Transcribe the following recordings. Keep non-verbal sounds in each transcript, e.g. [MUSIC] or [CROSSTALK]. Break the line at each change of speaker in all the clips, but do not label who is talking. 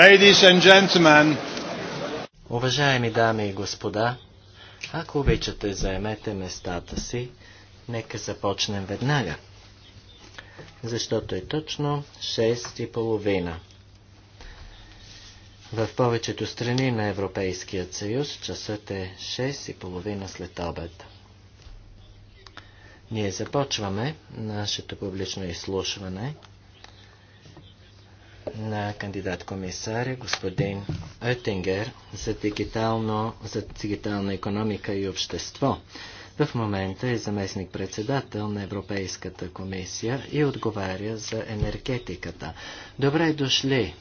Ladies and gentlemen. Уважаеми дами и господа, ако обичате, заемете местата си. Нека започнем веднага, защото е точно 6 и половина. В повечето страни на Европейския съюз часът е 6 и половина след обед. Ние започваме нашето публично изслушване – на кандидат-комисаря е господин Оттингер за, дигитално, за дигитална економика и общество. В момента е заместник-председател на Европейската комисия и отговаря за енергетиката. Добре дошли,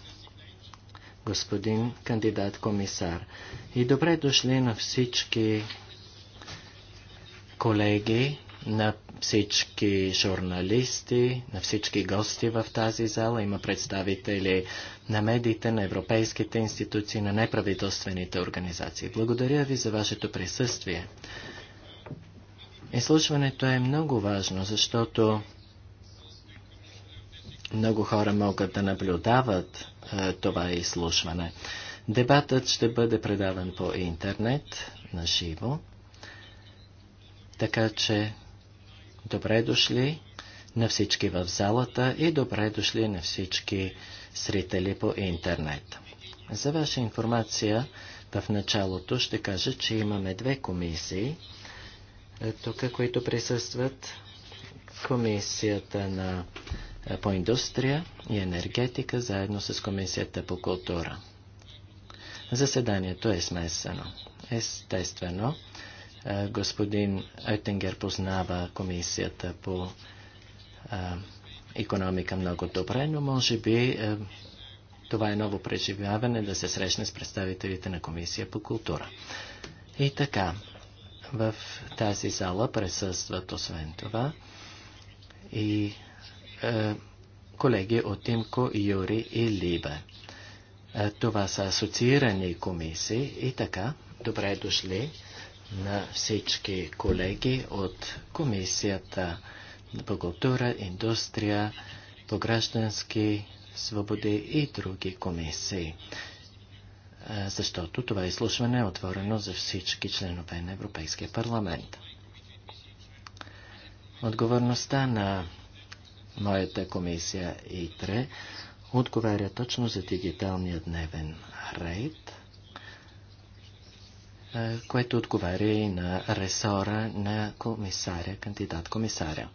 господин кандидат-комисар. И добре дошли на всички колеги, на всички журналисти, на всички гости в тази зала. Има представители на медиите, на европейските институции, на неправителствените организации. Благодаря ви за вашето присъствие. Изслушването е много важно, защото много хора могат да наблюдават е, това изслушване. Дебатът ще бъде предаван по интернет, на живо, така че Добре дошли на всички в залата и добре дошли на всички зрители по интернет. За ваша информация, в началото ще кажа, че имаме две комисии, е, тук, които присъстват. Комисията на, е, по индустрия и енергетика, заедно с Комисията по култура. Заседанието е смесено. Естествено, Господин Оттенгер познава комисията по економика много добре, но може би това е ново преживяване да се срещне с представителите на Комисия по култура. И така, в тази зала присъстват освен това и колеги от Тимко, Юри и Либе. това са асоциирани комисии и така, добре дошли на всички колеги от Комисията по култура, индустрия, по граждански свободи и други комисии. Защото това изслушване е отворено за всички членове на Европейския парламент. Отговорността на моята комисия ИТРЕ отговаря точно за дигиталния дневен рейд – е, което отговаря и на ресора на комисаря, кандидат-комисаря.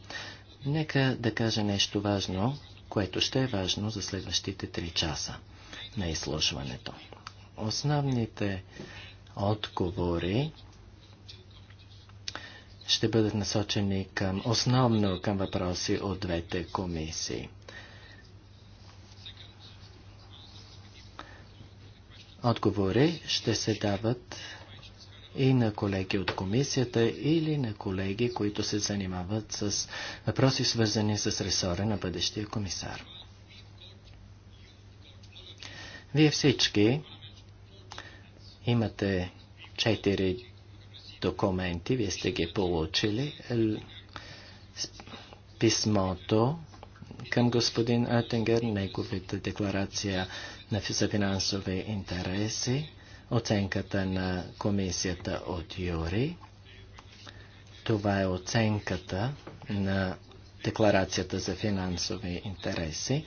Нека да кажа нещо важно, което ще е важно за следващите 3 часа на изслушването. Основните отговори ще бъдат насочени към, основно към въпроси от двете комисии. Отговори ще се дават и на колеги от комисията или на колеги, които се занимават с въпроси, свързани с ресора на бъдещия комисар. Вие всички имате четири документи, вие сте ги получили. Е, писмото към господин Атенгер, неговата декларация за финансови интереси, оценката на комисията от Юри. Това е оценката на декларацията за финансови интереси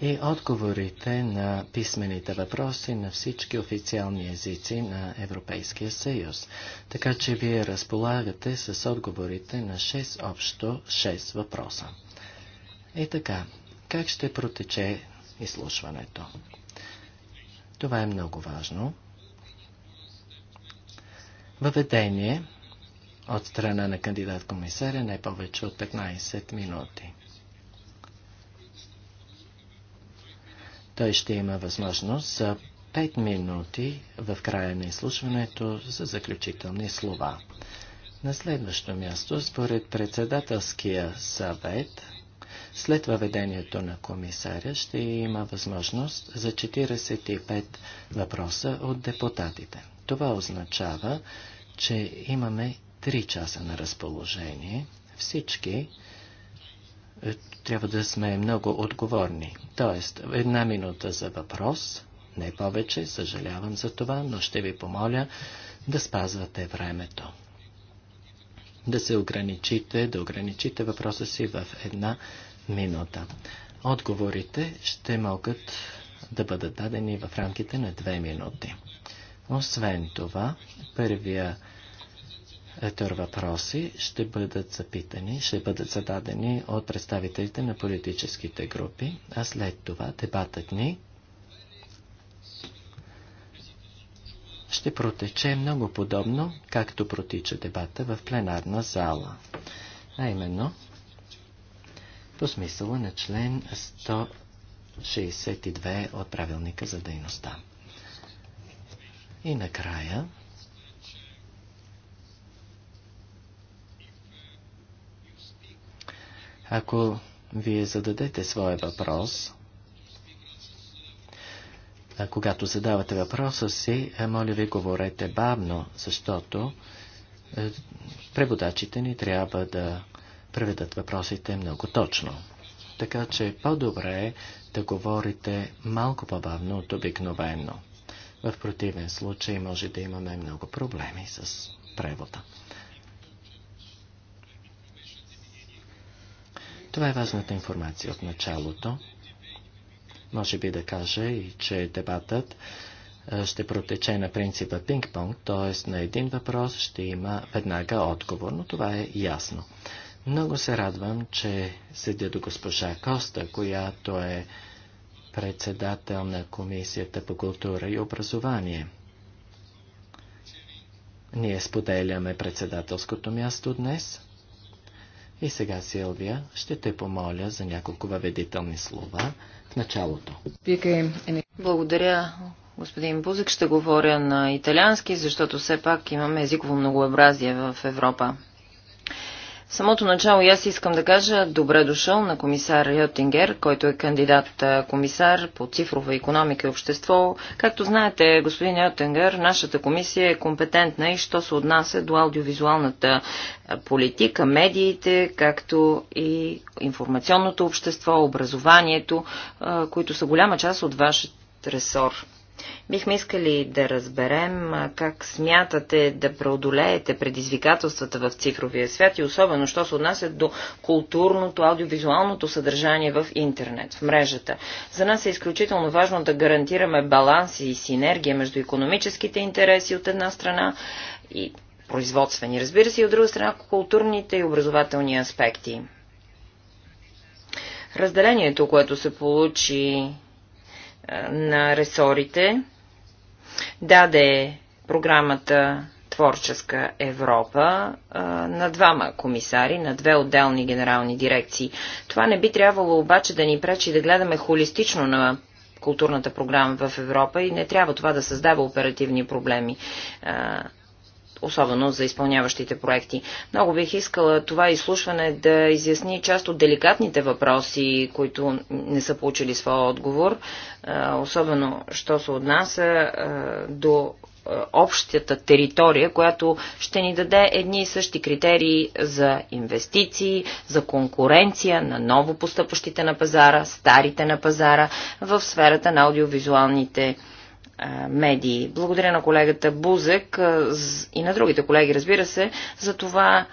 и отговорите на писмените въпроси на всички официални езици на Европейския съюз. Така че вие разполагате с отговорите на 6 общо 6 въпроса. И така, как ще протече изслушването? Това е много важно. Въведение от страна на кандидат-комисаря не повече от 15 минути. Той ще има възможност за 5 минути в края на изслушването за заключителни слова. На следващо място, според председателския съвет, след въведението на комисаря ще има възможност за 45 въпроса от депутатите. Това означава, че имаме 3 часа на разположение. Всички е, трябва да сме много отговорни. Тоест, една минута за въпрос, не повече, съжалявам за това, но ще ви помоля да спазвате времето. Да се ограничите, да ограничите въпроса си в една минута. Отговорите ще могат да бъдат дадени в рамките на две минути. Освен това, първия Етер въпроси ще бъдат запитани, ще бъдат зададени от представителите на политическите групи, а след това дебатът ни ще протече много подобно, както протича дебата в пленарна зала. А именно, по смисъла на член 162 от правилника за дейността. И накрая Ако вие зададете своя въпрос, когато задавате въпроса си, моля ви говорете бавно, защото е, преводачите ни трябва да преведат въпросите много точно. Така че по-добре е да говорите малко по-бавно от обикновено. В противен случай може да имаме много проблеми с превода. Това е важната информация от началото. Може би да кажа и, че дебатът ще протече на принципа пинг-понг, т.е. на един въпрос ще има веднага отговор, но това е ясно. Много се радвам, че седя до госпожа Коста, която е председател на Комисията по култура и образование. Ние споделяме председателското място днес. И сега, Силвия, ще те помоля за няколко въведителни слова в началото.
Благодаря, господин Бузик. Ще говоря на италиански, защото все пак имаме езиково многообразие в Европа. В самото начало и аз искам да кажа добре дошъл на комисар Йотингер, който е кандидат комисар по цифрова економика и общество. Както знаете, господин Йотингер, нашата комисия е компетентна и що се отнася до аудиовизуалната политика, медиите, както и информационното общество, образованието, които са голяма част от вашето ресор. Бихме искали да разберем как смятате да преодолеете предизвикателствата в цифровия свят и особено, що се отнася до културното, аудиовизуалното съдържание в интернет, в мрежата. За нас е изключително важно да гарантираме баланс и синергия между економическите интереси от една страна и производствени, разбира се, и от друга страна културните и образователни аспекти. Разделението, което се получи на ресорите даде програмата Творческа Европа на двама комисари, на две отделни генерални дирекции. Това не би трябвало обаче да ни пречи да гледаме холистично на културната програма в Европа и не трябва това да създава оперативни проблеми особено за изпълняващите проекти. Много бих искала това изслушване да изясни част от деликатните въпроси, които не са получили своя отговор, особено що се отнася до общата територия, която ще ни даде едни и същи критерии за инвестиции, за конкуренция на ново поступащите на пазара, старите на пазара в сферата на аудиовизуалните медии. Благодаря на колегата Бузек и на другите колеги, разбира се, за това,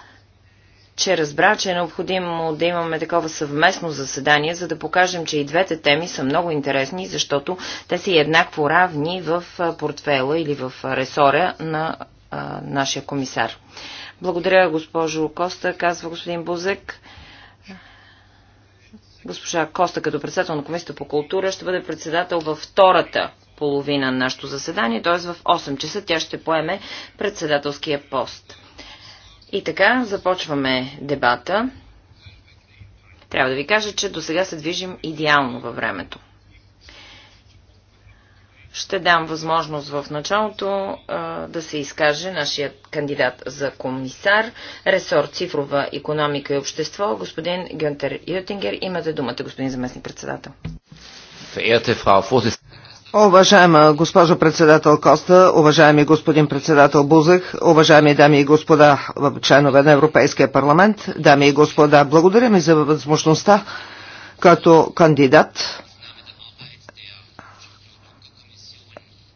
че разбра, че е необходимо да имаме такова съвместно заседание, за да покажем, че и двете теми са много интересни, защото те са еднакво равни в портфела или в ресора на нашия комисар. Благодаря, госпожо Коста, казва господин Бузек. Госпожа Коста, като председател на Комисията по култура, ще бъде председател във втората половина на нашето заседание, т.е. в 8 часа тя ще поеме председателския пост. И така, започваме дебата. Трябва да ви кажа, че до сега се движим идеално във времето. Ще дам възможност в началото а, да се изкаже нашия кандидат за комисар, ресор цифрова економика и общество, господин Гюнтер Ютингер. Имате думата, господин
заместник председател.
Уважаема госпожо председател Коста, уважаеми господин председател Бузък, уважаеми дами и господа членове на Европейския парламент, дами и господа, благодаря ми за възможността като кандидат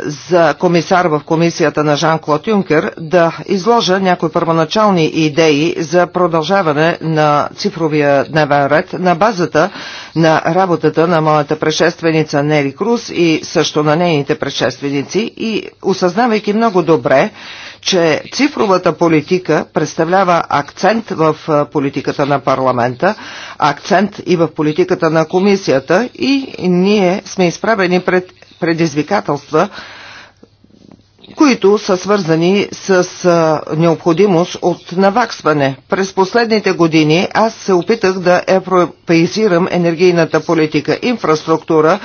за комисар в комисията на Жан-Клод Юнкер да изложа някои първоначални идеи за продължаване на цифровия дневен ред на базата на работата на моята предшественица Нели Круз и също на нейните предшественици и осъзнавайки много добре, че цифровата политика представлява акцент в политиката на парламента, акцент и в политиката на комисията и ние сме изправени пред предизвикателства, които са свързани с а, необходимост от наваксване. През последните години аз се опитах да европеизирам енергийната политика, инфраструктура,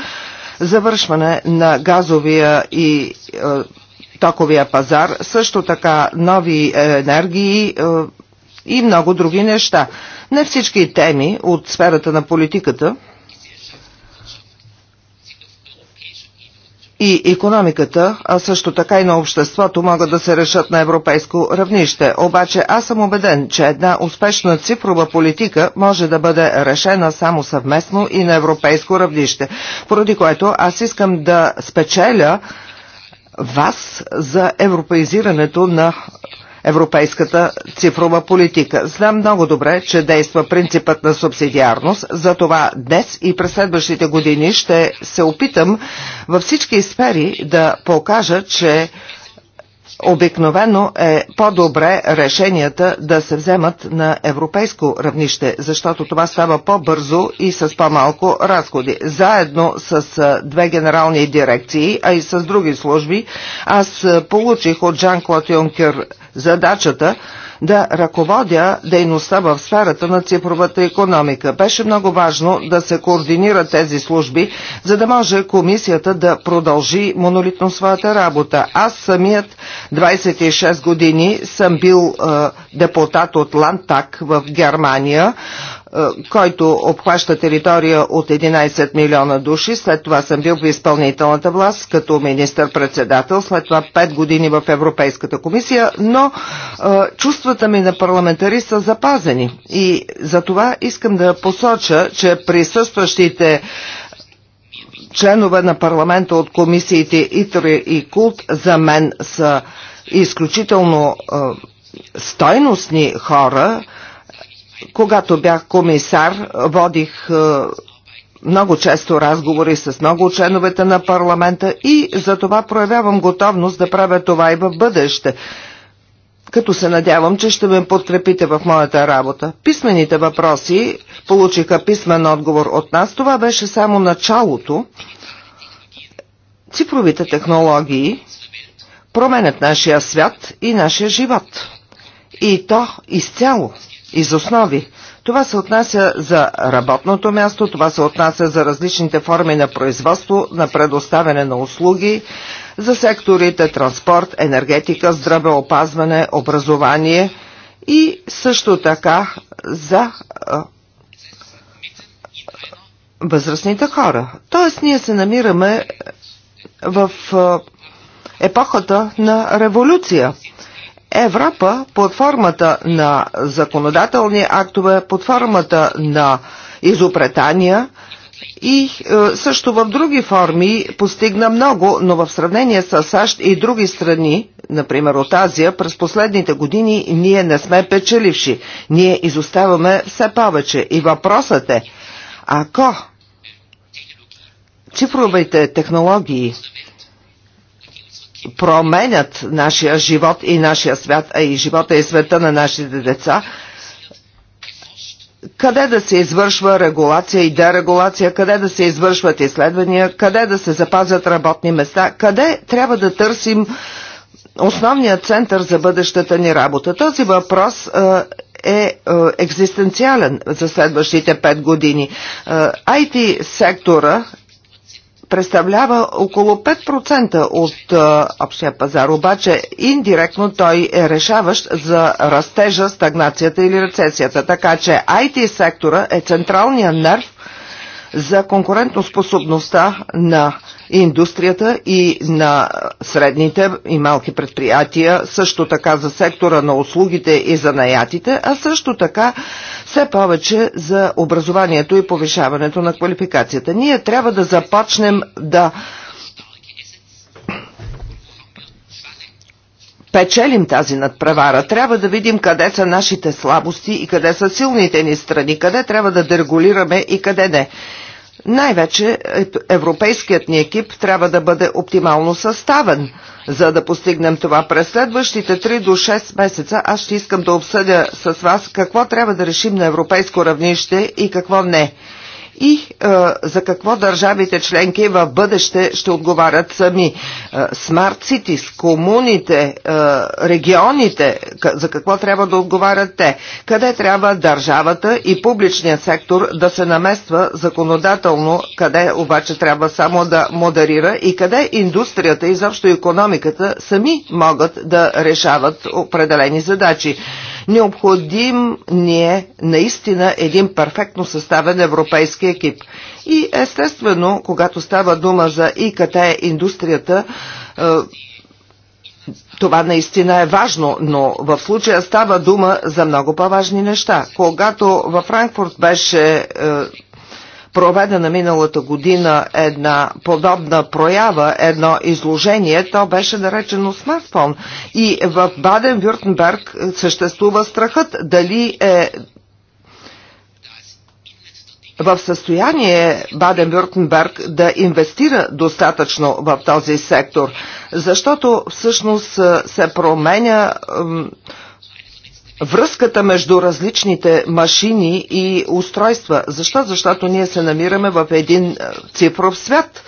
завършване на газовия и а, токовия пазар, също така нови е, енергии а, е, и много други неща. Не всички теми от сферата на политиката – и економиката, а също така и на обществото могат да се решат на европейско равнище. Обаче аз съм убеден, че една успешна цифрова политика може да бъде решена само съвместно и на европейско равнище, поради което аз искам да спечеля вас за европеизирането на европейската цифрова политика. Знам много добре, че действа принципът на субсидиарност, затова днес и през следващите години ще се опитам във всички сфери да покажа, че Обикновено е по-добре решенията да се вземат на европейско равнище, защото това става по-бързо и с по-малко разходи. Заедно с две генерални дирекции, а и с други служби, аз получих от Жан-Клод Юнкер задачата да ръководя дейността в сферата на цифровата економика. Беше много важно да се координират тези служби, за да може комисията да продължи монолитно своята работа. Аз самият 26 години съм бил е, депутат от Лантак в Германия. Е, който обхваща територия от 11 милиона души. След това съм бил в изпълнителната власт като министър-председател, след това 5 години в Европейската комисия, но а, е, чувствата ми на парламентарист са запазени. И за това искам да посоча, че присъстващите членове на парламента от комисиите ИТРИ и КУЛТ за мен са изключително а, е, стойностни хора, когато бях комисар, водих е, много често разговори с много членовете на парламента и за това проявявам готовност да правя това и в бъдеще, като се надявам, че ще ме подкрепите в моята работа. Писмените въпроси получиха писмен отговор от нас. Това беше само началото. Цифровите технологии променят нашия свят и нашия живот. И то изцяло из основи. Това се отнася за работното място, това се отнася за различните форми на производство, на предоставяне на услуги, за секторите транспорт, енергетика, здравеопазване, образование и също така за а, възрастните хора. Тоест ние се намираме в а, епохата на революция. Европа под формата на законодателни актове, под формата на изобретания и е, също в други форми постигна много, но в сравнение с САЩ и други страни, например от Азия, през последните години ние не сме печеливши. Ние изоставаме все повече. И въпросът е, ако цифровите технологии променят нашия живот и нашия свят, а и живота и света на нашите деца, къде да се извършва регулация и дерегулация, къде да се извършват изследвания, къде да се запазят работни места, къде трябва да търсим основният център за бъдещата ни работа. Този въпрос е екзистенциален за следващите 5 години. IT сектора представлява около 5% от а, общия пазар, обаче индиректно той е решаващ за растежа, стагнацията или рецесията. Така че IT сектора е централния нерв за конкурентоспособността на индустрията и на средните и малки предприятия, също така за сектора на услугите и за наятите, а също така все повече за образованието и повишаването на квалификацията. Ние трябва да започнем да печелим тази надпревара. Трябва да видим къде са нашите слабости и къде са силните ни страни, къде трябва да дерегулираме и къде не. Най-вече европейският ни екип трябва да бъде оптимално съставен. За да постигнем това през следващите 3 до 6 месеца, аз ще искам да обсъдя с вас какво трябва да решим на европейско равнище и какво не и а, за какво държавите членки в бъдеще ще отговарят сами. Смарт с комуните, а, регионите, за какво трябва да отговарят те? Къде трябва държавата и публичният сектор да се намества законодателно, къде обаче трябва само да модерира и къде индустрията и заобщо економиката сами могат да решават определени задачи? Необходим ни е наистина един перфектно съставен европейски екип. И естествено, когато става дума за ИКТ индустрията, е, това наистина е важно, но в случая става дума за много по-важни неща. Когато във Франкфурт беше е, проведена миналата година една подобна проява, едно изложение, то беше наречено смартфон. И в Баден-Вюртенберг съществува страхът дали е в състояние Баден-Вюртенберг да инвестира достатъчно в този сектор, защото всъщност се променя връзката между различните машини и устройства. Защо? Защото ние се намираме в един е, цифров свят.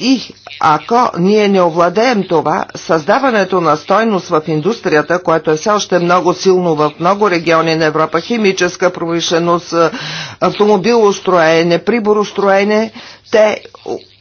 И ако ние не овладеем това, създаването на стойност в индустрията, което е все още много силно в много региони на Европа, химическа промишленост, е, автомобилостроене, приборостроене, те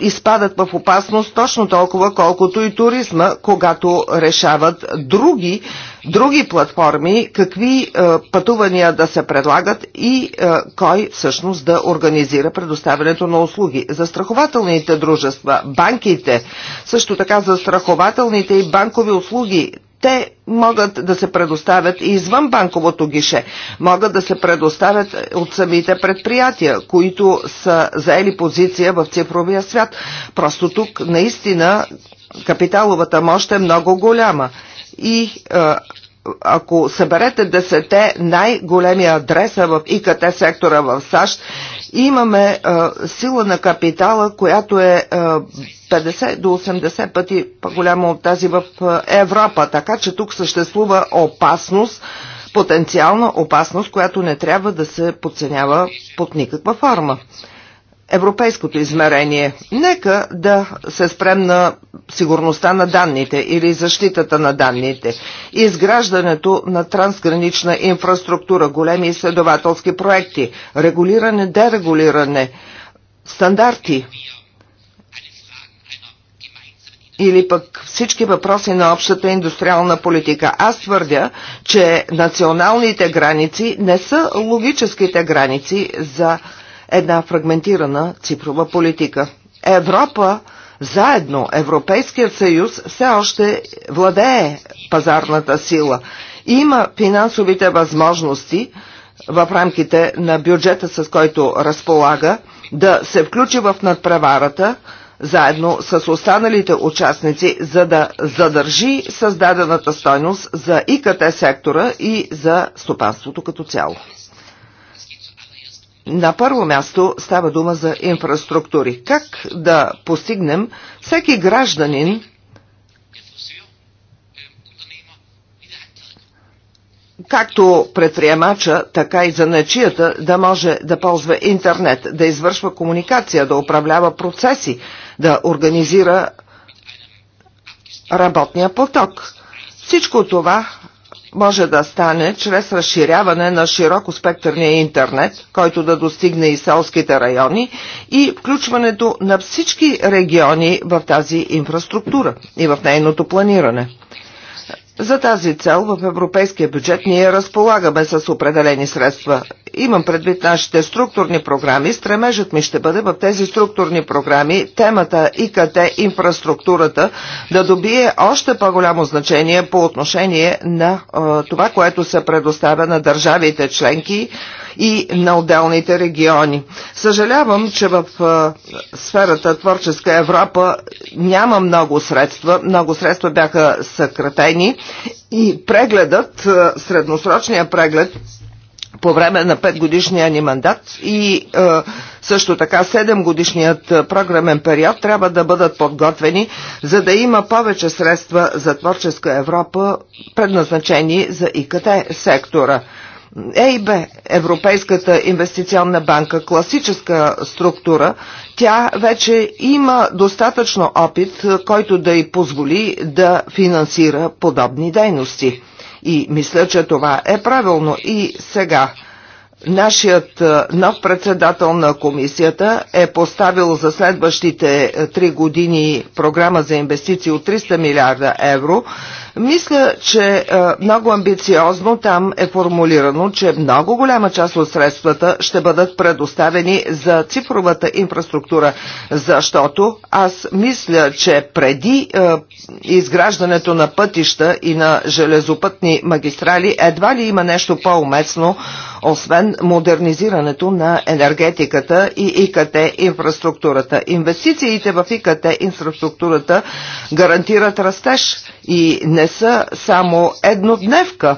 изпадат в опасност точно толкова, колкото и туризма, когато решават други други платформи, какви е, пътувания да се предлагат и е, кой всъщност да организира предоставянето на услуги. Застрахователните дружества, банките, също така застрахователните и банкови услуги, те могат да се предоставят и извън банковото гише, могат да се предоставят от самите предприятия, които са заели позиция в цифровия свят. Просто тук наистина капиталовата мощ е много голяма и ако съберете десете най-големи адреса е в ИКТ сектора в САЩ, имаме а, сила на капитала, която е а, 50 до 80 пъти по-голяма от тази в а, Европа. Така че тук съществува опасност, потенциална опасност, която не трябва да се подценява под никаква форма европейското измерение. Нека да се спрем на сигурността на данните или защитата на данните. Изграждането на трансгранична инфраструктура, големи изследователски проекти, регулиране, дерегулиране, стандарти или пък всички въпроси на общата индустриална политика. Аз твърдя, че националните граници не са логическите граници за една фрагментирана цифрова политика. Европа заедно, Европейският съюз все още владее пазарната сила. Има финансовите възможности в рамките на бюджета, с който разполага, да се включи в надпреварата, заедно с останалите участници, за да задържи създадената стойност за ИКТ сектора и за стопанството като цяло. На първо място става дума за инфраструктури. Как да постигнем всеки гражданин както предприемача, така и за начията да може да ползва интернет, да извършва комуникация, да управлява процеси, да организира работния поток. Всичко това може да стане чрез разширяване на широко спектърния интернет, който да достигне и селските райони и включването на всички региони в тази инфраструктура и в нейното планиране. За тази цел в европейския бюджет ние разполагаме с определени средства. Имам предвид нашите структурни програми. Стремежът ми ще бъде в тези структурни програми темата ИКТ инфраструктурата да добие още по-голямо значение по отношение на е, това, което се предоставя на държавите членки и на отделните региони. Съжалявам, че в сферата Творческа Европа няма много средства. Много средства бяха съкратени и прегледът, средносрочния преглед по време на 5 годишния ни мандат и а, също така 7 годишният програмен период трябва да бъдат подготвени, за да има повече средства за творческа Европа, предназначени за ИКТ сектора. ЕИБ, Европейската инвестиционна банка, класическа структура, тя вече има достатъчно опит, който да й позволи да финансира подобни дейности. И мисля, че това е правилно. И сега Нашият е, нов председател на комисията е поставил за следващите е, три години програма за инвестиции от 300 милиарда евро. Мисля, че е, много амбициозно там е формулирано, че много голяма част от средствата ще бъдат предоставени за цифровата инфраструктура, защото аз мисля, че преди изграждането на пътища и на железопътни магистрали едва ли има нещо по-уместно освен модернизирането на енергетиката и ИКТ инфраструктурата. Инвестициите в ИКТ инфраструктурата гарантират растеж и не са само еднодневка.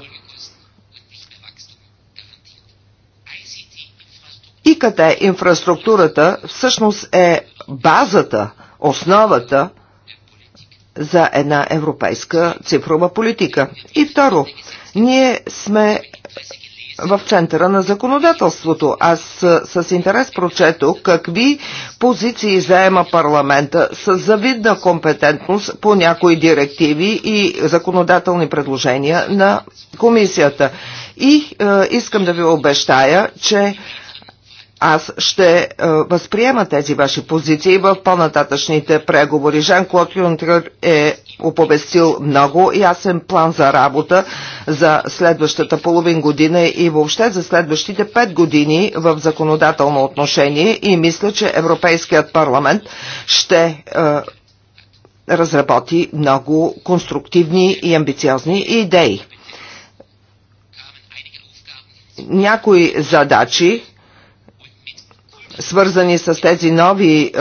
ИКТ инфраструктурата всъщност е базата, основата за една европейска цифрова политика. И второ, ние сме в центъра на законодателството. Аз с, с интерес прочетох какви позиции заема парламента с завидна компетентност по някои директиви и законодателни предложения на комисията. И е, искам да ви обещая, че аз ще е, възприема тези ваши позиции в по-нататъчните преговори. Жан-Клод Юнтер е оповестил много ясен план за работа за следващата половин година и въобще за следващите пет години в законодателно отношение и мисля, че Европейският парламент ще е, разработи много конструктивни и амбициозни идеи. Някои задачи свързани с тези нови е,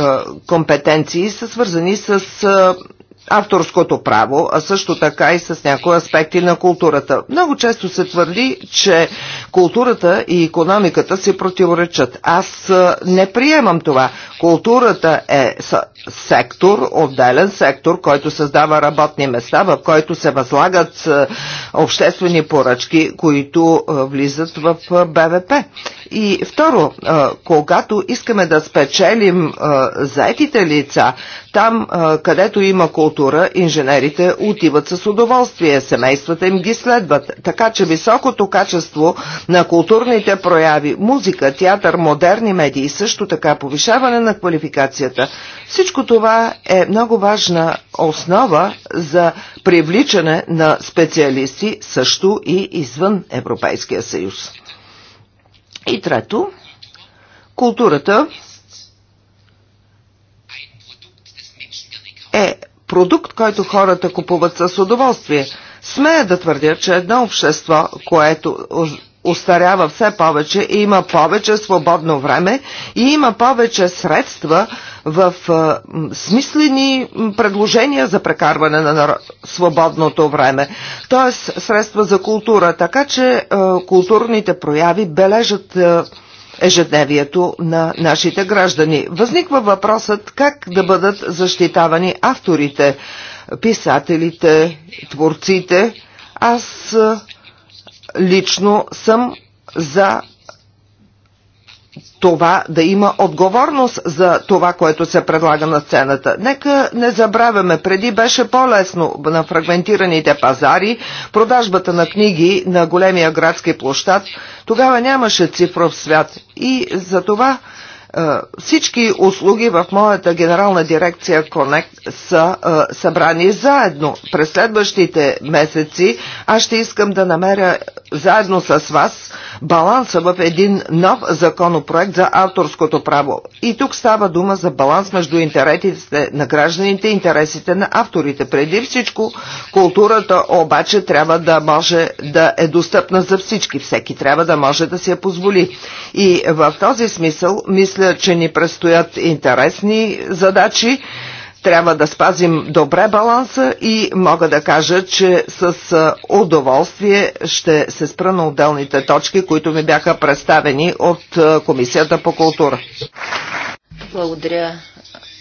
компетенции, са свързани с е, авторското право, а също така и с някои аспекти на културата. Много често се твърди, че културата и економиката се противоречат. Аз е, не приемам това. Културата е сектор, отделен сектор, който създава работни места, в който се възлагат обществени поръчки, които влизат в БВП. И второ, когато искаме да спечелим заетите лица, там, където има култура, инженерите отиват с удоволствие, семействата им ги следват. Така че високото качество на културните прояви, музика, театър, модерни медии, също така повишаване на квалификацията, всичко това е много важна основа за привличане на специалисти също и извън Европейския съюз. И трето, културата е продукт, който хората купуват с удоволствие. Смея да твърдя, че едно общество, което устарява все повече и има повече свободно време и има повече средства в е, смислени предложения за прекарване на, свободното време, т.е. средства за култура, така че е, културните прояви бележат е, ежедневието на нашите граждани. Възниква въпросът как да бъдат защитавани авторите, писателите, творците. Аз лично съм за това да има отговорност за това, което се предлага на сцената. Нека не забравяме, преди беше по-лесно на фрагментираните пазари, продажбата на книги на големия градски площад, тогава нямаше цифров свят и за това е, всички услуги в моята генерална дирекция Connect са е, събрани заедно. През следващите месеци аз ще искам да намеря заедно с вас баланса в един нов законопроект за авторското право. И тук става дума за баланс между интересите на гражданите и интересите на авторите. Преди всичко, културата обаче трябва да може да е достъпна за всички. Всеки трябва да може да си я позволи. И в този смисъл, мисля, мисля, че ни предстоят интересни задачи. Трябва да спазим добре баланса и мога да кажа, че с удоволствие ще се спра на отделните точки, които ми бяха представени от Комисията по култура.
Благодаря,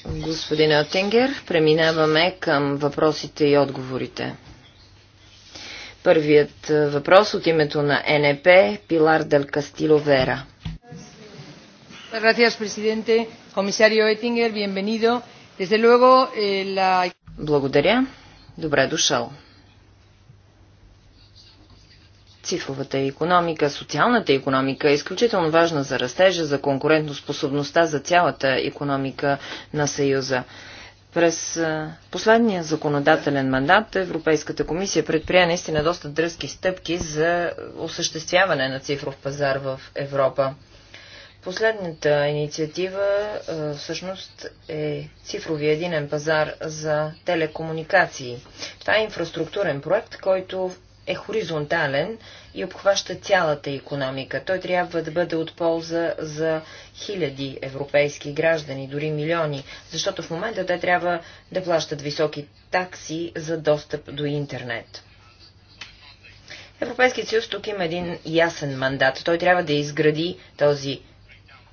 господин Оттенгер. Преминаваме към въпросите и отговорите. Първият въпрос от името на НП Пилар Дел Кастило Вера. Gracias, presidente. Комисарио Етингер, bienvenido. Desde luego, eh, la... Благодаря. Добре дошъл. Цифровата економика, социалната економика е изключително важна за растежа, за конкурентоспособността за цялата економика на Съюза. През е, последния законодателен мандат Европейската комисия предприя наистина доста дръзки стъпки за осъществяване на цифров пазар в Европа. Последната инициатива всъщност е цифровия единен пазар за телекомуникации. Това е инфраструктурен проект, който е хоризонтален и обхваща цялата економика. Той трябва да бъде от полза за хиляди европейски граждани, дори милиони, защото в момента те трябва да плащат високи такси за достъп до интернет. Европейският съюз тук има един ясен мандат. Той трябва да изгради този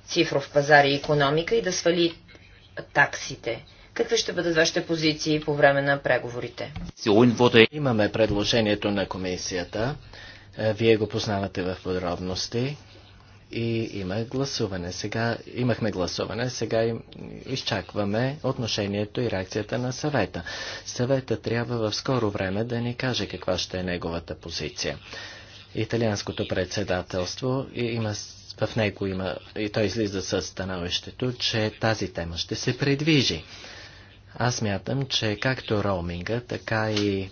цифров пазар и економика и да свали таксите. Какви ще бъдат вашите позиции по време на преговорите?
Имаме предложението на комисията. Е, вие го познавате в подробности. И има гласуване. Сега имахме гласуване, сега изчакваме отношението и реакцията на съвета. Съвета трябва в скоро време да ни каже каква ще е неговата позиция. Италианското председателство има в него има, и той излиза с становището, че тази тема ще се предвижи. Аз мятам, че както роуминга, така и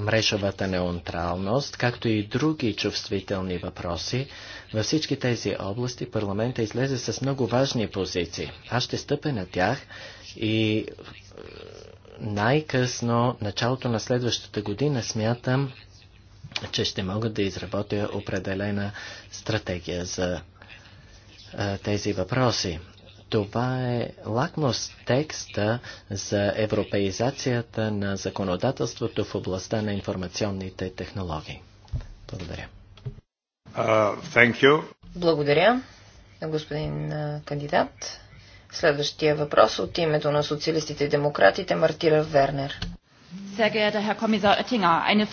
мрежовата неутралност, както и други чувствителни въпроси, във всички тези области парламента излезе с много важни позиции. Аз ще стъпя на тях и най-късно началото на следващата година смятам че ще мога да изработя определена стратегия за а, тези въпроси. Това е лакмус текста за европеизацията на законодателството в областта на информационните технологии. Благодаря.
Uh, thank you.
Благодаря, господин кандидат. Следващия въпрос от името на социалистите и демократите Мартира Вернер.
Sehr geehrter Herr Kommissar Oettinger, eine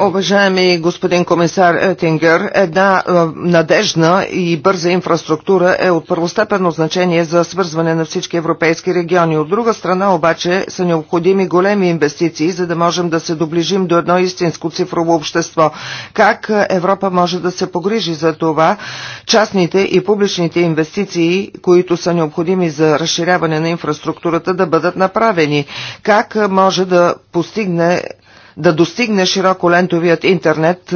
Уважаеми господин комисар Етингер, една е, надежна и бърза инфраструктура е от първостепенно значение за свързване на всички европейски региони. От друга страна обаче са необходими големи инвестиции, за да можем да се доближим до едно истинско цифрово общество. Как е, Европа може да се погрижи за това частните и публичните инвестиции, които са необходими за разширяване на инфраструктурата, да бъдат направени? Как е, може да постигне да достигне широколентовият интернет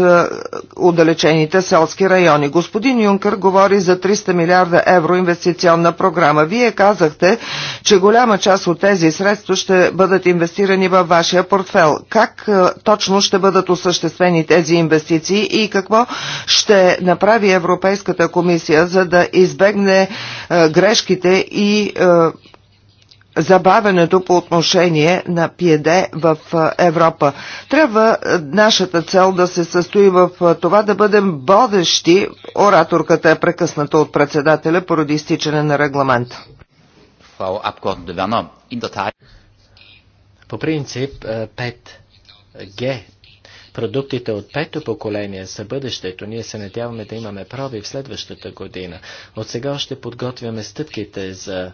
отдалечените е, селски райони. Господин Юнкър говори за 300 милиарда евро инвестиционна програма. Вие казахте, че голяма част от тези средства ще бъдат инвестирани във вашия портфел. Как е, точно ще бъдат осъществени тези инвестиции и какво ще направи Европейската комисия, за да избегне е, грешките и забавенето по отношение на пиеде в Европа. Трябва нашата цел да се състои в това да бъдем бодещи. Ораторката е прекъсната от председателя поради изтичане на регламент. По принцип
5G Продуктите от пето поколение са бъдещето. Ние се надяваме да имаме проби в следващата година. От сега още подготвяме стъпките за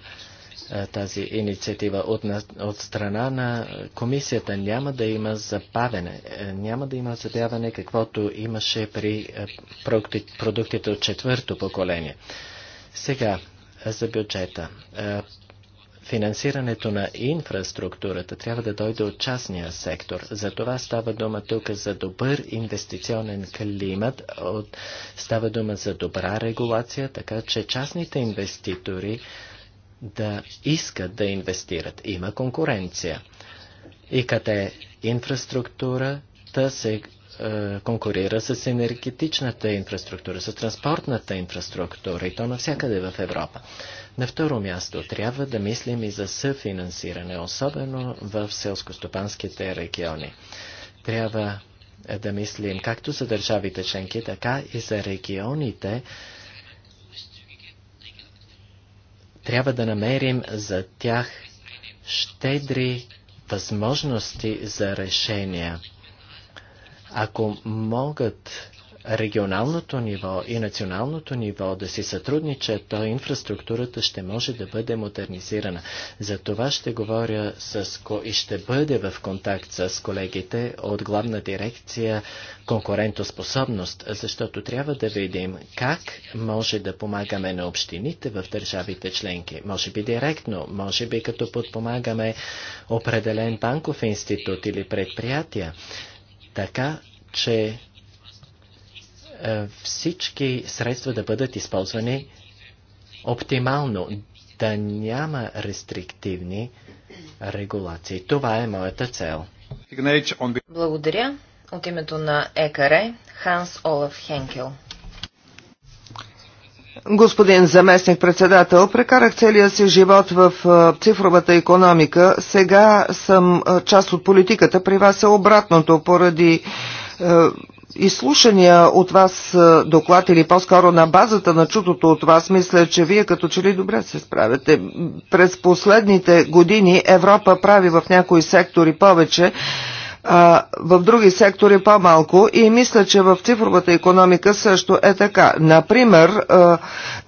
тази инициатива от, от страна на комисията. Няма да има запавене, е, няма да има забяване, каквото имаше при продуктите от четвърто поколение. Сега за бюджета. Финансирането на инфраструктурата трябва да дойде от частния сектор. За това става дума тук за добър инвестиционен климат, става дума за добра регулация, така че частните инвеститори да искат да инвестират. Има конкуренция. И къде е инфраструктурата се е, конкурира с енергетичната инфраструктура, с транспортната инфраструктура и то навсякъде в Европа. На второ място трябва да мислим и за съфинансиране, особено в селскостопанските региони. Трябва да мислим както за държавите членки, така и за регионите, Трябва да намерим за тях щедри възможности за решения. Ако могат регионалното ниво и националното ниво да си сътрудничат, то инфраструктурата ще може да бъде модернизирана. За това ще говоря с ко... и ще бъде в контакт с колегите от главна дирекция конкурентоспособност, защото трябва да видим как може да помагаме на общините в държавите членки. Може би директно, може би като подпомагаме определен банков институт или предприятия. Така, че е, всички средства да бъдат използвани оптимално, да няма рестриктивни регулации. Това е моята цел. Благодаря.
От името на ЕКАРЕ Ханс Олаф Хенкел.
Господин заместник председател, прекарах целия си живот в е, цифровата економика. Сега съм е, част от политиката. При вас е обратното поради изслушания от вас доклад или по-скоро на базата на чутото от вас, мисля, че вие като че ли добре се справяте. През последните години Европа прави в някои сектори повече, а в други сектори по-малко и мисля, че в цифровата економика също е така. Например,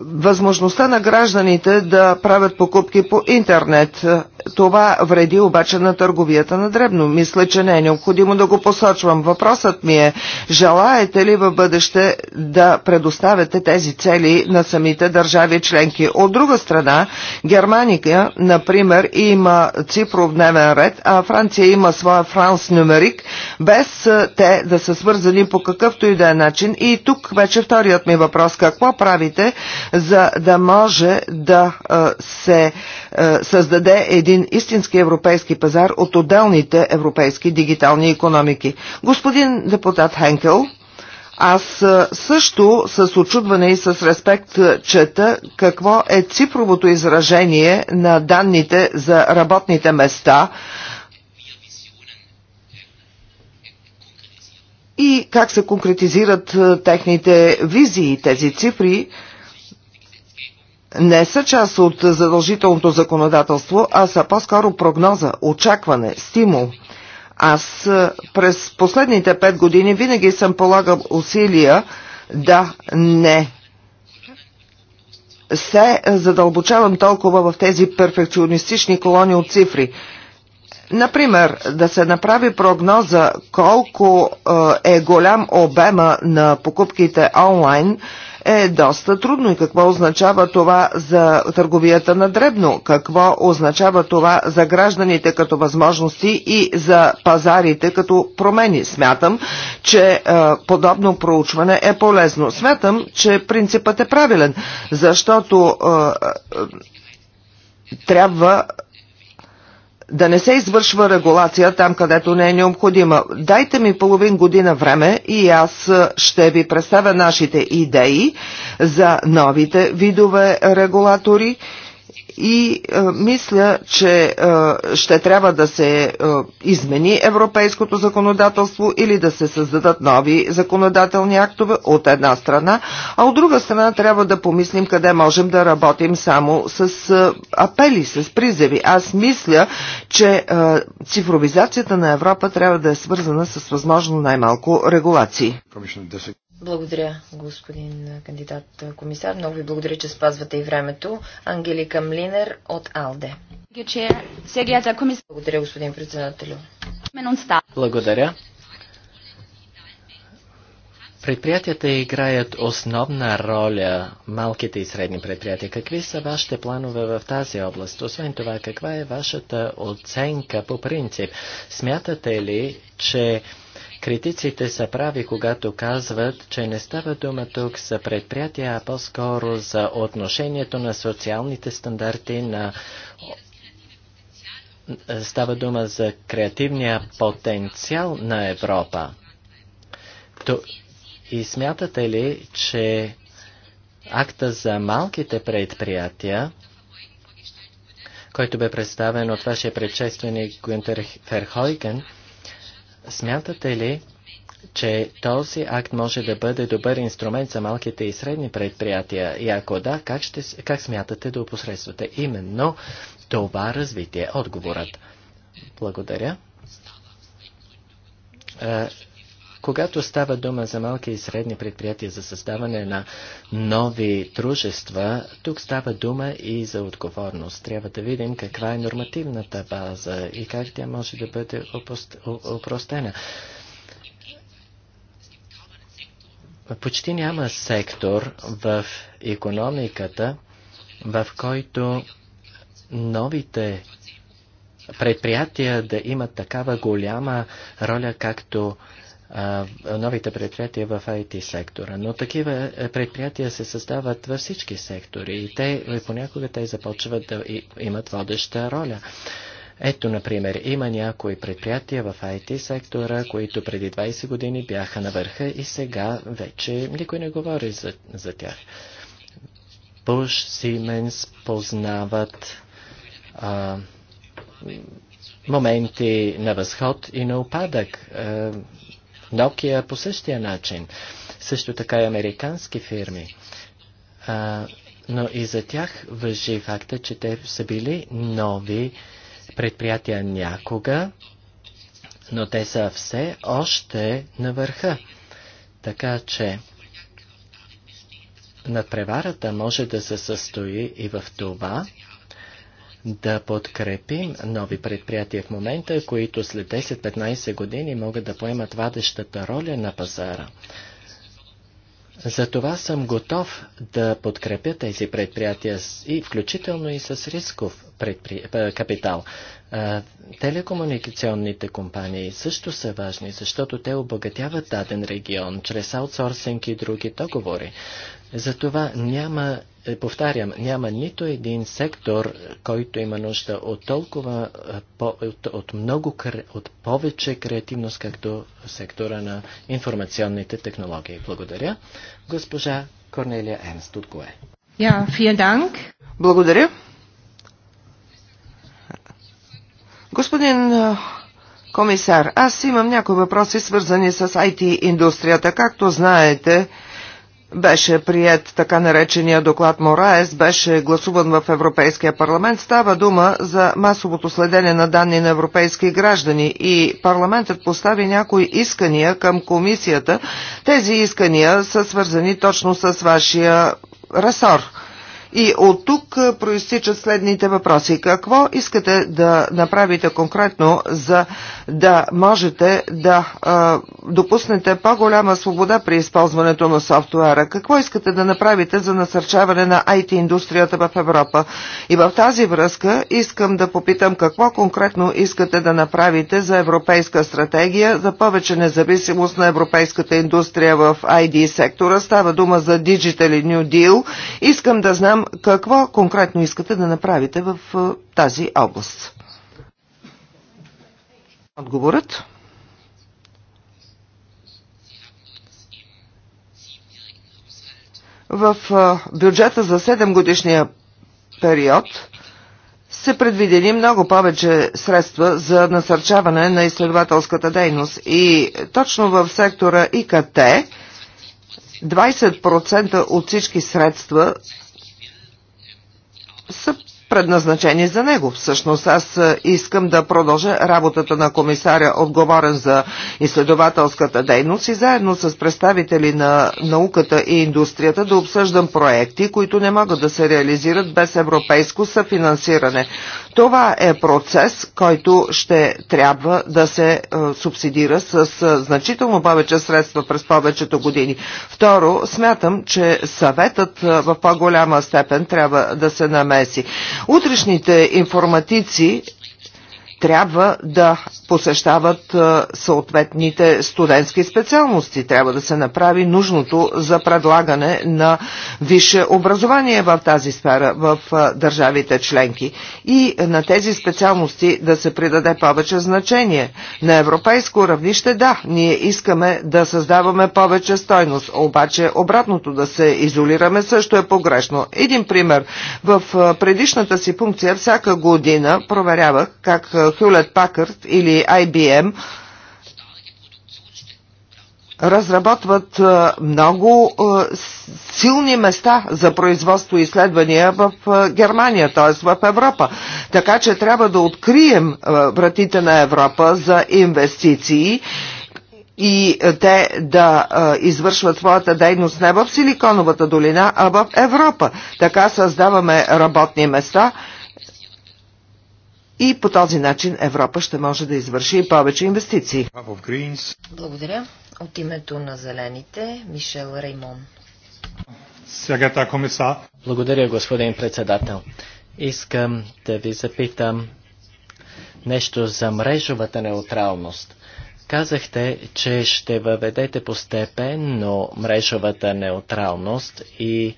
възможността на гражданите да правят покупки по интернет – това вреди обаче на търговията на дребно. Мисля, че не е необходимо да го посочвам. Въпросът ми е, желаете ли в бъдеще да предоставяте тези цели на самите държави членки? От друга страна, Германия, например, има цифров дневен ред, а Франция има своя Франс Нюмерик, без те да са свързани по какъвто и да е начин. И тук вече вторият ми въпрос. Какво правите, за да може да се създаде един един истински европейски пазар от отделните европейски дигитални економики. Господин депутат Хенкел, аз също с очудване и с респект чета какво е цифровото изражение на данните за работните места и как се конкретизират техните визии, тези цифри – не са част от задължителното законодателство, а са по-скоро прогноза, очакване, стимул. Аз е, през последните пет години винаги съм полагал усилия да не се задълбочавам толкова в тези перфекционистични колони от цифри. Например, да се направи прогноза колко е, е голям обема на покупките онлайн – е доста трудно. И какво означава това за търговията на дребно? Какво означава това за гражданите като възможности и за пазарите като промени? Смятам, че е, подобно проучване е полезно. Смятам, че принципът е правилен, защото е, е, трябва да не се извършва регулация там, където не е необходима. Дайте ми половин година време и аз ще ви представя нашите идеи за новите видове регулатори и е, мисля, че е, ще трябва да се е, измени европейското законодателство или да се създадат нови законодателни актове от една страна, а от друга страна трябва да помислим къде можем да работим само с е, апели, с призеви. Аз мисля, че е, цифровизацията на Европа трябва да е свързана с възможно най-малко регулации.
Благодаря, господин кандидат комисар. Много ви благодаря, че спазвате и времето. Ангелика Млинер от АЛДЕ. Благодаря, господин председател.
Благодаря. Предприятията играят основна роля, малките и средни предприятия. Какви са вашите планове в тази област? Освен това, каква е вашата оценка по принцип? Смятате ли, че Критиците са прави, когато казват, че не става дума тук за предприятия, а по-скоро за отношението на социалните стандарти на става дума за креативния потенциал на Европа. То... И смятате ли, че акта за малките предприятия, който бе представен от вашия предшественик Гюнтер Ферхойген, Смятате ли, че този акт може да бъде добър инструмент за малките и средни предприятия? И ако да, как, ще, как смятате да опосредствате именно това развитие? Отговорът. Благодаря. Е, когато става дума за малки и средни предприятия за създаване на нови дружества, тук става дума и за отговорност. Трябва да видим каква е нормативната база и как тя може да бъде опростена. Почти няма сектор в економиката, в който новите предприятия да имат такава голяма роля, както новите предприятия в IT сектора. Но такива е, предприятия се създават във всички сектори и те е, понякога те започват да имат водеща роля. Ето, например, има някои предприятия в IT сектора, които преди 20 години бяха на върха и сега вече никой не говори за, за тях. Пуш, Сименс познават а, моменти на възход и на опадък. А, е, Nokia по същия начин. Също така и американски фирми. А, но и за тях въжи факта, че те са били нови предприятия някога, но те са все още на върха. Така че надпреварата може да се състои и в това, да подкрепим нови предприятия в момента, които след 10-15 години могат да поемат вадещата роля на пазара. Затова съм готов да подкрепя тези предприятия и включително и с рисков предпри... Е, капитал. Телекомуникационните компании също са важни, защото те обогатяват даден регион чрез аутсорсинг и други договори. Затова няма, е, повтарям, няма нито един сектор, който има нужда от толкова, е, от, от, много, от повече креативност, както сектора на информационните технологии. Благодаря. Госпожа Корнелия Енст от ГОЕ.
Yeah,
Благодаря.
Господин е, комисар, аз имам някои въпроси, свързани с IT индустрията. Както знаете, беше прият така наречения доклад Мораес, беше гласуван в Европейския парламент. Става дума за масовото следене на данни на европейски граждани и парламентът постави някои искания към комисията. Тези искания са свързани точно с вашия ресор. И от тук проистичат следните въпроси. Какво искате да направите конкретно, за да можете да а, допуснете по-голяма свобода при използването на софтуера? Какво искате да направите за насърчаване на IT-индустрията в Европа? И в тази връзка искам да попитам какво конкретно искате да направите за европейска стратегия за повече независимост на европейската индустрия в ID сектора. Става дума за Digital New Deal. Искам да знам питам какво конкретно искате да направите в тази област. Отговорът? В бюджета за 7 годишния период се предвидели много повече средства за насърчаване на изследователската дейност и точно в сектора ИКТ 20% от всички средства са предназначени за него. Всъщност аз искам да продължа работата на комисаря, отговорен за изследователската дейност и заедно с представители на науката и индустрията да обсъждам проекти, които не могат да се реализират без европейско съфинансиране. Това е процес, който ще трябва да се е, субсидира с е, значително повече средства през повечето години. Второ, смятам, че съветът е, в по-голяма степен трябва да се намеси. Утрешните информатици трябва да посещават е, съответните студентски специалности. Трябва да се направи нужното за предлагане на висше образование в тази сфера в е, държавите членки и на тези специалности да се придаде повече значение. На европейско равнище да, ние искаме да създаваме повече стойност, обаче обратното да се изолираме също е погрешно. Един пример. В е, предишната си функция всяка година проверявах как Hewlett Packard или IBM разработват е, много е, силни места за производство и изследвания в е, Германия, т.е. в Европа. Така че трябва да открием вратите на Европа за инвестиции и те да а, извършват своята дейност не в Силиконовата долина, а в Европа. Така създаваме работни места и по този начин Европа ще може да извърши повече инвестиции.
Благодаря. От името на зелените, Мишел Реймон.
Благодаря, господин председател. Искам да ви запитам нещо за мрежовата неутралност. Казахте, че ще въведете постепенно мрежовата неутралност и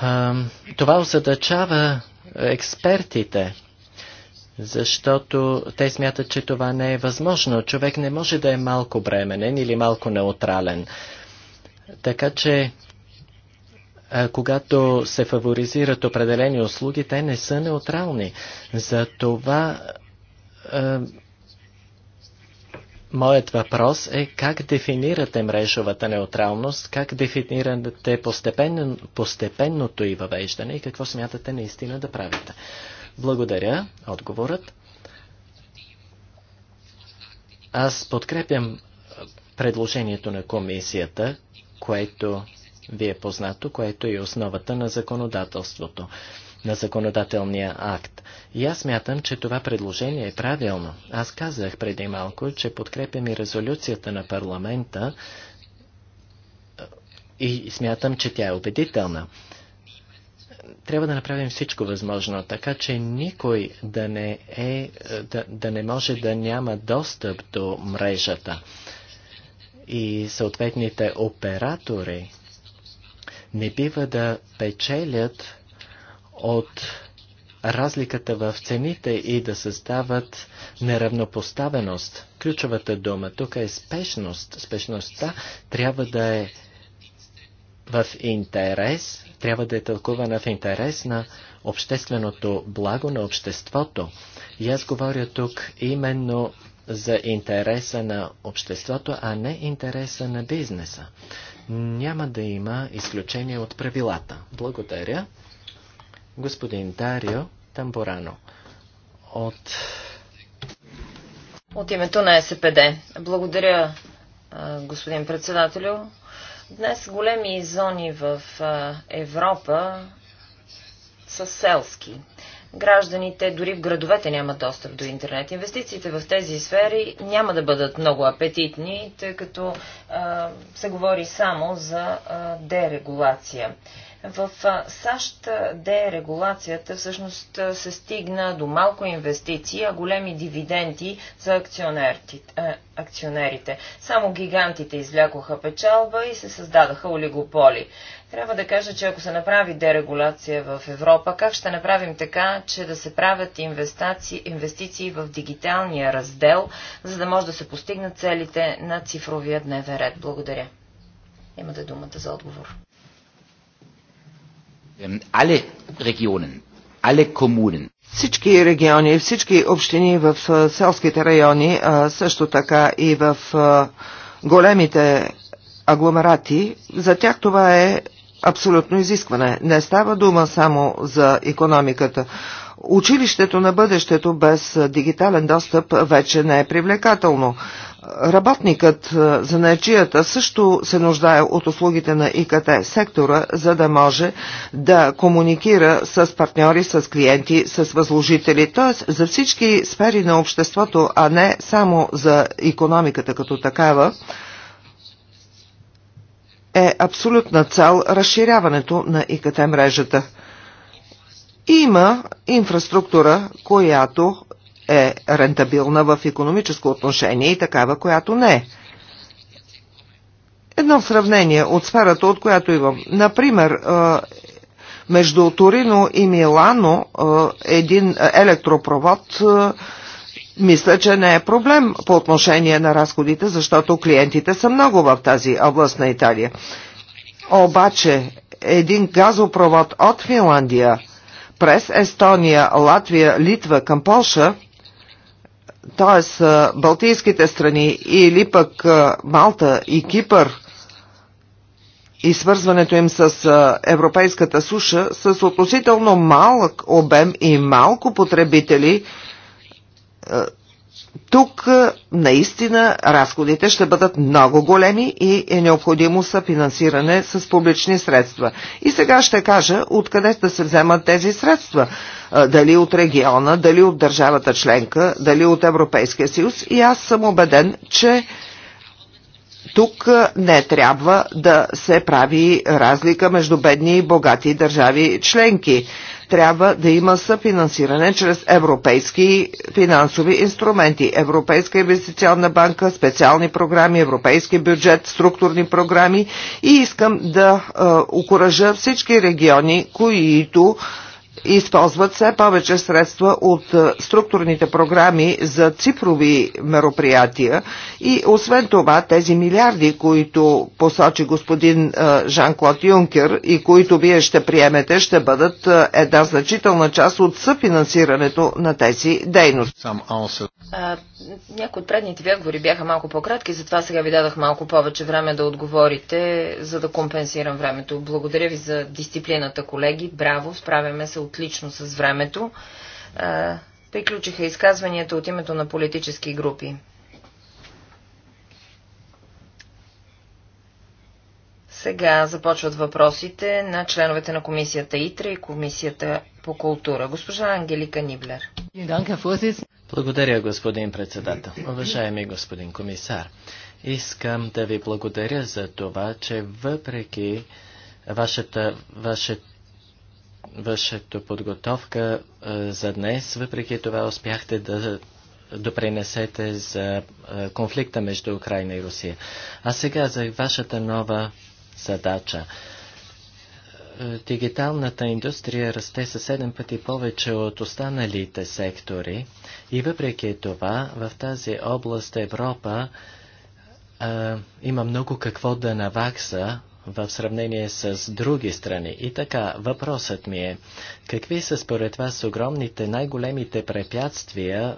а, това озадачава експертите защото те смятат, че това не е възможно. Човек не може да е малко бременен или малко неутрален. Така че, когато се фаворизират определени услуги, те не са неутрални. Затова е, моят въпрос е как дефинирате мрежовата неутралност, как дефинирате постепенно, постепенното и въвеждане и какво смятате наистина да правите. Благодаря. Отговорът. Аз подкрепям предложението на комисията, което ви е познато, което е основата на законодателството, на законодателния акт. И аз мятам, че това предложение е правилно. Аз казах преди малко, че подкрепям и резолюцията на парламента и смятам, че тя е убедителна трябва да направим всичко възможно, така че никой да не, е, да, да не може да няма достъп до мрежата. И съответните оператори не бива да печелят от разликата в цените и да създават неравнопоставеност. Ключовата дума тук е спешност. Спешността трябва да е в интерес трябва да е тълкувана в интерес на общественото благо на обществото. И аз говоря тук именно за интереса на обществото, а не интереса на бизнеса. Няма да има изключение от правилата. Благодаря. Господин Дарио Тамбурано, от...
От името на СПД. Благодаря, господин председателю. Днес големи зони в Европа са селски. Гражданите дори в градовете нямат достъп до интернет. Инвестициите в тези сфери няма да бъдат много апетитни, тъй като а, се говори само за а, дерегулация. В САЩ дерегулацията е всъщност се стигна до малко инвестиции, а големи дивиденти за акционерите. Само гигантите излякоха печалба и се създадаха олигополи. Трябва да кажа, че ако се направи дерегулация в Европа, как ще направим така, че да се правят инвестиции, в дигиталния раздел, за да може да се постигнат целите на цифровия дневен ред? Благодаря. Имате думата за отговор
alle Regionen, alle Kommunen.
Всички региони, всички общини в селските райони, също така и в големите агломерати, за тях това е абсолютно изискване. Не става дума само за економиката. Училището на бъдещето без дигитален достъп вече не е привлекателно. Работникът за наечията също се нуждае от услугите на ИКТ сектора, за да може да комуникира с партньори, с клиенти, с възложители, т.е. за всички сфери на обществото, а не само за економиката като такава, е абсолютна цел разширяването на ИКТ мрежата. Има инфраструктура, която е рентабилна в економическо отношение и такава, която не е. Едно сравнение от сферата, от която имам. Например, е, между Торино и Милано е, един електропровод е, мисля, че не е проблем по отношение на разходите, защото клиентите са много в тази област на Италия. Обаче един газопровод от Финландия през Естония, Латвия, Литва към Польша т.е. Балтийските страни или пък Малта и Кипър и свързването им с европейската суша, с относително малък обем и малко потребители тук наистина разходите ще бъдат много големи и е необходимо съфинансиране с публични средства. И сега ще кажа откъде да се вземат тези средства. Дали от региона, дали от държавата членка, дали от Европейския съюз. И аз съм убеден, че тук не трябва да се прави разлика между бедни и богати държави членки. Трябва да има съфинансиране чрез европейски финансови инструменти, Европейска инвестиционна банка, специални програми, европейски бюджет, структурни програми и искам да е, укоръжа всички региони, които е, използват все повече средства от е, структурните програми за цифрови мероприятия и освен това тези милиарди, които посочи господин е, Жан-Клод Юнкер и които вие ще приемете, ще бъдат е, една значителна част от съфинансирането на тези дейности.
Някои от предните ви бяха малко по-кратки, затова сега ви дадах малко повече време да отговорите, за да компенсирам времето. Благодаря ви за дисциплината, колеги. Браво, справяме се от отлично с времето. Е, приключиха изказванията от името на политически групи. Сега започват въпросите на членовете на комисията ИТРА и комисията по култура. Госпожа Ангелика Ниблер.
Благодаря, господин председател. Уважаеми господин комисар, искам да ви благодаря за това, че въпреки вашата, вашето вашата подготовка е, за днес. Въпреки това успяхте да допринесете за е, конфликта между Украина и Русия. А сега за вашата нова задача. Е, дигиталната индустрия расте със 7 пъти повече от останалите сектори и въпреки това в тази област Европа а, има много какво да навакса в сравнение с други страни. И така, въпросът ми е, какви са според вас огромните, най-големите препятствия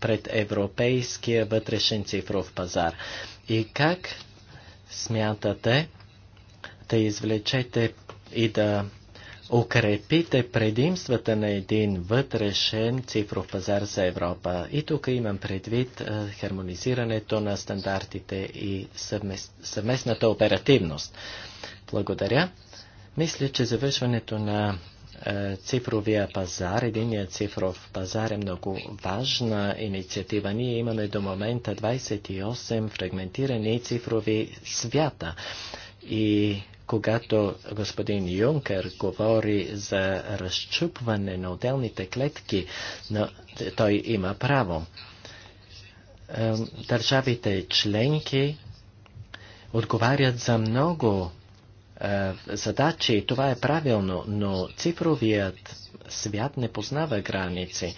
пред европейския вътрешен цифров пазар? И как смятате да извлечете и да укрепите предимствата на един вътрешен цифров пазар за Европа. И тук имам предвид хармонизирането на стандартите и съвместната оперативност. Благодаря. Мисля, че завършването на цифровия пазар, единият цифров пазар е много важна инициатива. Ние имаме до момента 28 фрагментирани цифрови свята. И когато господин Юнкер говори за разчупване на отделните клетки, но той има право. Държавите членки отговарят за много е, задачи, това е правилно, но цифровият свят не познава граници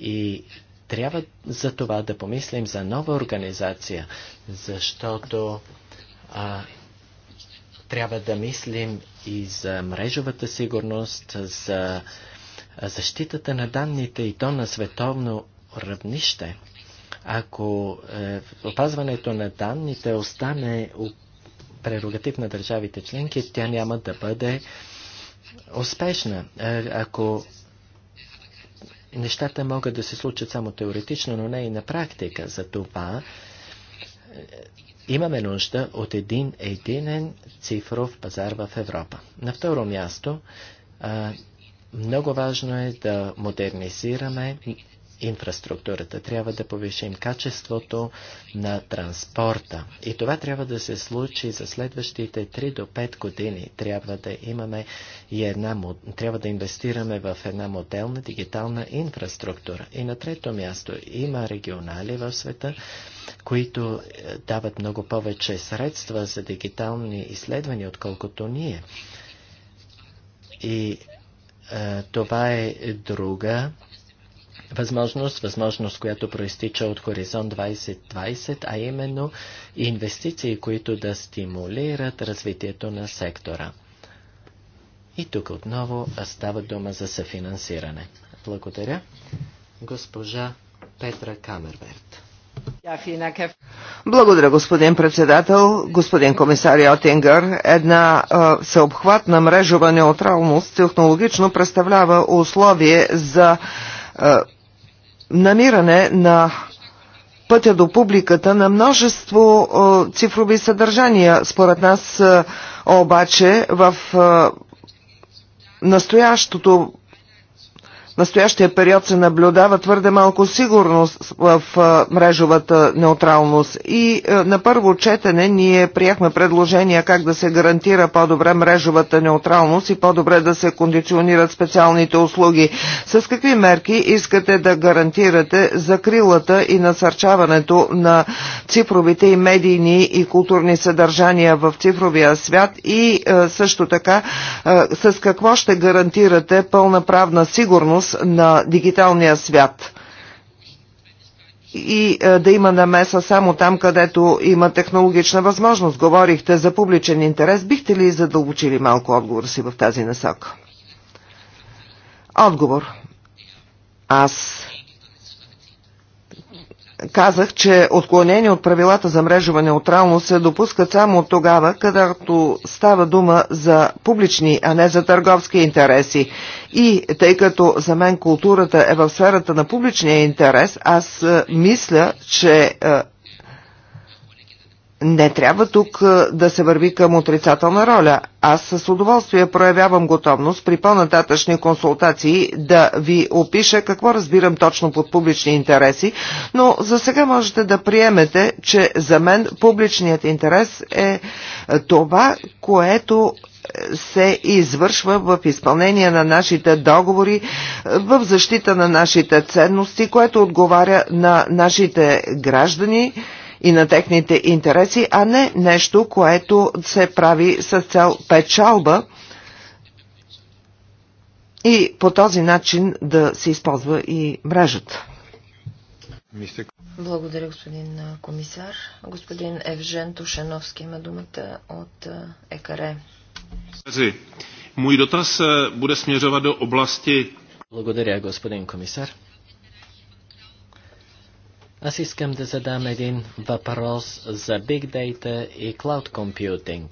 и трябва за това да помислим за нова организация, защото а, трябва да мислим и за мрежовата сигурност, за защитата на данните и то на световно равнище. Ако е, опазването на данните остане прерогатив на държавите членки, тя няма да бъде успешна. Е, ако нещата могат да се случат само теоретично, но не и на практика. За това е, Имаме нужда от един единен цифров пазар в Европа. На второ място, много важно е да модернизираме инфраструктурата. Трябва да повишим качеството на транспорта. И това трябва да се случи за следващите 3 до 5 години. Трябва да имаме и една, трябва да инвестираме в една моделна дигитална инфраструктура. И на трето място има регионали в света, които е, дават много повече средства за дигитални изследвания, отколкото ние. И е, това е друга възможност, възможност, която проистича от Хоризонт 2020, а именно инвестиции, които да стимулират развитието на сектора. И тук отново става дума за съфинансиране. Благодаря. Госпожа Петра Камерберт.
Благодаря,
господин председател, господин комисар Йотингър. Една а, съобхватна мрежова неутралност технологично представлява условие за а, намиране на пътя до публиката на множество цифрови съдържания. Според нас обаче в настоящото настоящия период се наблюдава твърде малко сигурност в мрежовата неутралност и на първо четене ние приехме предложения как да се гарантира по-добре мрежовата неутралност и по-добре да се кондиционират специалните услуги. С какви мерки искате да гарантирате закрилата и насърчаването на цифровите и медийни и културни съдържания в цифровия свят и също така с какво ще гарантирате пълна правна сигурност износ на дигиталния свят и е, да има намеса само там, където има технологична възможност. Говорихте за публичен интерес. Бихте ли задълбочили малко отговор си в тази насока? Отговор. Аз казах, че отклонение от правилата за мрежова неутралност се допускат само от тогава, където става дума за публични, а не за търговски интереси. И тъй като за мен културата е в сферата на публичния интерес, аз е, мисля, че е, не трябва тук да се върви към отрицателна роля. Аз с удоволствие проявявам готовност при по-нататъчни консултации да ви опиша какво разбирам точно под публични интереси, но за сега можете да приемете, че за мен публичният интерес е това, което се извършва в изпълнение на нашите договори, в защита на нашите ценности, което отговаря на нашите граждани, и на техните интереси, а не нещо, което се прави с цел печалба и по този начин да се използва и мрежата.
Благодаря, господин комисар. Господин Евжен Тушеновски има думата от ЕКАРЕ.
Благодаря, господин комисар. Аз искам да задам един въпрос за Big Data и Cloud Computing.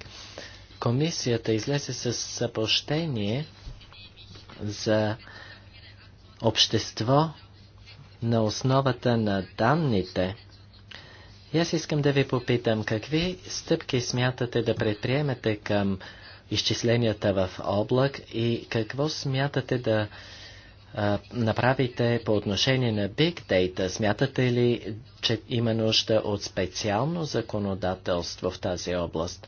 Комисията излезе с съобщение за общество на основата на данните. И аз искам да ви попитам, какви стъпки смятате да предприемете към изчисленията в облак и какво смятате да направите по отношение на Big Data? Смятате ли, че има нужда от специално законодателство в тази област?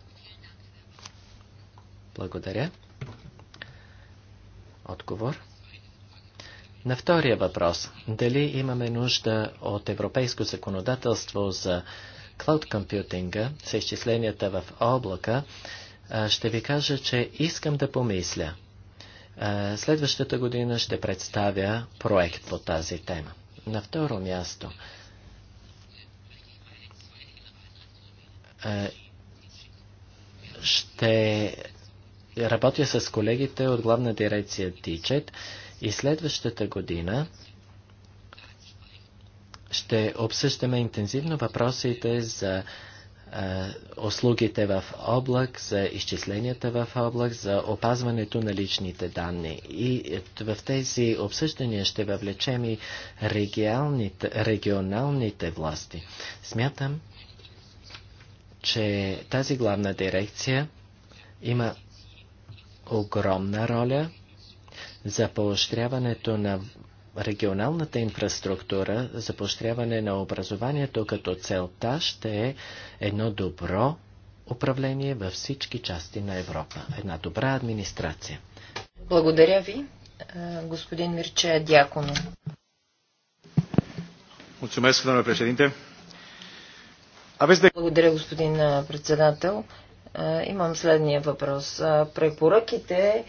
Благодаря. Отговор. На втория въпрос. Дали имаме нужда от европейско законодателство за клауд компютинга, с изчисленията в облака, ще ви кажа, че искам да помисля – е, следващата година ще представя проект по тази тема. На второ място е, ще работя с колегите от главна дирекция Тичет и следващата година ще обсъждаме интензивно въпросите за е, услугите в облак, за изчисленията в облак, за опазването на личните данни. И е, в тези обсъждания ще въвлечем и регионалните власти. Смятам, че тази главна дирекция има огромна роля за поощряването на регионалната инфраструктура за поощряване на образованието като целта ще е едно добро управление във всички части на Европа. Една добра администрация.
Благодаря ви, господин Мирче Дяконо. Благодаря, господин председател. Имам следния въпрос. Препоръките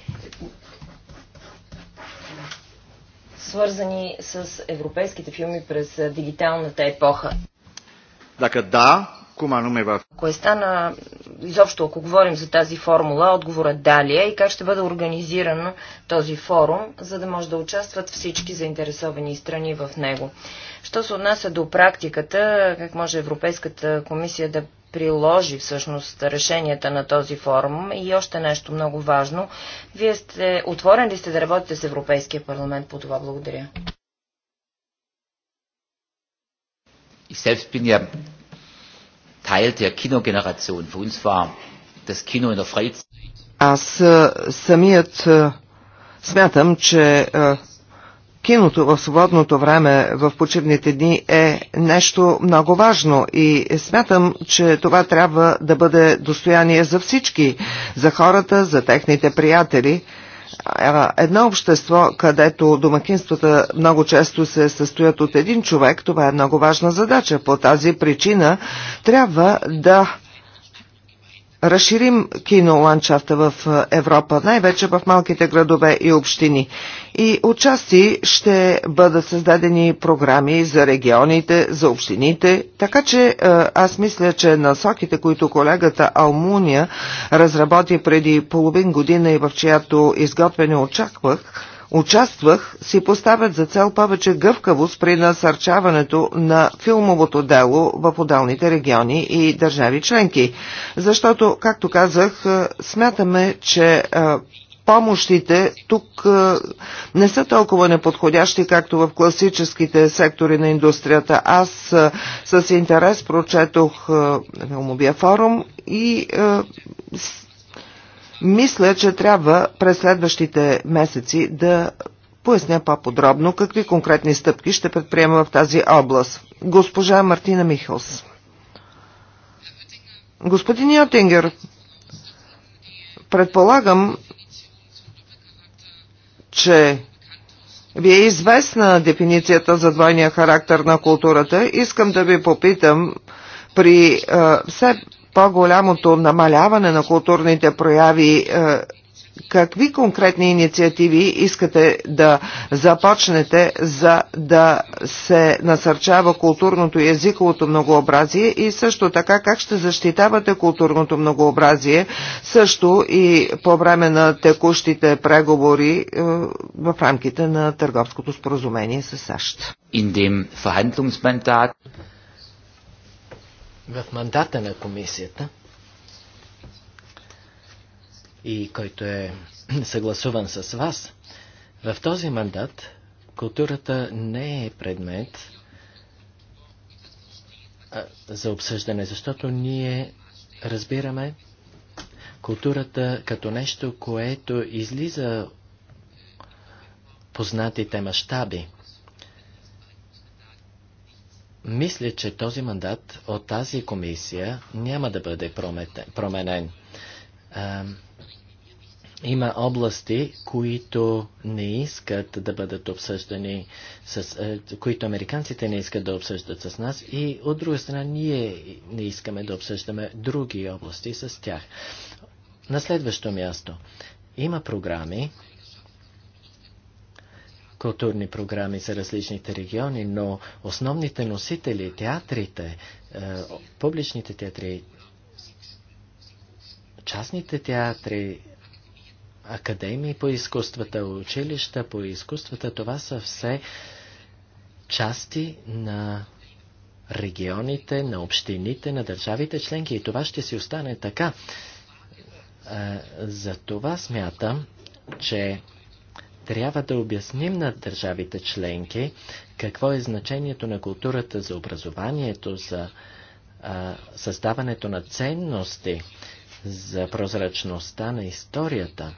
свързани с европейските филми през дигиталната епоха. Така да, Кумано ме va... Е ако е стана, изобщо ако говорим за тази формула, отговора дали е и как ще бъде организиран този форум, за да може да участват всички заинтересовани страни в него. Що се отнася до практиката, как може Европейската комисия да приложи всъщност решенията на този форум. И още нещо много важно. Вие сте отворен ли сте да работите с Европейския парламент по това? Благодаря.
Ich selbst bin ja Teil der Kinogeneration. Für uns war das Kino in
Аз э, самият э, смятам, че э, киното в свободното време в почивните дни е нещо много важно и смятам, че това трябва да бъде достояние за всички, за хората, за техните приятели. Едно общество, където домакинствата много често се състоят от един човек, това е много важна задача. По тази причина трябва да разширим киноландшафта в е, Европа, най-вече в малките градове и общини. И отчасти ще бъдат създадени програми за регионите, за общините, така че е, аз мисля, че насоките, които колегата Алмуния разработи преди половин година и в чиято изготвяне очаквах, участвах, си поставят за цел повече гъвкавост при насърчаването на филмовото дело в отделните региони и държави членки. Защото, както казах, е, смятаме, че е, помощите тук е, не са толкова неподходящи, както в класическите сектори на индустрията. Аз с интерес прочетох Филмовия форум и мисля, че трябва през следващите месеци да поясня по-подробно какви конкретни стъпки ще предприема в тази област. Госпожа Мартина Михелс. Господин Йотингер, предполагам, че ви е известна дефиницията за двойния характер на културата. Искам да ви попитам при е, все по-голямото намаляване на културните прояви е, какви конкретни инициативи искате да започнете, за да се насърчава културното и езиковото многообразие и също така как ще защитавате културното многообразие също и по време на текущите преговори е, в рамките на търговското споразумение с САЩ в мандата
на комисията и който е [CLEARS THROAT] съгласуван с вас, в този мандат културата не е предмет за обсъждане, защото ние разбираме културата като нещо, което излиза познатите мащаби. Мисля, че този мандат от тази комисия няма да бъде променен. А, има области, които не искат да бъдат обсъждани, с, които американците не искат да обсъждат с нас и от друга страна ние не искаме да обсъждаме други области с тях. На следващо място. Има програми, културни програми за различните региони, но основните носители, театрите, е, публичните театри, частните театри, академии по изкуствата, училища по изкуствата, това са все части на регионите, на общините, на държавите членки и това ще си остане така. Е, за това смятам, че трябва да обясним на държавите членки какво е значението на културата за образованието, за а, създаването на ценности, за прозрачността на историята.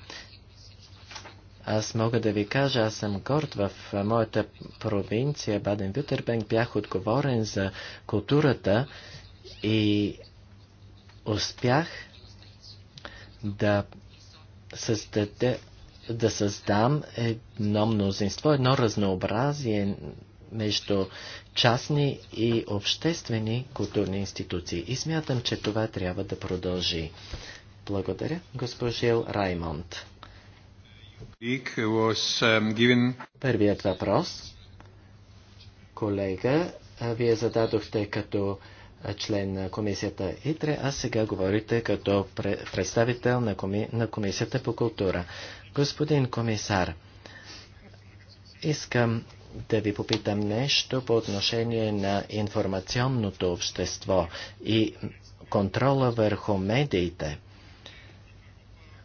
Аз мога да ви кажа, аз съм горд. В моята провинция Баден-Вютербенг бях отговорен за културата и успях да създаде да създам едно мнозинство, едно разнообразие между частни и обществени културни институции. И смятам, че това трябва да продължи. Благодаря, госпожил Раймонд. Um, Първият въпрос, колега, вие зададохте като член на комисията ИТРЕ, а сега говорите като представител на, коми... на комисията по култура. Господин комисар, искам да ви попитам нещо по отношение на информационното общество и контрола върху медиите.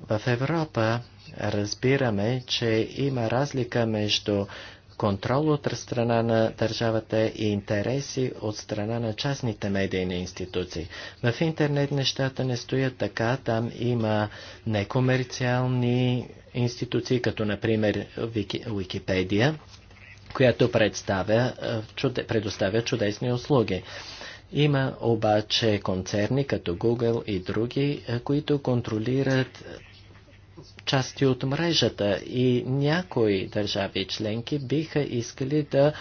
В Европа разбираме, че има разлика между контрол от страна на държавата и интереси от страна на частните медийни институции. В интернет нещата не стоят така, там има некомерциални институции, като например Вики, Википедия, която представя, чуде, предоставя чудесни услуги. Има обаче концерни като Google и други, които контролират части от мрежата и някои държави членки биха искали да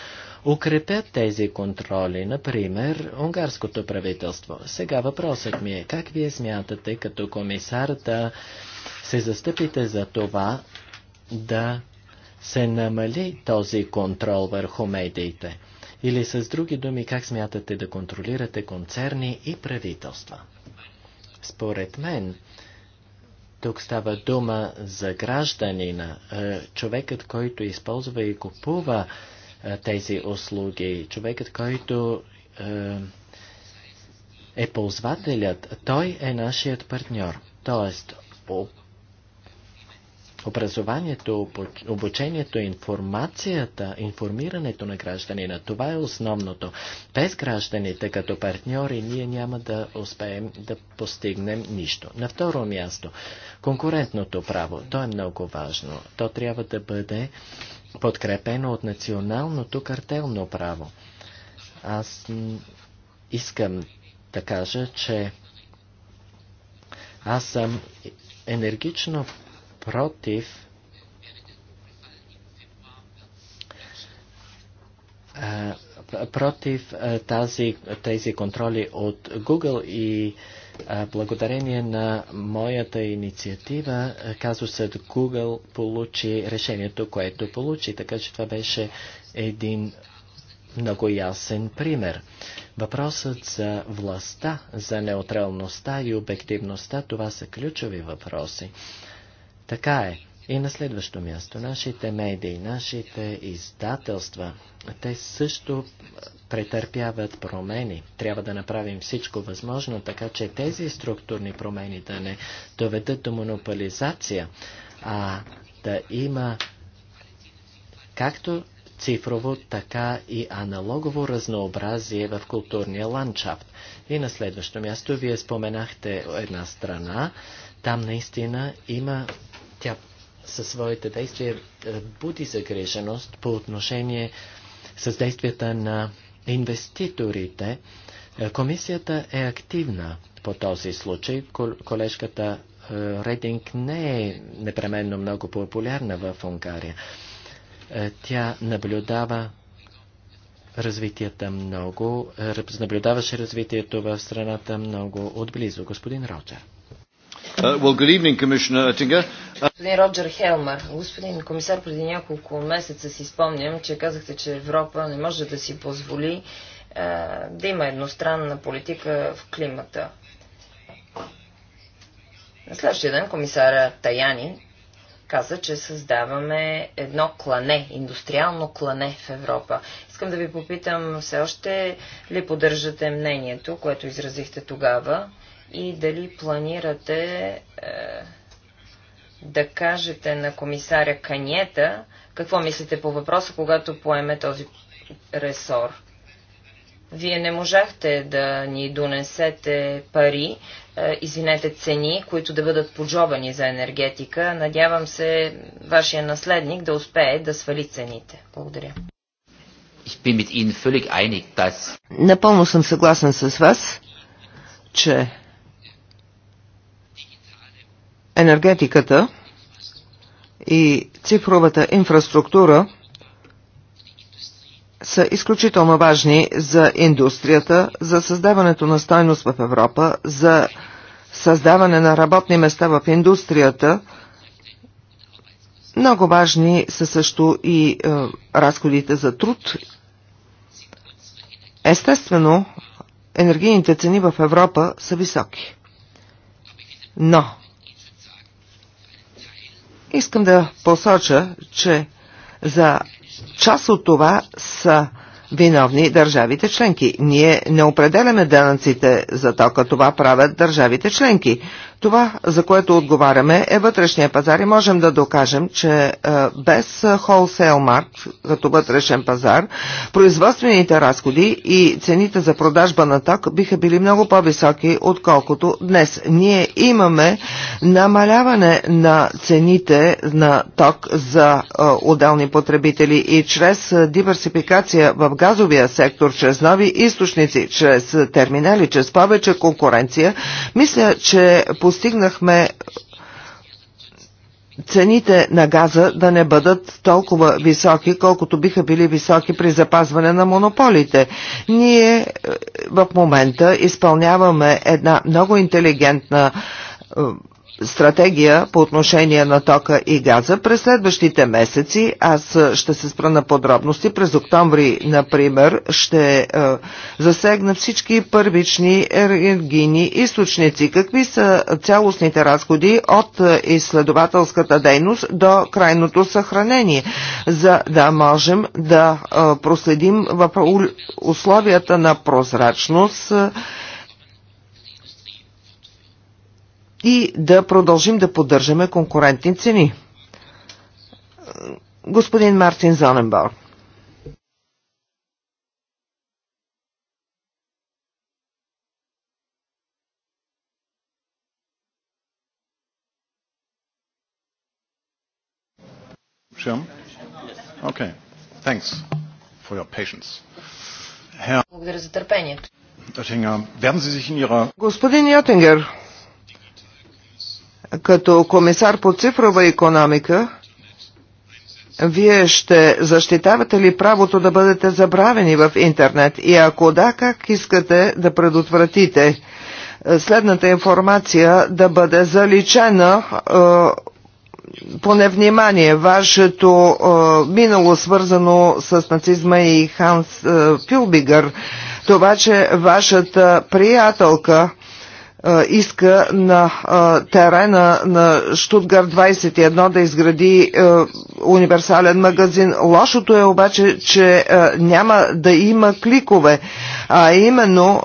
укрепят тези контроли, например унгарското правителство. Сега въпросът ми е как вие смятате като комисар да се застъпите за това да се намали този контрол върху медиите? Или с други думи, как смятате да контролирате концерни и правителства? Според мен, тук става дума за гражданина, човекът, който използва и купува тези услуги, човекът, който е ползвателят, той е нашият партньор. Тоест, образованието, обучението, информацията, информирането на гражданина. Това е основното. Без гражданите като партньори ние няма да успеем да постигнем нищо. На второ място, конкурентното право. То е много важно. То трябва да бъде подкрепено от националното картелно право. Аз искам да кажа, че аз съм енергично против против тази, тези контроли от Google и благодарение на моята инициатива казусът Google получи решението, което получи. Така че това беше един много ясен пример. Въпросът за властта, за неутралността и обективността, това са ключови въпроси. Така е. И на следващо място, нашите медии, нашите издателства, те също претърпяват промени. Трябва да направим всичко възможно, така че тези структурни промени да не доведат до монополизация, а да има както цифрово, така и аналогово разнообразие в културния ландшафт. И на следващо място, вие споменахте една страна, там наистина има тя със своите действия буди загриженост по отношение с действията на инвеститорите. Комисията е активна по този случай. Колежката е, Рединг не е непременно много популярна в Унгария. Е, тя наблюдава развитията много, е, наблюдаваше развитието в страната много
отблизо. Господин Роджер. Uh, uh, господин Роджер
Хелмър, господин комисар, преди няколко месеца си спомням, че казахте, че Европа не може да си позволи е, да има едностранна политика в климата. На следващия ден комисара Таяни каза, че създаваме едно клане, индустриално клане в Европа. Искам да ви попитам, все още ли поддържате мнението, което изразихте тогава? и дали планирате е, да кажете на комисаря Канета какво мислите по въпроса, когато поеме този ресор. Вие не можахте да ни донесете пари, е, извинете цени, които да бъдат поджобани за енергетика. Надявам се вашия наследник да успее да свали цените. Благодаря.
Einig, dass...
Напълно съм съгласен с вас, че енергетиката и цифровата инфраструктура са изключително важни за индустрията, за създаването на стойност в Европа, за създаване на работни места в индустрията. Много важни са също и е, разходите за труд. Естествено, енергийните цени в Европа са високи. Но Искам да посоча, че за част от това са виновни държавите членки. Ние не определяме данъците за тока, това правят държавите членки. Това, за което отговаряме, е вътрешния пазар и можем да докажем, че е, без холсейл маркт, като вътрешен пазар, производствените разходи и цените за продажба на ток биха били много по-високи, отколкото днес. Ние имаме намаляване на цените на ток за е, отделни потребители и чрез е, диверсификация в газовия сектор, чрез нови източници, чрез терминали, чрез повече конкуренция, мисля, че по постигнахме цените на газа да не бъдат толкова високи, колкото биха били високи при запазване на монополите. Ние е, в момента изпълняваме една много интелигентна е, стратегия по отношение на тока и газа през следващите месеци. Аз ще се спра на подробности. През октомври, например, ще е, засегна всички първични енергийни източници. Какви са цялостните разходи от е, изследователската дейност до крайното съхранение, за да можем да е, проследим в условията на прозрачност е, и да продължим да поддържаме конкурентни цени. Господин Мартин Зоненборг.
Okay. Thanks for your patience. Herr
Благодаря за търпението.
Господин Йотингер, като комисар по цифрова економика, вие ще защитавате ли правото да бъдете забравени в интернет и ако да, как искате да предотвратите е, следната информация да бъде заличена е, по невнимание вашето е, минало свързано с нацизма и Ханс Пилбигър, това, че вашата приятелка е, иска на е, терена на Штутгар 21 да изгради е, универсален магазин. Лошото е обаче, че няма да има кликове, а именно,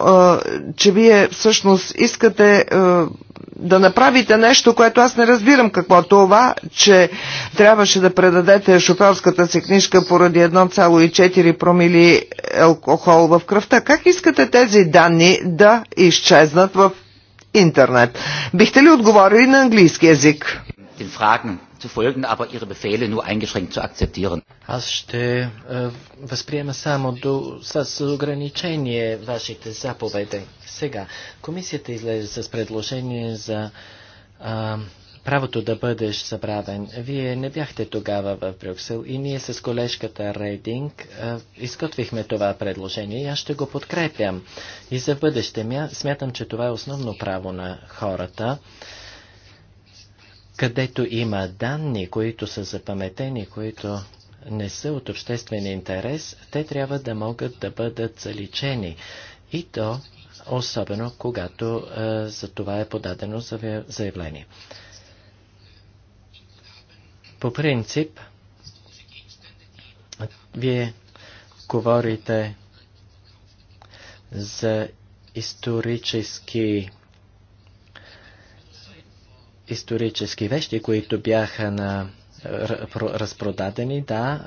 че вие всъщност искате да направите нещо, което аз не разбирам какво това, че трябваше да предадете шофьорската си книжка поради 1,4 промили алкохол в кръвта. Как искате тези данни да изчезнат в интернет. Бихте ли отговорили на английски язик?
zu folgen, aber ihre Befehle nur eingeschränkt zu akzeptieren.
Аз ще е, възприема само
до,
с ограничение вашите заповеди. Сега, комисията излезе с предложение за правото да бъдеш забравен. Вие не бяхте тогава в Брюксел и ние с колежката Рейдинг изготвихме това предложение и аз ще го подкрепям. И за бъдеще мя, смятам, че това е основно право на хората, където има данни, които са запаметени, които не са от обществен интерес, те трябва да могат да бъдат заличени. И то особено когато а, за това е подадено заявление. По принцип, вие говорите за исторически исторически вещи, които бяха на разпродадени, да.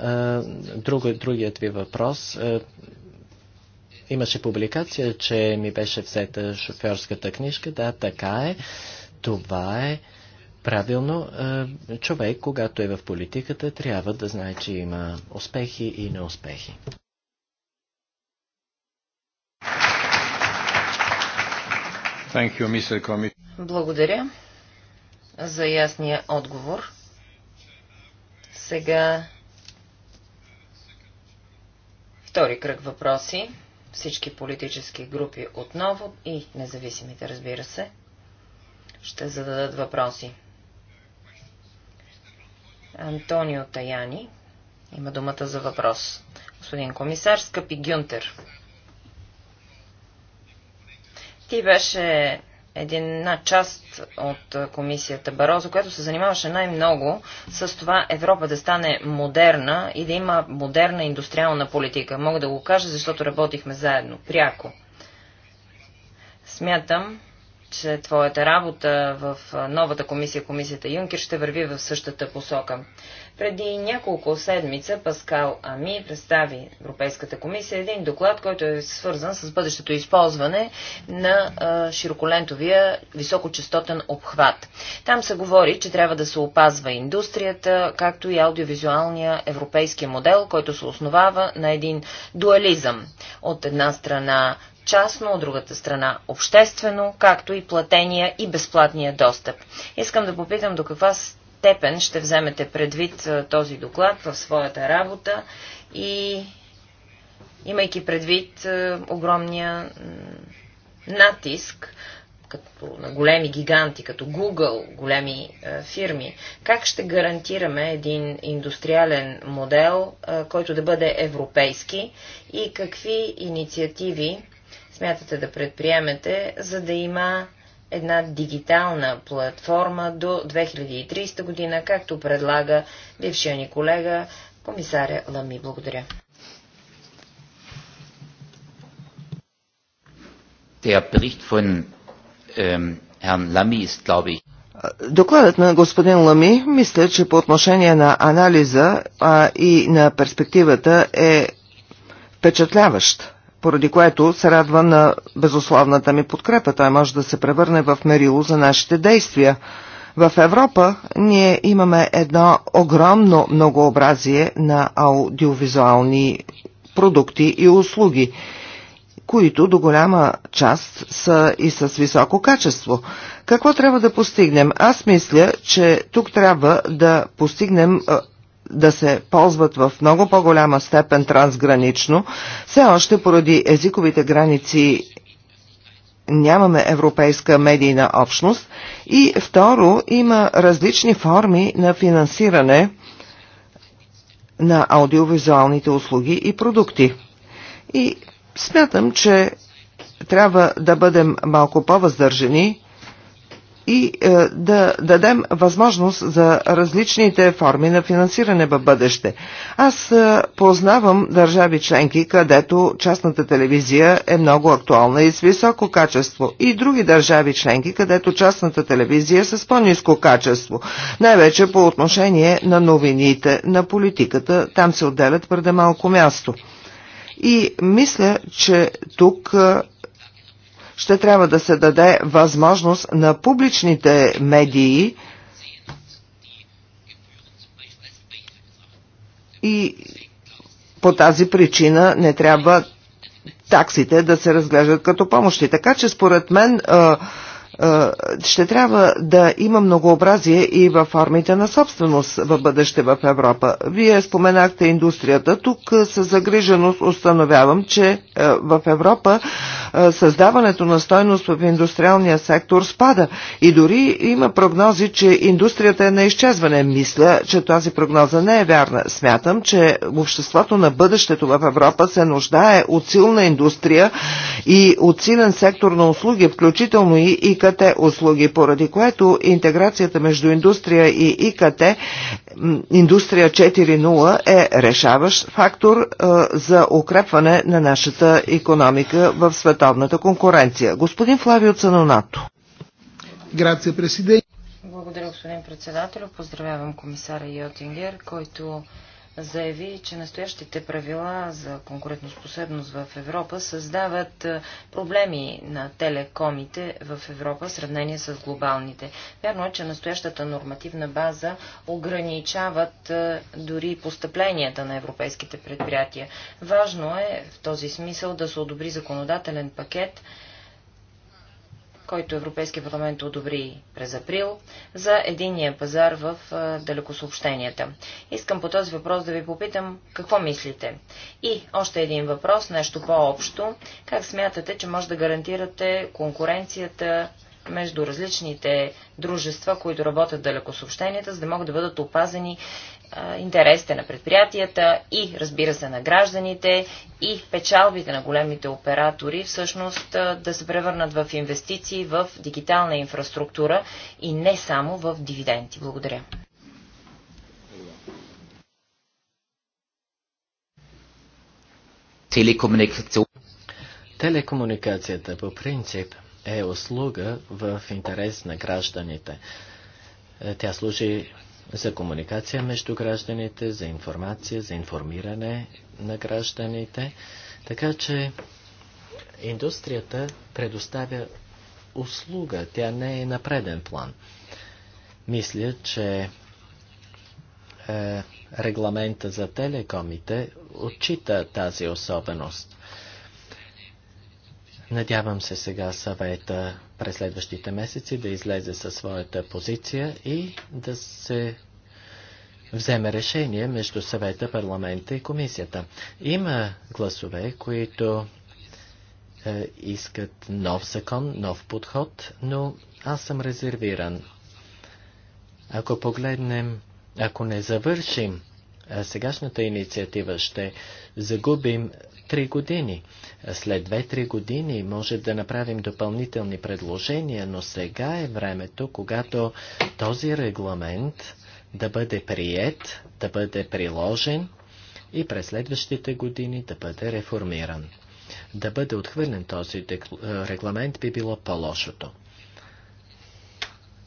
Друг, другият ви въпрос. Имаше публикация, че ми беше взета шофьорската книжка. Да, така е. Това е Правилно, е, човек, когато е в политиката, трябва да знае, че има успехи и неуспехи. You,
Благодаря за ясния отговор. Сега втори кръг въпроси. Всички политически групи отново и независимите, разбира се, ще зададат въпроси. Антонио Таяни има думата за въпрос. Господин комисар, скъпи Гюнтер, ти беше една част от комисията Барозо, която се занимаваше най-много с това Европа да стане модерна и да има модерна индустриална политика. Мога да го кажа, защото работихме заедно, пряко. Смятам, че твоята работа в новата комисия, комисията Юнкер, ще върви в същата посока. Преди няколко седмица Паскал Ами представи Европейската комисия един доклад, който е свързан с бъдещето използване на широколентовия високочастотен обхват. Там се говори, че трябва да се опазва индустрията, както и аудиовизуалния европейски модел, който се основава на един дуализъм. От една страна частно, от другата страна обществено, както и платения и безплатния достъп. Искам да попитам до каква степен ще вземете предвид този доклад в своята работа и имайки предвид огромния натиск, като на големи гиганти, като Google, големи е, фирми, как ще гарантираме един индустриален модел, е, който да бъде европейски и какви инициативи смятате да предприемете, за да има една дигитална платформа до 2030 година, както предлага бившия ни колега, комисаря Лами. Благодаря.
Ähm,
Докладът на господин Лами, мисля, че по отношение на анализа а, и на перспективата е впечатляващ поради което се радва на безусловната ми подкрепа. Той може да се превърне в мерило за нашите действия. В Европа ние имаме едно огромно многообразие на аудиовизуални продукти и услуги, които до голяма част са и с високо качество. Какво трябва да постигнем? Аз мисля, че тук трябва да постигнем да се ползват в много по-голяма степен трансгранично, все още поради езиковите граници нямаме европейска медийна общност и второ има различни форми на финансиране на аудиовизуалните услуги и продукти. И смятам, че трябва да бъдем малко по-въздържани и е, да дадем възможност за различните форми на финансиране в бъдеще. Аз е, познавам държави членки, където частната телевизия е много актуална и с високо качество, и други държави членки, където частната телевизия е с по-низко качество, най-вече по отношение на новините, на политиката, там се отделят твърде малко място. И мисля, че тук е, ще трябва да се даде възможност на публичните медии и по тази причина не трябва таксите да се разглеждат като помощи. Така че според мен а, е, ще трябва да има многообразие и във формите на собственост в бъдеще в Европа. Вие споменахте индустрията. Тук е, със загриженост установявам, че е, в Европа създаването на стойност в индустриалния сектор спада и дори има прогнози, че индустрията е на изчезване. Мисля, че тази прогноза не е вярна. Смятам, че обществото на бъдещето в Европа се нуждае от силна индустрия и от силен сектор на услуги, включително и, и двете услуги, поради което интеграцията между индустрия и ИКТ, индустрия 4.0 е решаващ фактор е, за укрепване на нашата економика в световната конкуренция. Господин Флавио Цанонато.
Грация, президент.
Благодаря, господин председател. Поздравявам комисара Йотингер, който заяви, че настоящите правила за конкурентоспособност в Европа създават проблеми на телекомите в Европа в сравнение с глобалните. Вярно е, че настоящата нормативна база ограничават дори постъпленията на европейските предприятия. Важно е в този смисъл да се одобри законодателен пакет, който Европейския парламент одобри през април, за единния пазар в далекосъобщенията. Искам по този въпрос да ви попитам какво мислите. И още един въпрос, нещо по-общо. Как смятате, че може да гарантирате конкуренцията между различните дружества, които работят далекосъобщенията, за да могат да бъдат опазени интересите на предприятията и, разбира се, на гражданите и печалбите на големите оператори всъщност да се превърнат в инвестиции в дигитална инфраструктура и не само в дивиденти. Благодаря.
Телекомуникацията по принцип е услуга в интерес на гражданите. Тя служи за комуникация между гражданите, за информация, за информиране на гражданите. Така че индустрията предоставя услуга, тя не е на преден план. Мисля, че е, регламента за телекомите отчита тази особеност. Надявам се сега съвета през следващите месеци да излезе със своята позиция и да се вземе решение между съвета, парламента и комисията. Има гласове, които е, искат нов закон, нов подход, но аз съм резервиран. Ако погледнем, ако не завършим сегашната инициатива, ще загубим Три години. След две-три години може да направим допълнителни предложения, но сега е времето, когато този регламент да бъде прият, да бъде приложен и през следващите години да бъде реформиран. Да бъде отхвърлен този е, регламент би било по-лошото.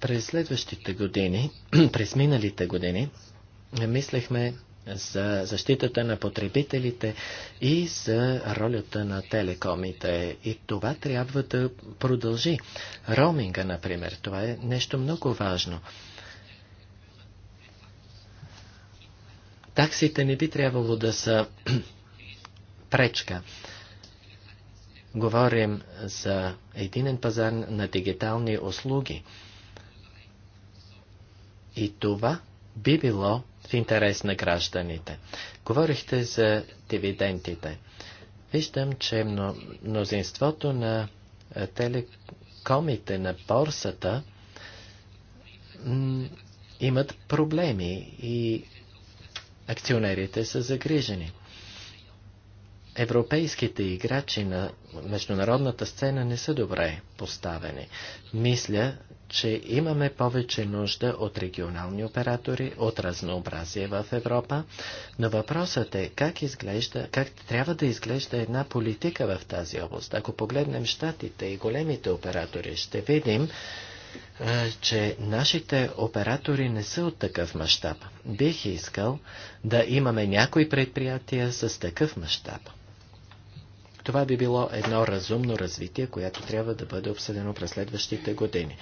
През следващите години, [CLEARS THROAT] през миналите години, мислехме за защитата на потребителите и за ролята на телекомите. И това трябва да продължи. Роминга, например, това е нещо много важно. Таксите не би трябвало да са [CLEARS THROAT] пречка. Говорим за единен пазар на дигитални услуги. И това би било в интерес на гражданите. Говорихте за дивидендите. Виждам, че мнозинството на телекомите на борсата имат проблеми и акционерите са загрижени. Европейските играчи на международната сцена не са добре поставени. Мисля, че имаме повече нужда от регионални оператори, от разнообразие в Европа, но въпросът е как, изглежда, как трябва да изглежда една политика в тази област. Ако погледнем щатите и големите оператори, ще видим, че нашите оператори не са от такъв мащаб. Бих искал да имаме някои предприятия с такъв мащаб. Това би било едно разумно развитие, което трябва да бъде обсъдено през следващите години.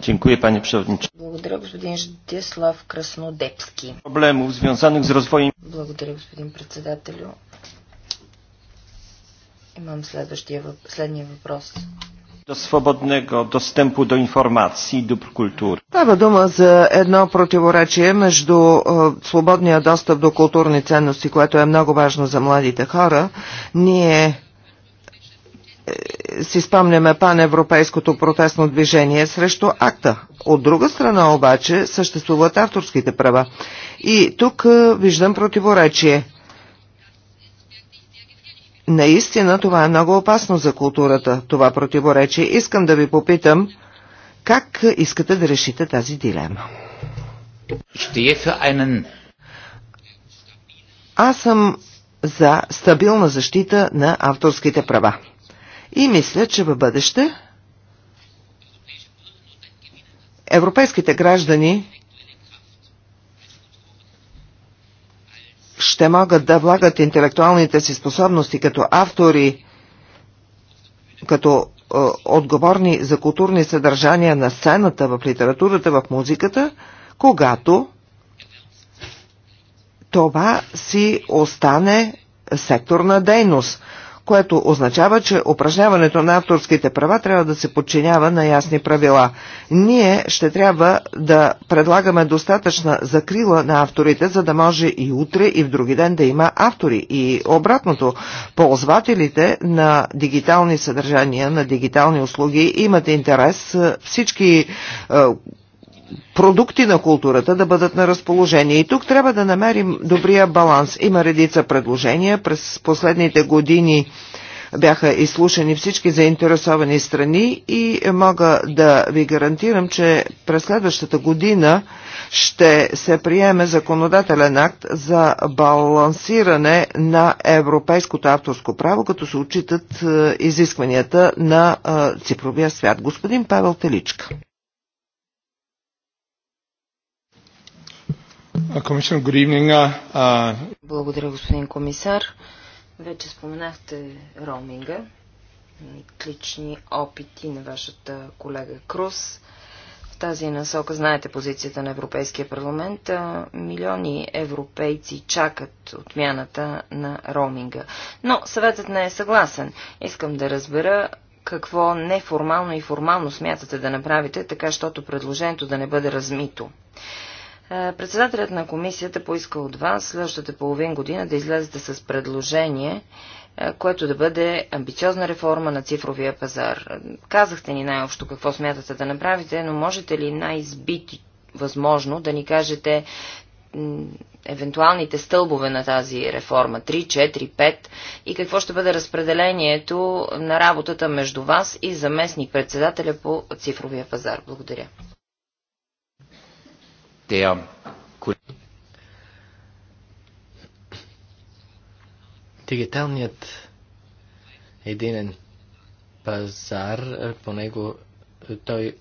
Dziękuję, panie przewodniczący.
Благодаря, господин Ждеслав Краснодепски. Проблемов, związanych z rozwojem... Благодаря, господин председателю. Имам следващия, следния въпрос До свободного
достъпа до информации, до dóbr kultury.
Става дума за едно противоречие между е, свободния достъп до културни ценности, което е много важно за младите хора. Ние си спомняме паневропейското протестно движение срещу акта. От друга страна обаче съществуват авторските права. И тук виждам противоречие. Наистина това е много опасно за културата, това противоречие. Искам да ви попитам, как искате да решите тази дилема? Аз съм за стабилна защита на авторските права. И мисля, че в бъдеще европейските граждани ще могат да влагат интелектуалните си способности като автори, като е, отговорни за културни съдържания на сцената, в литературата, в музиката, когато това си остане секторна дейност – което означава, че упражняването на авторските права трябва да се подчинява на ясни правила. Ние ще трябва да предлагаме достатъчна закрила на авторите, за да може и утре и в други ден да има автори. И обратното, ползвателите на дигитални съдържания, на дигитални услуги имат интерес всички е, продукти на културата да бъдат на разположение. И тук трябва да намерим добрия баланс. Има редица предложения. През последните години бяха изслушани всички заинтересовани страни и мога да ви гарантирам, че през следващата година ще се приеме законодателен акт за балансиране на европейското авторско право, като се отчитат е, изискванията на е, цифровия свят. Господин Павел Теличка. Uh, uh, uh,
Благодаря, господин комисар. Вече споменахте роуминга, клични опити на вашата колега Крус. В тази насока знаете позицията на Европейския парламент. Милиони европейци чакат отмяната на роуминга. Но съветът не е съгласен. Искам да разбера какво неформално и формално смятате да направите, така щото предложението да не бъде размито. Е, председателят на комисията поиска от вас следващата половин година да излезете с предложение, е, което да бъде амбициозна реформа на цифровия пазар. Казахте ни най-общо какво смятате да направите, но можете ли най-избити възможно да ни кажете евентуалните стълбове на тази реформа 3, 4, 5 и какво ще бъде разпределението на работата между вас и заместник председателя по цифровия пазар. Благодаря
der Дигиталният
единен пазар, по него той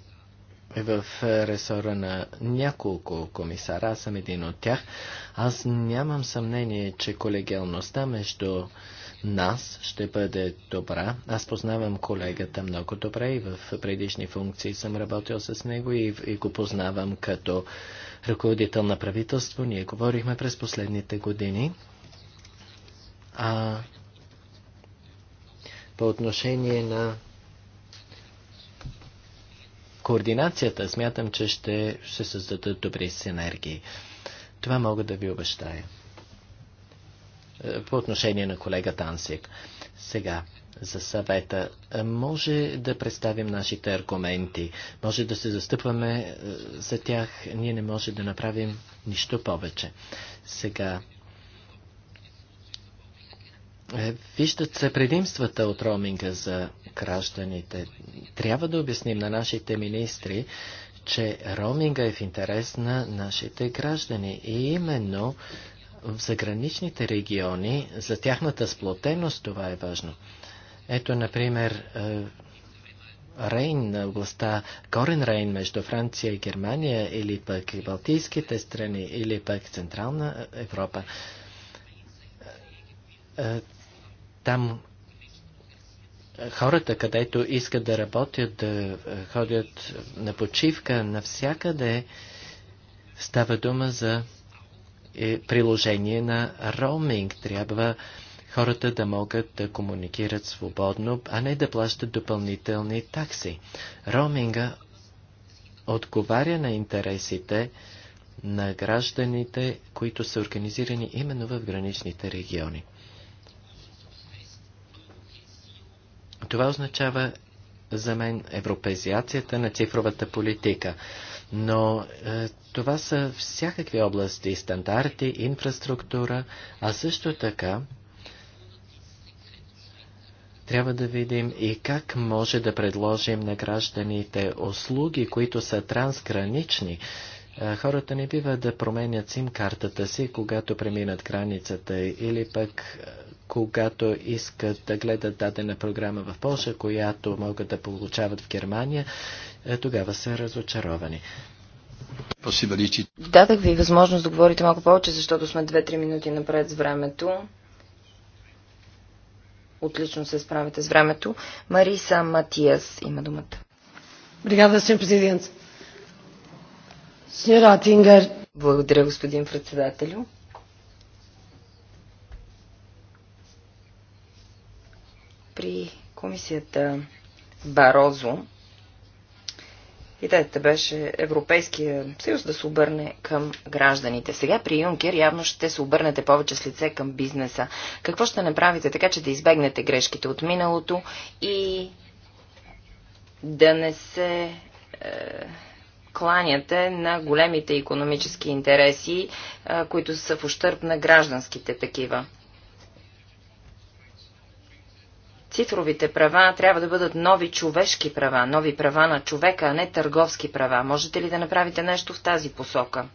е в ресора на няколко комисара, аз съм един от тях. Аз нямам съмнение, че колегиалността между нас ще бъде добра. Аз познавам колегата много добре и в предишни функции съм работил с него и, и го познавам като ръководител на правителство. Ние говорихме през последните години. А по отношение на координацията, смятам, че ще, ще създадат добри синергии. Това мога да ви обещая. Е, по отношение на колегата Ансик. Сега, за съвета. Е, може да представим нашите аргументи, може да се застъпваме е, за тях, ние не може да направим нищо повече. Сега, е, Виждат се предимствата от роуминга за гражданите. Трябва да обясним на нашите министри, че роуминга е в интерес на нашите граждани и именно в заграничните региони, за тяхната сплотеност това е важно. Ето, например, е, Рейн на областта, Корен Рейн между Франция и Германия, или пък и Балтийските страни, или пък Централна Европа. Е, там хората, където искат да работят, да е, ходят на почивка, навсякъде става дума за приложение на роуминг. Трябва хората да могат да комуникират свободно, а не да плащат допълнителни такси. Роминга отговаря на интересите на гражданите, които са организирани именно в граничните региони. Това означава за мен европезиацията на цифровата политика. Но е, това са всякакви области, стандарти, инфраструктура, а също така трябва да видим и как може да предложим на гражданите услуги, които са трансгранични. Хората не бива да променят сим-картата си, когато преминат границата или пък когато искат да гледат дадена програма в Польша, която могат да получават в Германия, тогава са разочаровани.
Дадах ви възможност да говорите малко повече, защото сме 2-3 минути напред с времето отлично се справяте с времето. Мариса Матиас има думата. Бригада, господин президент. Сеньора Тингер. Благодаря, господин председателю. При комисията Барозо Идеята беше Европейския съюз да се обърне към гражданите. Сега при Юнкер явно ще се обърнете повече с лице към бизнеса. Какво ще направите така, че да избегнете грешките от миналото и да не се е, кланяте на големите економически интереси, е, които са в ущърп на гражданските такива? Цифровите права трябва да бъдат нови човешки права, нови права на човека, а не търговски права. Можете ли да направите нещо в тази посока?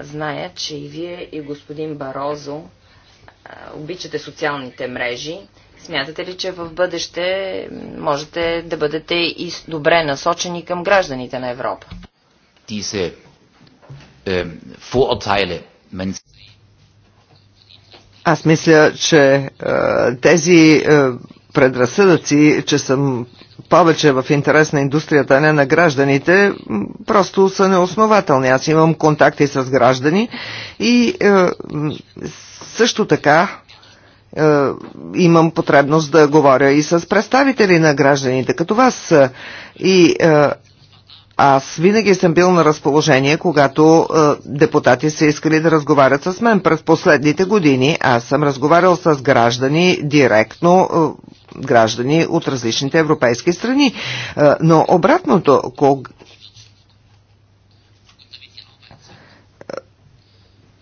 Зная, че и вие, и господин Барозо обичате социалните мрежи. Смятате ли, че в бъдеще можете да бъдете и добре насочени към гражданите на Европа?
Diese
аз мисля, че е, тези е, предразсъдъци, че съм повече в интерес на индустрията, а не на гражданите, просто са неоснователни. Аз имам контакти с граждани и е, също така е, имам потребност да говоря и с представители на гражданите, като вас. И е, аз винаги съм бил на разположение, когато е, депутати са искали да разговарят с мен. През последните години аз съм разговарял с граждани директно, е, граждани от различните европейски страни. Е, но обратното, ког...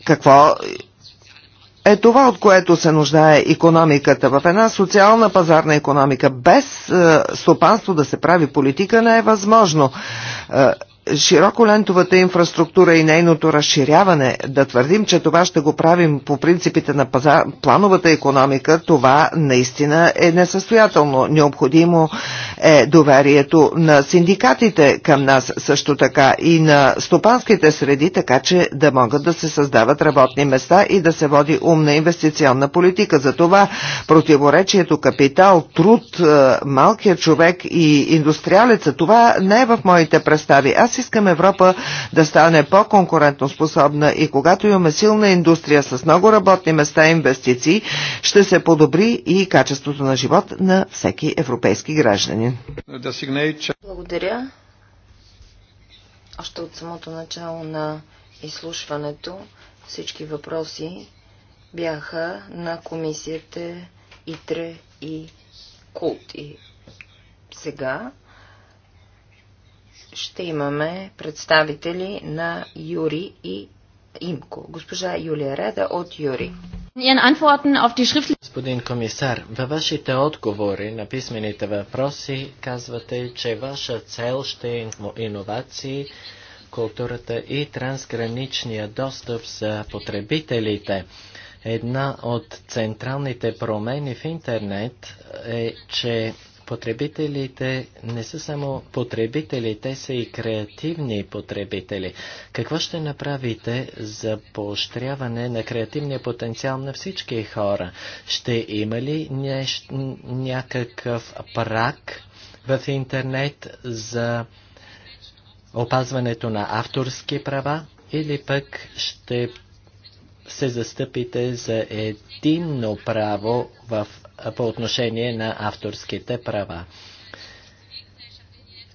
какво е това, от което се нуждае економиката. В една социална пазарна економика без е, стопанство да се прави политика не е възможно. Е, широколентовата инфраструктура и нейното разширяване, да твърдим, че това ще го правим по принципите на паза, плановата економика, това наистина е несъстоятелно. Необходимо е доверието на синдикатите към нас също така и на стопанските среди, така че да могат да се създават работни места и да се води умна инвестиционна политика. За това противоречието капитал, труд, е, малкият човек и индустриалеца, това не е в моите представи. Аз аз искам Европа да стане по-конкурентоспособна и когато имаме силна индустрия с много работни места и инвестиции, ще се подобри и качеството на живот на всеки европейски гражданин.
Благодаря. Още от самото начало на изслушването всички въпроси бяха на комисията ИТРЕ и КУЛТИ. И сега ще имаме представители на Юри и Имко. Госпожа Юлия Реда от Юри.
Господин комисар, във вашите отговори на писмените въпроси казвате, че ваша цел ще е иновации, културата и трансграничния достъп за потребителите. Една от централните промени в интернет е, че Потребителите не са само потребители, те са и креативни потребители. Какво ще направите за поощряване на креативния потенциал на всички хора? Ще има ли нещ... някакъв прак в интернет за опазването на авторски права? Или пък ще се застъпите за единно право в по отношение на авторските права.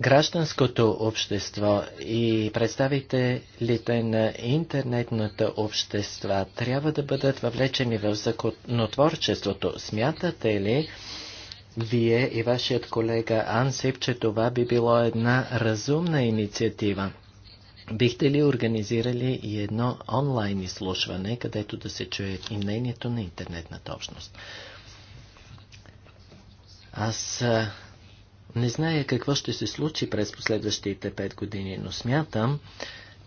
Гражданското общество и представителите на интернетната общества трябва да бъдат въвлечени в законотворчеството. Смятате ли, вие и вашият колега Ансип, че това би било една разумна инициатива? Бихте ли организирали и едно онлайн изслушване, където да се чуе и мнението на интернетната общност? Аз не зная какво ще се случи през последващите пет години, но смятам,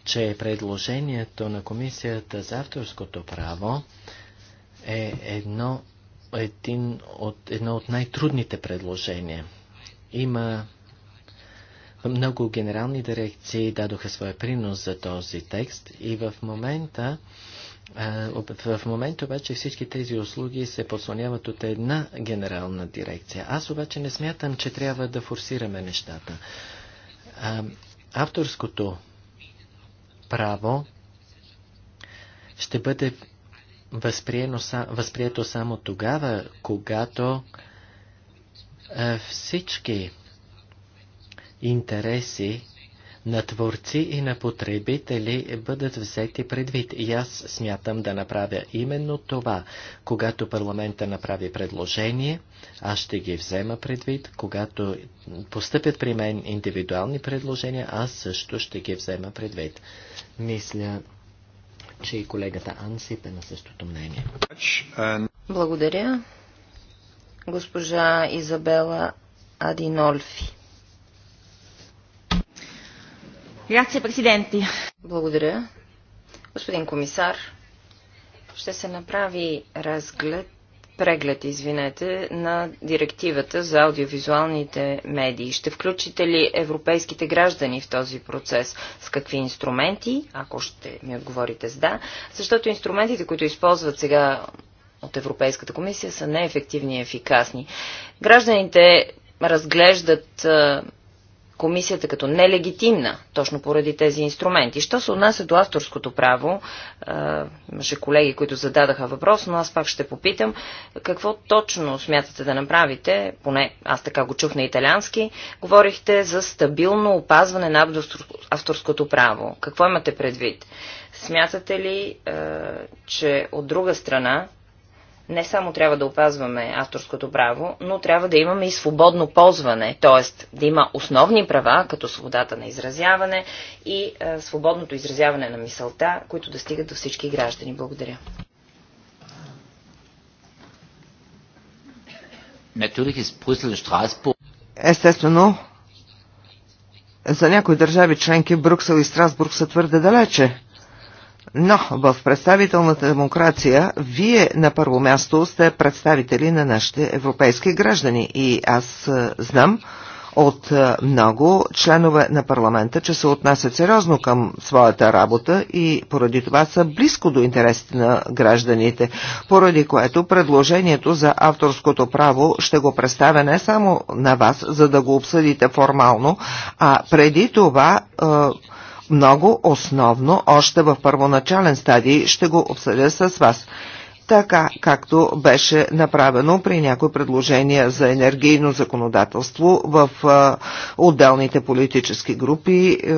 че предложението на Комисията за авторското право е едно, един от, едно от най-трудните предложения. Има много генерални дирекции дадоха своя принос за този текст и в момента в момента обаче всички тези услуги се подслоняват от една генерална дирекция. Аз обаче не смятам, че трябва да форсираме нещата. Авторското право ще бъде възприето само тогава, когато всички интереси на творци и на потребители бъдат взети предвид. И аз смятам да направя именно това. Когато парламента направи предложение, аз ще ги взема предвид. Когато постъпят при мен индивидуални предложения, аз също ще ги взема предвид. Мисля, че и колегата Ансип е на същото мнение.
Благодаря. Госпожа Изабела Адинольфи. Грация, президенти. Благодаря. Господин комисар, ще се направи разглед, преглед, извинете, на директивата за аудиовизуалните медии. Ще включите ли европейските граждани в този процес? С какви инструменти? Ако ще ми отговорите с да. Защото инструментите, които използват сега от Европейската комисия, са неефективни и ефикасни. Гражданите разглеждат комисията като нелегитимна, точно поради тези инструменти. Що се отнася до авторското право, имаше колеги, които зададаха въпрос, но аз пак ще попитам, какво точно смятате да направите, поне аз така го чух на италиански, говорихте за стабилно опазване на авторското право. Какво имате предвид? Смятате ли, че от друга страна не само трябва да опазваме авторското право, но трябва да имаме и свободно ползване, т.е. да има основни права, като свободата на изразяване и е, свободното изразяване на мисълта, които да стигат до всички граждани. Благодаря.
Естествено,
за някои държави членки Брюксел и Страсбург са твърде далече. Но в представителната демокрация вие на първо място сте представители на нашите европейски граждани и аз е, знам от е, много членове на парламента, че се отнасят сериозно към своята работа и поради това са близко до интересите на гражданите, поради което предложението за авторското право ще го представя не само на вас, за да го обсъдите формално, а преди това е, много основно още в първоначален стадий. Ще го обсъдя с вас така както беше направено при някои предложения за енергийно законодателство в отделните политически групи. Е,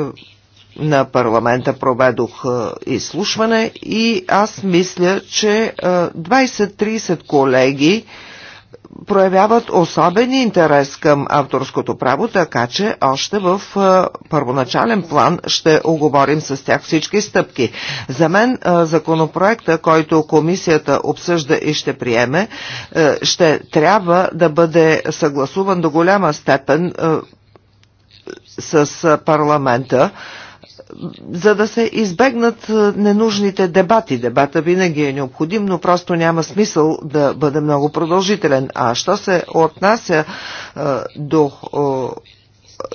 на парламента проведох е, изслушване и аз мисля, че 20-30 е, колеги проявяват особен интерес към авторското право, така че още в е, първоначален план ще оговорим с тях всички стъпки. За мен е, законопроекта, който комисията обсъжда и ще приеме, е, ще трябва да бъде съгласуван до голяма степен с парламента, за да се избегнат е, ненужните дебати. Дебата винаги е необходим, но просто няма смисъл да бъде много продължителен. А що се отнася е, до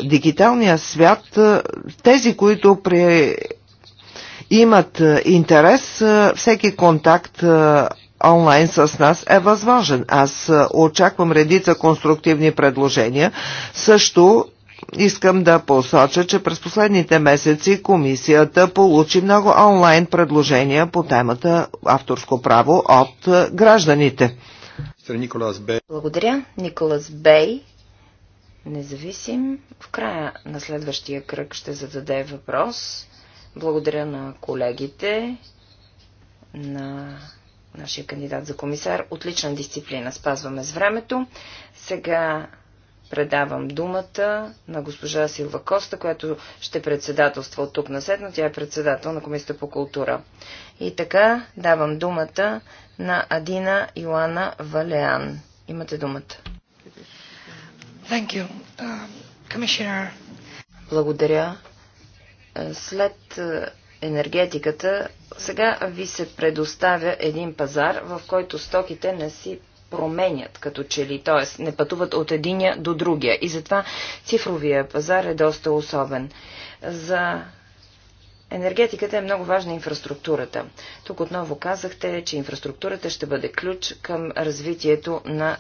дигиталния свят, е, тези, които при имат интерес, всеки контакт онлайн с нас е възможен. Аз очаквам редица конструктивни предложения. Също искам да посоча, че през последните месеци комисията получи много онлайн предложения по темата авторско право от гражданите. Николас Бей.
Благодаря. Николас Бей, независим. В края на следващия кръг ще зададе въпрос. Благодаря на колегите, на нашия кандидат за комисар. Отлична дисциплина. Спазваме с времето. Сега предавам думата на госпожа Силва Коста, която ще председателства от тук на наседно. Тя е председател на Комисията по култура. И така давам думата на Адина Йоана Валеан. Имате думата. Thank you. Uh, Благодаря. След е, енергетиката, сега ви се предоставя един пазар, в който стоките не си променят като че ли, т.е. не пътуват от единия до другия. И затова цифровия пазар е доста особен. За енергетиката е много важна инфраструктурата. Тук отново казахте, че инфраструктурата ще бъде ключ към развитието на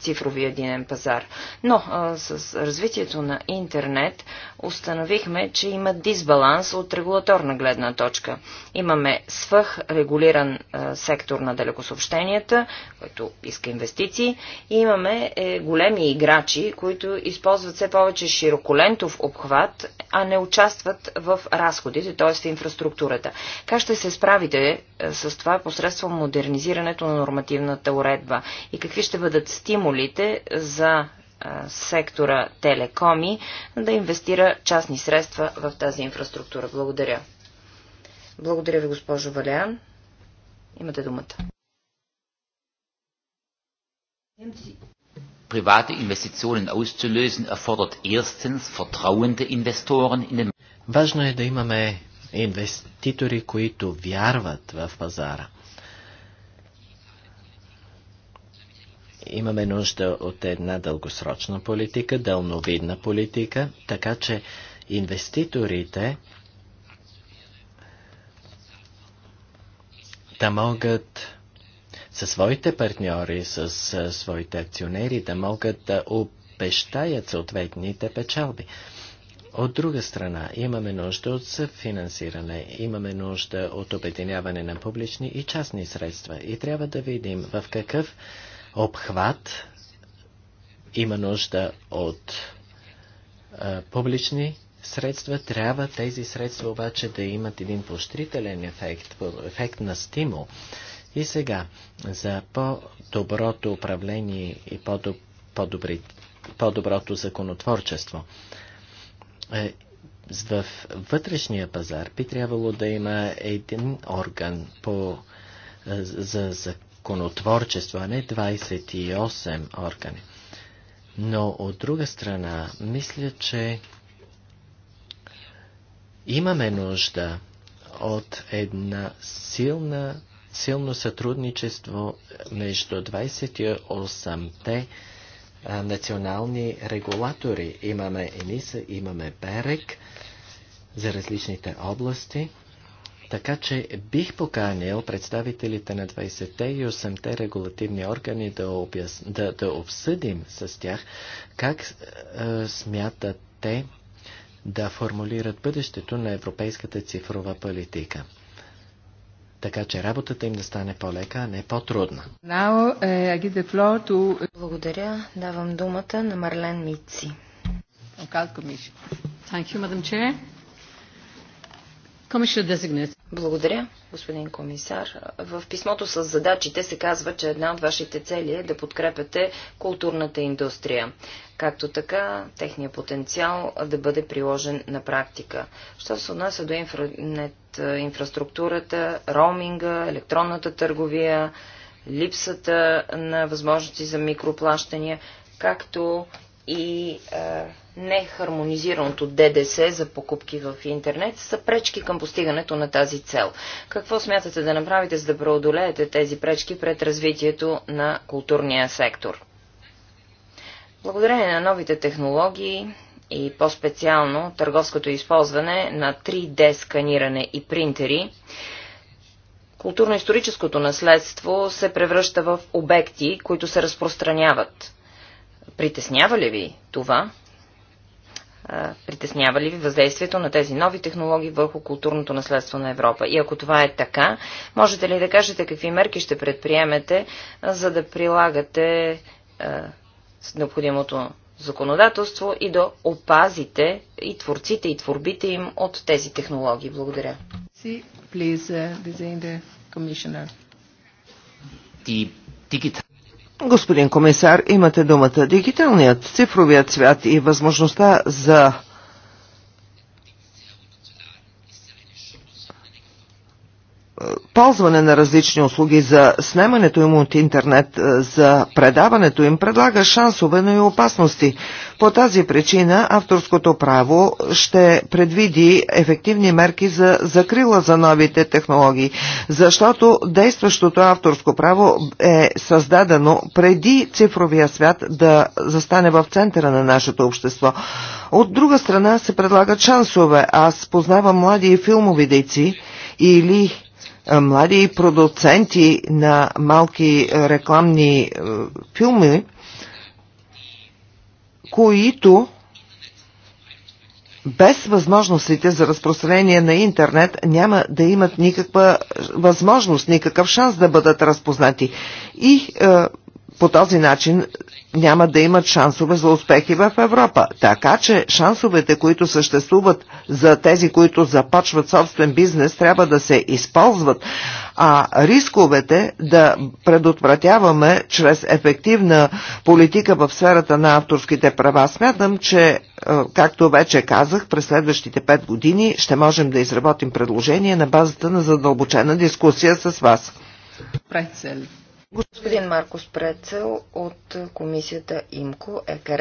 цифровия единен пазар. Но а, с развитието на интернет установихме, че има дисбаланс от регулаторна гледна точка. Имаме свъх регулиран а, сектор на далекосъобщенията, който иска инвестиции, и имаме е, големи играчи, които използват все повече широколентов обхват, а не участват в разходите, т.е. в инфраструктурата. Как ще се справите а, с това посредством модернизирането на нормативната уредба и какви ще бъдат стимули стимулите за сектора телекоми да инвестира частни средства в тази инфраструктура. Благодаря. Благодаря ви, госпожо Валян. Имате думата.
Private Investitionen auszulösen erfordert erstens vertrauende Investoren in den Важно е да имаме инвеститори, които
вярват в пазара. имаме нужда от една дългосрочна политика, дълновидна политика, така че инвеститорите да могат със своите партньори, с своите акционери да могат да обещаят съответните печалби. От друга страна, имаме нужда от съфинансиране, имаме нужда от обединяване на публични и частни средства и трябва да видим в какъв обхват, има нужда от а, публични средства. Трябва тези средства обаче да имат един поощрителен ефект, ефект на стимул. И сега, за по-доброто управление и по-доброто по законотворчество. Е, в вътрешния пазар би трябвало да има един орган по, за, за законотворчество, а не 28 органи. Но от друга страна, мисля, че имаме нужда от една силна, силно сътрудничество между 28-те национални регулатори. Имаме ЕНИСА, имаме БЕРЕК за различните области – така че бих поканил представителите на 20-те и 8-те регулативни органи да, обяс... да, да обсъдим с тях как е, смятат те да формулират бъдещето на европейската цифрова политика. Така че работата им да стане по-лека, а не по-трудна. Е,
Благодаря. Давам думата на Марлен Мици. Okay, благодаря, господин комисар. В писмото с задачите се казва, че една от вашите цели е да подкрепяте културната индустрия, както така техния потенциал да бъде приложен на практика. Що се отнася до интернет, инфраструктурата, роуминга, електронната търговия, липсата на възможности за микроплащания, както и а, е, нехармонизираното ДДС за покупки в интернет са пречки към постигането на тази цел. Какво смятате да направите, за да преодолеете тези пречки пред развитието на културния сектор? Благодарение на новите технологии и по-специално търговското използване на 3D сканиране и принтери, културно-историческото наследство се превръща в обекти, които се разпространяват Притеснява ли ви това? притеснява ли ви въздействието на тези нови технологии върху културното наследство на Европа? И ако това е така, можете ли да кажете какви мерки ще предприемете, за да прилагате е, необходимото законодателство и да опазите и творците и творбите им от тези технологии? Благодаря.
please,
uh, Господин комисар, имате думата. Дигиталният цифровият свят и възможността за ползване на различни услуги, за снемането им от интернет, е, за предаването им предлага шансове, но и опасности. По тази причина авторското право ще предвиди ефективни мерки за закрила за новите технологии, защото действащото авторско право е създадено преди цифровия свят да застане в центъра на нашето общество. От друга страна се предлагат шансове. Аз познавам млади филмови дейци или е, млади продуценти на малки е, рекламни е, филми, които без възможностите за разпространение на интернет няма да имат никаква възможност, никакъв шанс да бъдат разпознати. И е, по този начин няма да имат шансове за успехи в Европа. Така че шансовете, които съществуват за тези, които започват собствен бизнес, трябва да се използват, а рисковете да предотвратяваме чрез ефективна политика в сферата на авторските права. Смятам, че, е, както вече казах, през следващите 5 години ще можем да изработим предложение на базата на задълбочена дискусия с вас.
Прецел. Господин Маркус Прецел от комисията ИМКО ЕКР.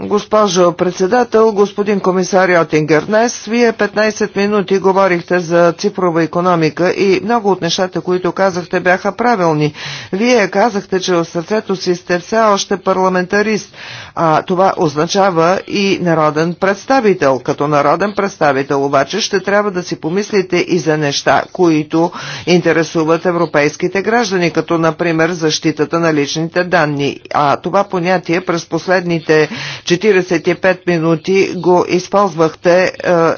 Госпожо председател, господин комисар Йотингер, днес вие 15 минути говорихте за цифрова економика и много от нещата, които казахте, бяха правилни. Вие казахте, че в сърцето си сте все още парламентарист, а това означава и народен представител. Като народен представител обаче ще трябва да си помислите и за неща, които интересуват европейските граждани, като например защитата на личните данни. А това понятие през последните 45 минути го използвахте е,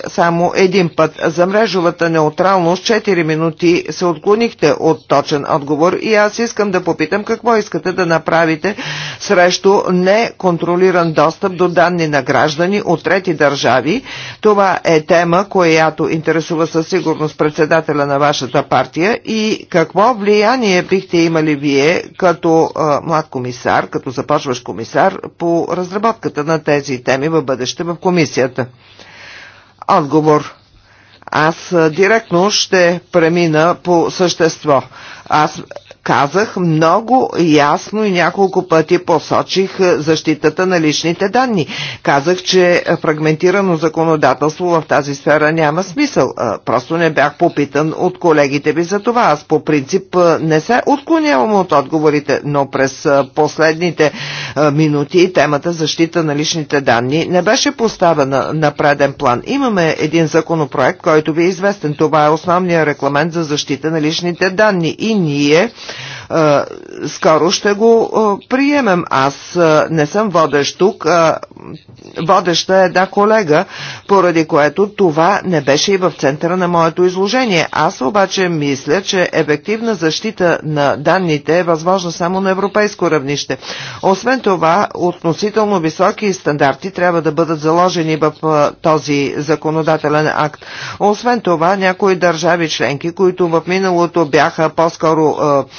само един път. За мрежовата неутралност 4 минути се отклонихте от точен отговор и аз искам да попитам какво искате да направите срещу неконтролиран достъп до данни на граждани от трети държави. Това е тема, която интересува със сигурност председателя на вашата партия и какво влияние бихте имали вие като е, млад комисар, като започваш комисар по разработката дискусията на тези теми в бъдеще в комисията. Отговор. Аз директно ще премина по същество. Аз казах много ясно и няколко пъти посочих е, защитата на личните данни. Казах, че фрагментирано законодателство в тази сфера няма смисъл. Е, просто не бях попитан от колегите ви за това. Аз по принцип е, не се отклонявам от отговорите, но през последните минути темата защита на личните данни не беше поставена на преден план. Имаме един законопроект, който ви е известен. Това е основният рекламент за защита на личните данни и ние е, скоро ще го е, приемем. Аз е, не съм водещ тук, водеща е една колега, поради което това не беше и в центъра на моето изложение. Аз обаче мисля, че ефективна защита на данните е възможна само на европейско равнище. Освен това, относително високи стандарти трябва да бъдат заложени в този законодателен акт. Освен това, някои държави членки, които в миналото бяха по-скоро е,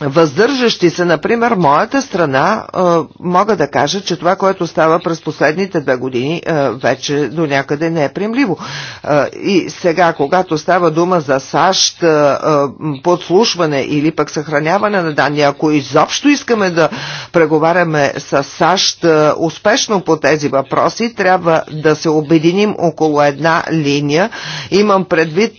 въздържащи се, например, моята страна, мога да кажа, че това, което става през последните две години, вече до някъде не е приемливо. И сега, когато става дума за САЩ, подслушване или пък съхраняване на данни, ако изобщо искаме да преговаряме с САЩ успешно по тези въпроси, трябва да се обединим около една линия. Имам предвид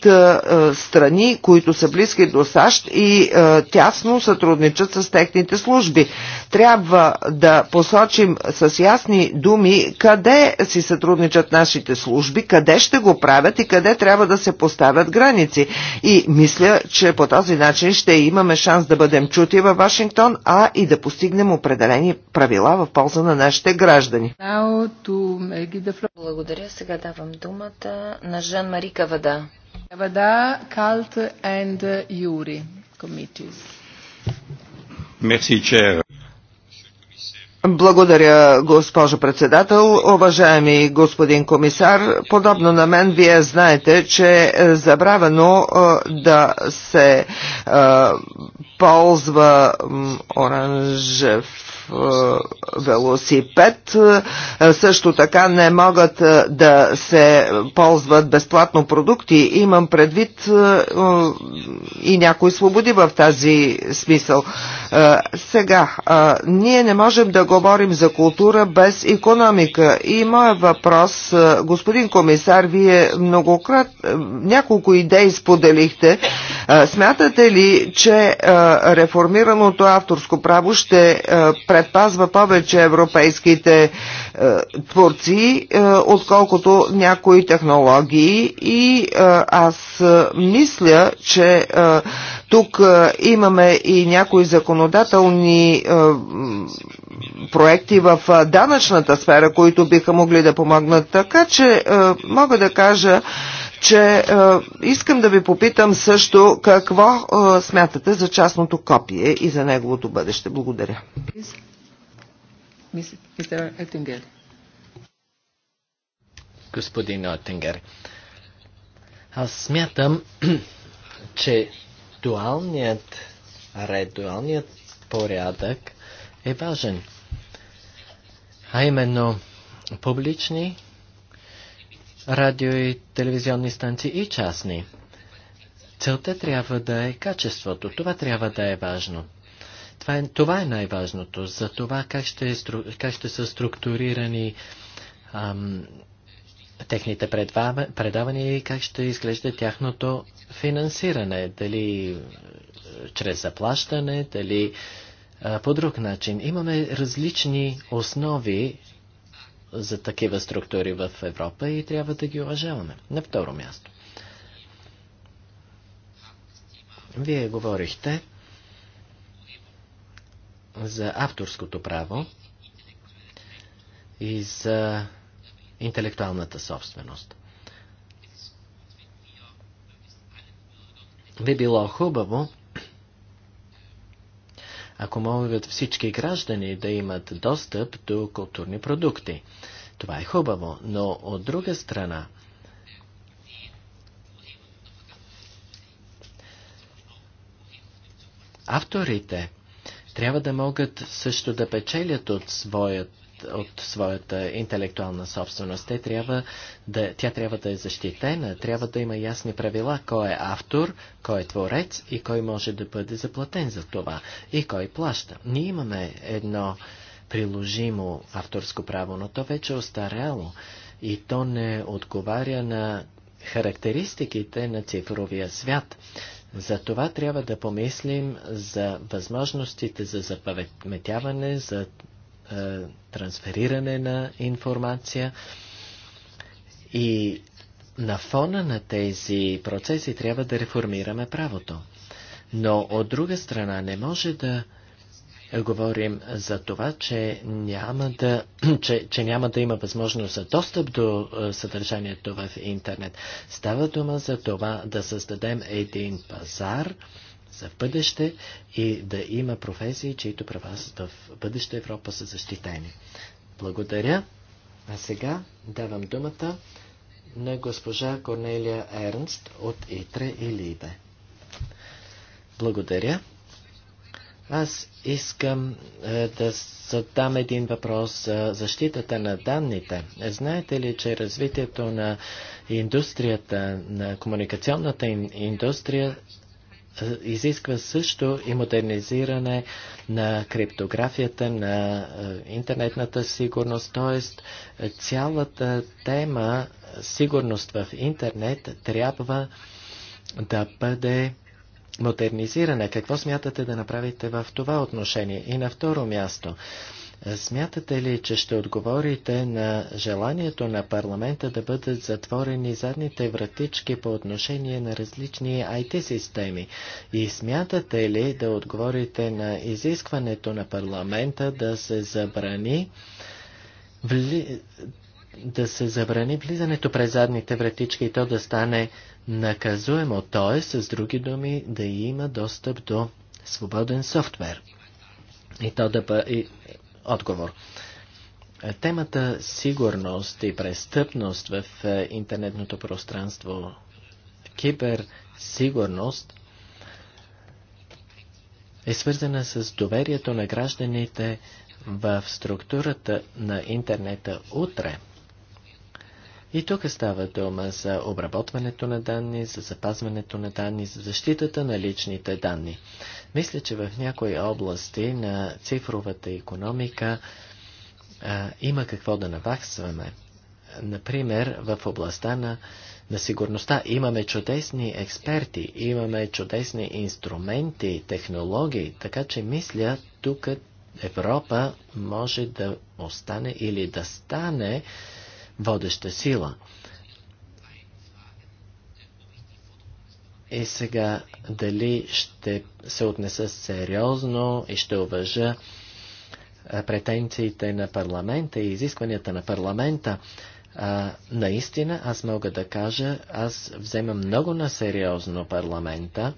страни, които са близки до САЩ и тясно с сътрудничат с техните служби. Трябва да посочим с ясни думи къде си сътрудничат нашите служби, къде ще го правят и къде трябва да се поставят граници. И мисля, че по този начин ще имаме шанс да бъдем чути във Вашингтон, а и да постигнем определени правила в полза на нашите граждани.
Благодаря. Сега давам думата на Жан-Мари Кавада. Кавада, Калт и
Юри. Committees.
Благодаря, госпожо председател. Уважаеми господин комисар, подобно на мен, вие знаете, че е забравено е, да се е, ползва оранжев велосипед. Е, също така не могат е, да се ползват безплатно продукти. Имам предвид е, и някои свободи в тази смисъл. Сега, ние не можем да говорим за култура без економика. И моят въпрос, господин комисар, вие многократ няколко идеи споделихте. Смятате ли, че реформираното авторско право ще пред предпазва повече европейските е, творци, е, отколкото някои технологии. И е, аз е, мисля, че е, тук е, имаме и някои законодателни проекти в данъчната сфера, които биха могли да помогнат. Така че мога да кажа, че е, искам да ви попитам също какво е, смятате за частното копие и за неговото бъдеще. Благодаря.
Господин Оттенгер, аз смятам, [CLEARS THROAT] че дуалният ред, дуалният порядък е важен. А именно публични радио и телевизионни станции и частни. Целта трябва да е качеството. Това трябва да е важно. Това е, това е най-важното. За това как ще, е, как ще са структурирани ам, техните предавания и как ще изглежда тяхното финансиране. Дали е, чрез заплащане, дали а, е, по друг начин. Имаме различни основи за такива структури в Европа и трябва да ги уважаваме. На второ място. Вие говорихте за авторското право и за интелектуалната собственост. Би било хубаво, ако могат всички граждани да имат достъп до културни продукти. Това е хубаво, но от друга страна, авторите трябва да могат също да печелят от, своят, от своята интелектуална собственост. Те трябва да, тя трябва да е защитена, трябва да има ясни правила, кой е автор, кой е творец и кой може да бъде заплатен за това и кой плаща. Ние имаме едно приложимо авторско право, но то вече е остаряло и то не отговаря на характеристиките на цифровия свят. Затова трябва да помислим за възможностите за запаметяване, за е, трансфериране на информация и на фона на тези процеси трябва да реформираме правото. Но от друга страна не може да говорим за това, че няма да, [CLEARS THROAT] че, че няма да има възможност за достъп до е, съдържанието в интернет. Става дума за това да създадем един пазар за бъдеще и да има професии, чието права в бъдеща Европа са защитени. Благодаря. А сега давам думата на госпожа Корнелия Ернст от Итре и Либе. Благодаря. Аз искам е, да задам един въпрос за защитата на данните. Знаете ли, че развитието на индустрията, на комуникационната индустрия е, изисква също и модернизиране на криптографията, на е, интернетната сигурност, т.е. цялата тема сигурност в интернет трябва да бъде модернизиране. Какво смятате да направите в това отношение? И на второ място, смятате ли, че ще отговорите на желанието на парламента да бъдат затворени задните вратички по отношение на различни IT системи? И смятате ли да отговорите на изискването на парламента да се забрани вли... да се забрани влизането през задните вратички и то да стане наказуемо, т.е. с други думи да има достъп до свободен софтуер. И то да бъ... и... отговор. Темата сигурност и престъпност в е, интернетното пространство, киберсигурност, е свързана с доверието на гражданите в структурата на интернета утре – и тук става дума за обработването на данни, за запазването на данни, за защитата на личните данни. Мисля, че в някои области на цифровата економика а, има какво да наваксваме. Например, в областта на, на сигурността имаме чудесни експерти, имаме чудесни инструменти, технологии, така че мисля, тук Европа може да остане или да стане водеща сила. И е, сега дали ще се отнеса сериозно и ще уважа претенциите на парламента и изискванията на парламента. А, наистина, аз мога да кажа, аз взема много на сериозно парламента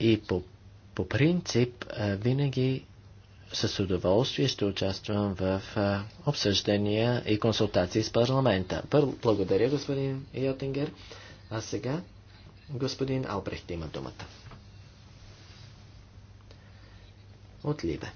и по, по принцип а, винаги с удоволствие ще участвам в обсъждения и консултации с парламента. Благодаря, господин Йотингер. А сега господин Албрехт има думата. От Либе.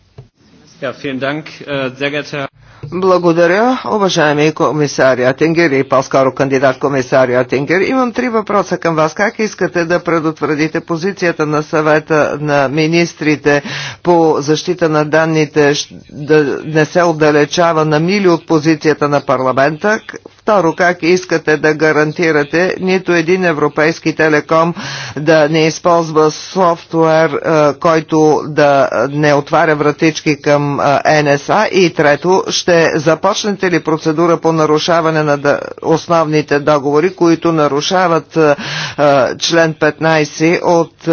Ja, vielen Dank, äh, sehr geehrter
благодаря, уважаеми комисари Атингер, и по-скоро кандидат комисари Атингер. Имам три въпроса към вас. Как искате да предотвратите позицията на съвета на министрите по защита на данните да не се отдалечава на мили от позицията на парламента? Второ, как искате да гарантирате нито един европейски телеком да не използва софтуер, е, който да не отваря вратички към е, НСА? И трето, ще започнете ли процедура по нарушаване на основните договори, които нарушават е, член 15 от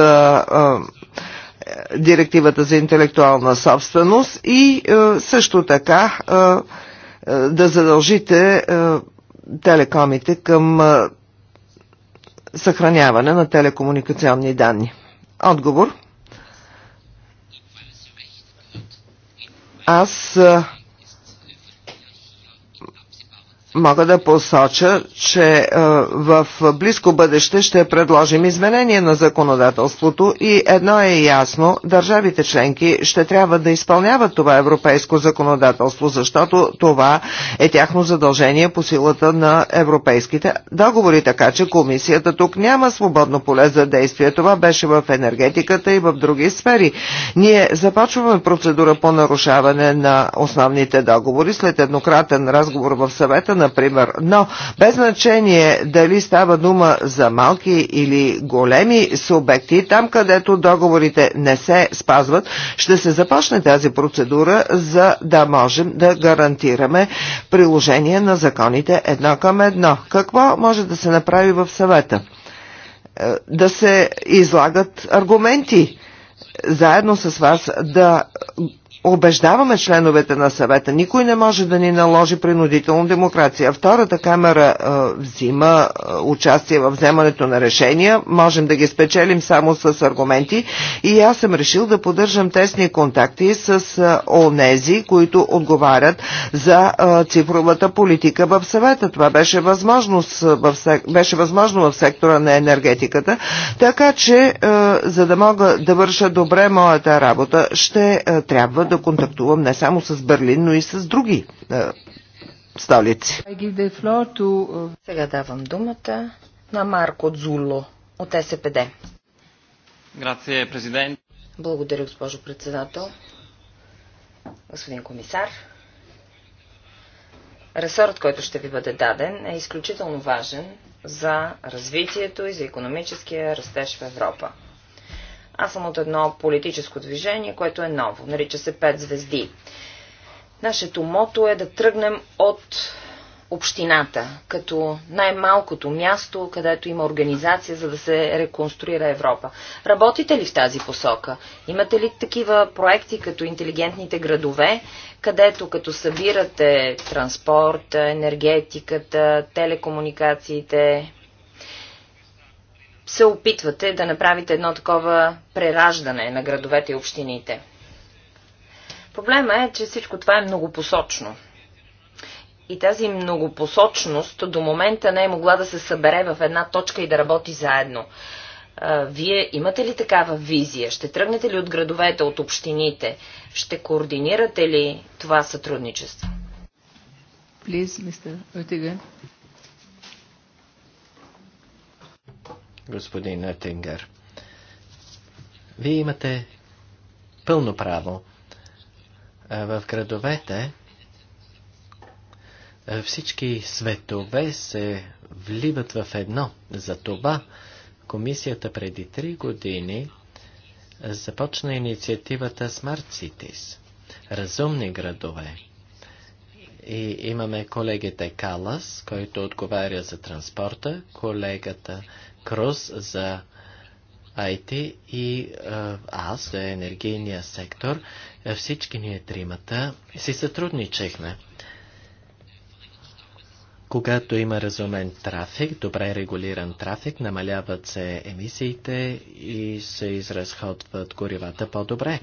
директивата за интелектуална собственост и също така да задължите телекомите към а, съхраняване на телекомуникационни данни? Отговор. Аз а, мога да посоча, че е, в близко бъдеще ще предложим изменение на законодателството и едно е ясно, държавите членки ще трябва да изпълняват това европейско законодателство, защото това е тяхно задължение по силата на европейските договори, така че комисията тук няма свободно поле за действие. Това беше в енергетиката и в други сфери. Ние започваме процедура по нарушаване на основните договори след еднократен разговор в съвета на например. Но без значение дали става дума за малки или големи субекти, там където договорите не се спазват, ще се започне тази процедура, за да можем да гарантираме приложение на законите едно към едно. Какво може да се направи в съвета? Е, да се излагат аргументи заедно с вас да убеждаваме членовете на съвета. Никой не може да ни наложи принудително демокрация. Втората камера а, взима а, участие в вземането на решения. Можем да ги спечелим само с аргументи. И аз съм решил да поддържам тесни контакти с а, онези, които отговарят за а, цифровата политика в съвета. Това беше, възможност в, беше възможно в сектора на енергетиката. Така че, а, за да мога да върша добре моята работа, ще а, трябва да да контактувам не само с Берлин, но и с други е, столици. To...
Сега давам думата на Марко Дзуло от СПД. Грация, президент. Благодаря, госпожо председател. Господин комисар, ресорът, който ще ви бъде даден, е изключително важен за развитието и за економическия растеж в Европа. Аз съм от едно политическо движение, което е ново. Нарича се Пет звезди. Нашето мото е да тръгнем от общината, като най-малкото място, където има организация, за да се реконструира Европа. Работите ли в тази посока? Имате ли такива проекти, като интелигентните градове, където като събирате транспорт, енергетиката, телекомуникациите, се опитвате да направите едно такова прераждане на градовете и общините. Проблема е, че всичко това е многопосочно. И тази многопосочност до момента не е могла да се събере в една точка и да работи заедно. Вие имате ли такава визия? Ще тръгнете ли от градовете, от общините? Ще координирате ли това сътрудничество?
Please, Mr. Oettinger.
господин Етингер. Вие имате пълно право. В градовете всички светове се вливат в едно. Затова комисията преди три години започна инициативата Smart Cities – разумни градове. И имаме колегите Калас, който отговаря за транспорта, колегата Крос за IT и аз за енергийния сектор. Всички ние тримата си сътрудничехме. Когато има разумен трафик, добре регулиран трафик, намаляват се емисиите и се изразходват горивата по-добре.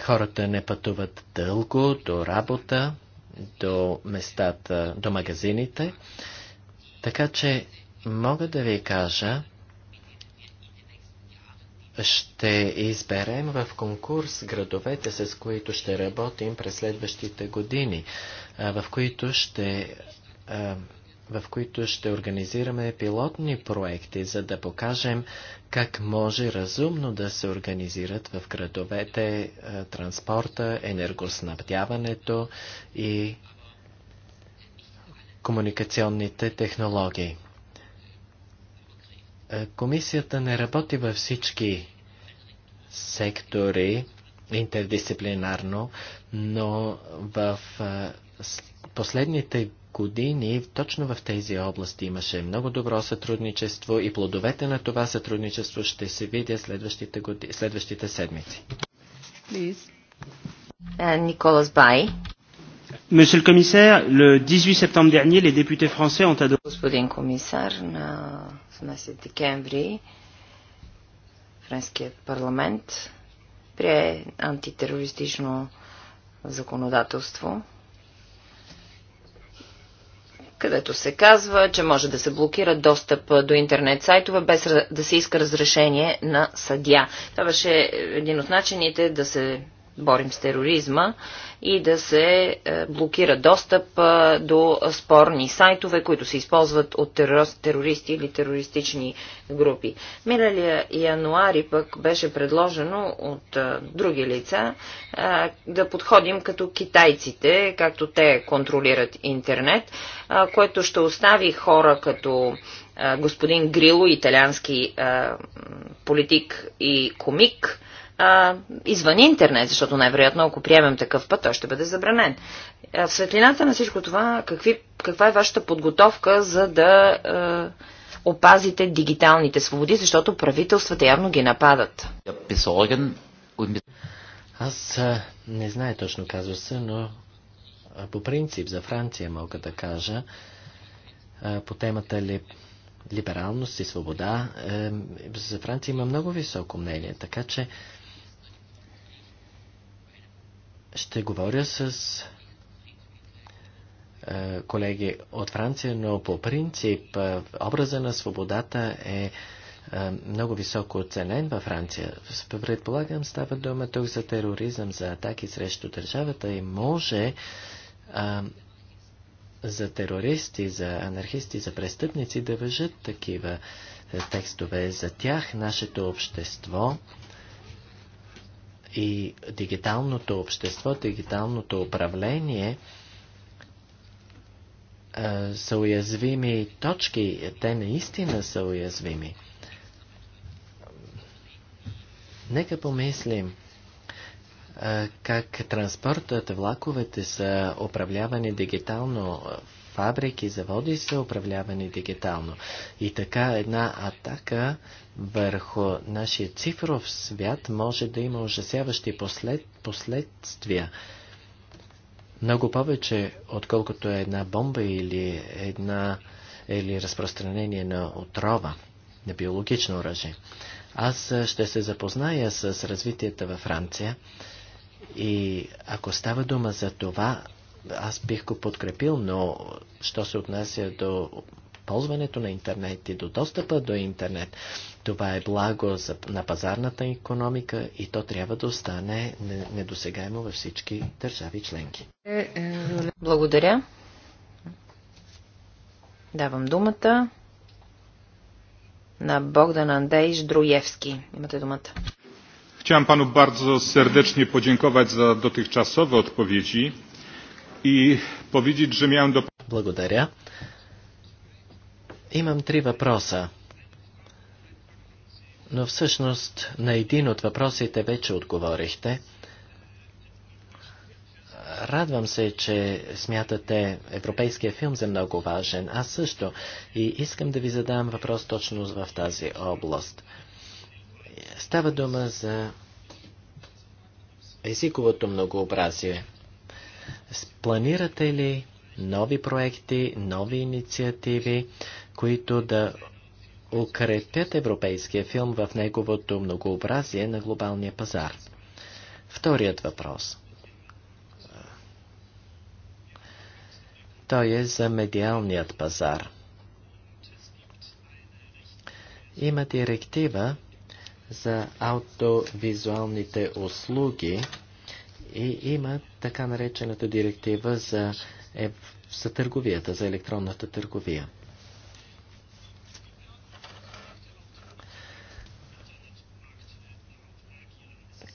Хората не пътуват дълго до работа, до местата, до магазините, така че Мога да ви кажа, ще изберем в конкурс градовете, с които ще работим през следващите години, в които ще, в които ще организираме пилотни проекти, за да покажем как може разумно да се организират в градовете транспорта, енергоснабдяването и комуникационните технологии. Е, комисията не работи във всички сектори интердисциплинарно, но в е, последните години точно в тези области имаше много добро сътрудничество и плодовете на това сътрудничество ще се видят следващите, годи... следващите седмици. Please.
Е, Николас Бай.
Monsieur le commissaire, le 18 septembre dernier,
les députés français ont adopté... Господин комисар, на 18 е декември Френският парламент прие антитерористично законодателство, където се казва, че може да се блокира достъп до интернет сайтове без да се иска разрешение на съдя. Това беше един от начините да се борим с тероризма и да се е, блокира достъп е, до спорни сайтове, които се използват от терористи или терористични групи. Миналия януари пък беше предложено от е, други лица да подходим като китайците, както те контролират интернет, което ще остави хора като господин Грило, италиански политик и комик, а, извън интернет, защото най-вероятно, ако приемем такъв път, той ще бъде забранен. А, в светлината на всичко това, какви, каква е вашата подготовка за да а, опазите дигиталните свободи, защото правителствата явно ги нападат?
Аз а,
не знае точно казва се, но а, по принцип за Франция мога да кажа а, по темата ли либералност и свобода. Е, за Франция има много високо мнение, така че ще говоря с е, колеги от Франция, но по принцип е, образа на свободата е, е много високо оценен във Франция. Предполагам, става дума тук за тероризъм, за атаки срещу държавата и може е, за терористи, за анархисти, за престъпници да въжат такива текстове. За тях нашето общество и дигиталното общество, дигиталното управление е, са уязвими точки. Те наистина са уязвими. Нека помислим е, как транспортът, влаковете са управлявани дигитално е, фабрики, заводи са управлявани дигитално. И така една атака върху нашия цифров свят може да има ужасяващи послед... последствия. Много повече, отколкото е една бомба или, една, или разпространение на отрова, на биологично оръжие. Аз ще се запозная с развитията във Франция. И ако става дума за това, аз бих го подкрепил, но що се отнася до ползването на интернет и до достъпа до интернет, това е благо за, на пазарната економика и то трябва да остане недосегаемо във всички държави членки.
Благодаря. Давам думата на Богдан Андейш Друевски. Имате думата.
Chciałem panu bardzo serdecznie podziękować za dotychczasowe odpowiedzi и powiedzieć, че мям до... Благодаря. Имам три въпроса. Но всъщност на един от въпросите вече отговорихте. Радвам се, че смятате европейския филм за много важен. Аз също. И искам да ви задам въпрос точно в тази област. Става дума за езиковото многообразие. Планирате ли нови проекти, нови инициативи, които да укрепят европейския филм в неговото многообразие на глобалния пазар? Вторият въпрос. Той е за медиалният пазар. Има директива за аутовизуалните услуги, и има така наречената директива за, е, за търговията, за електронната търговия.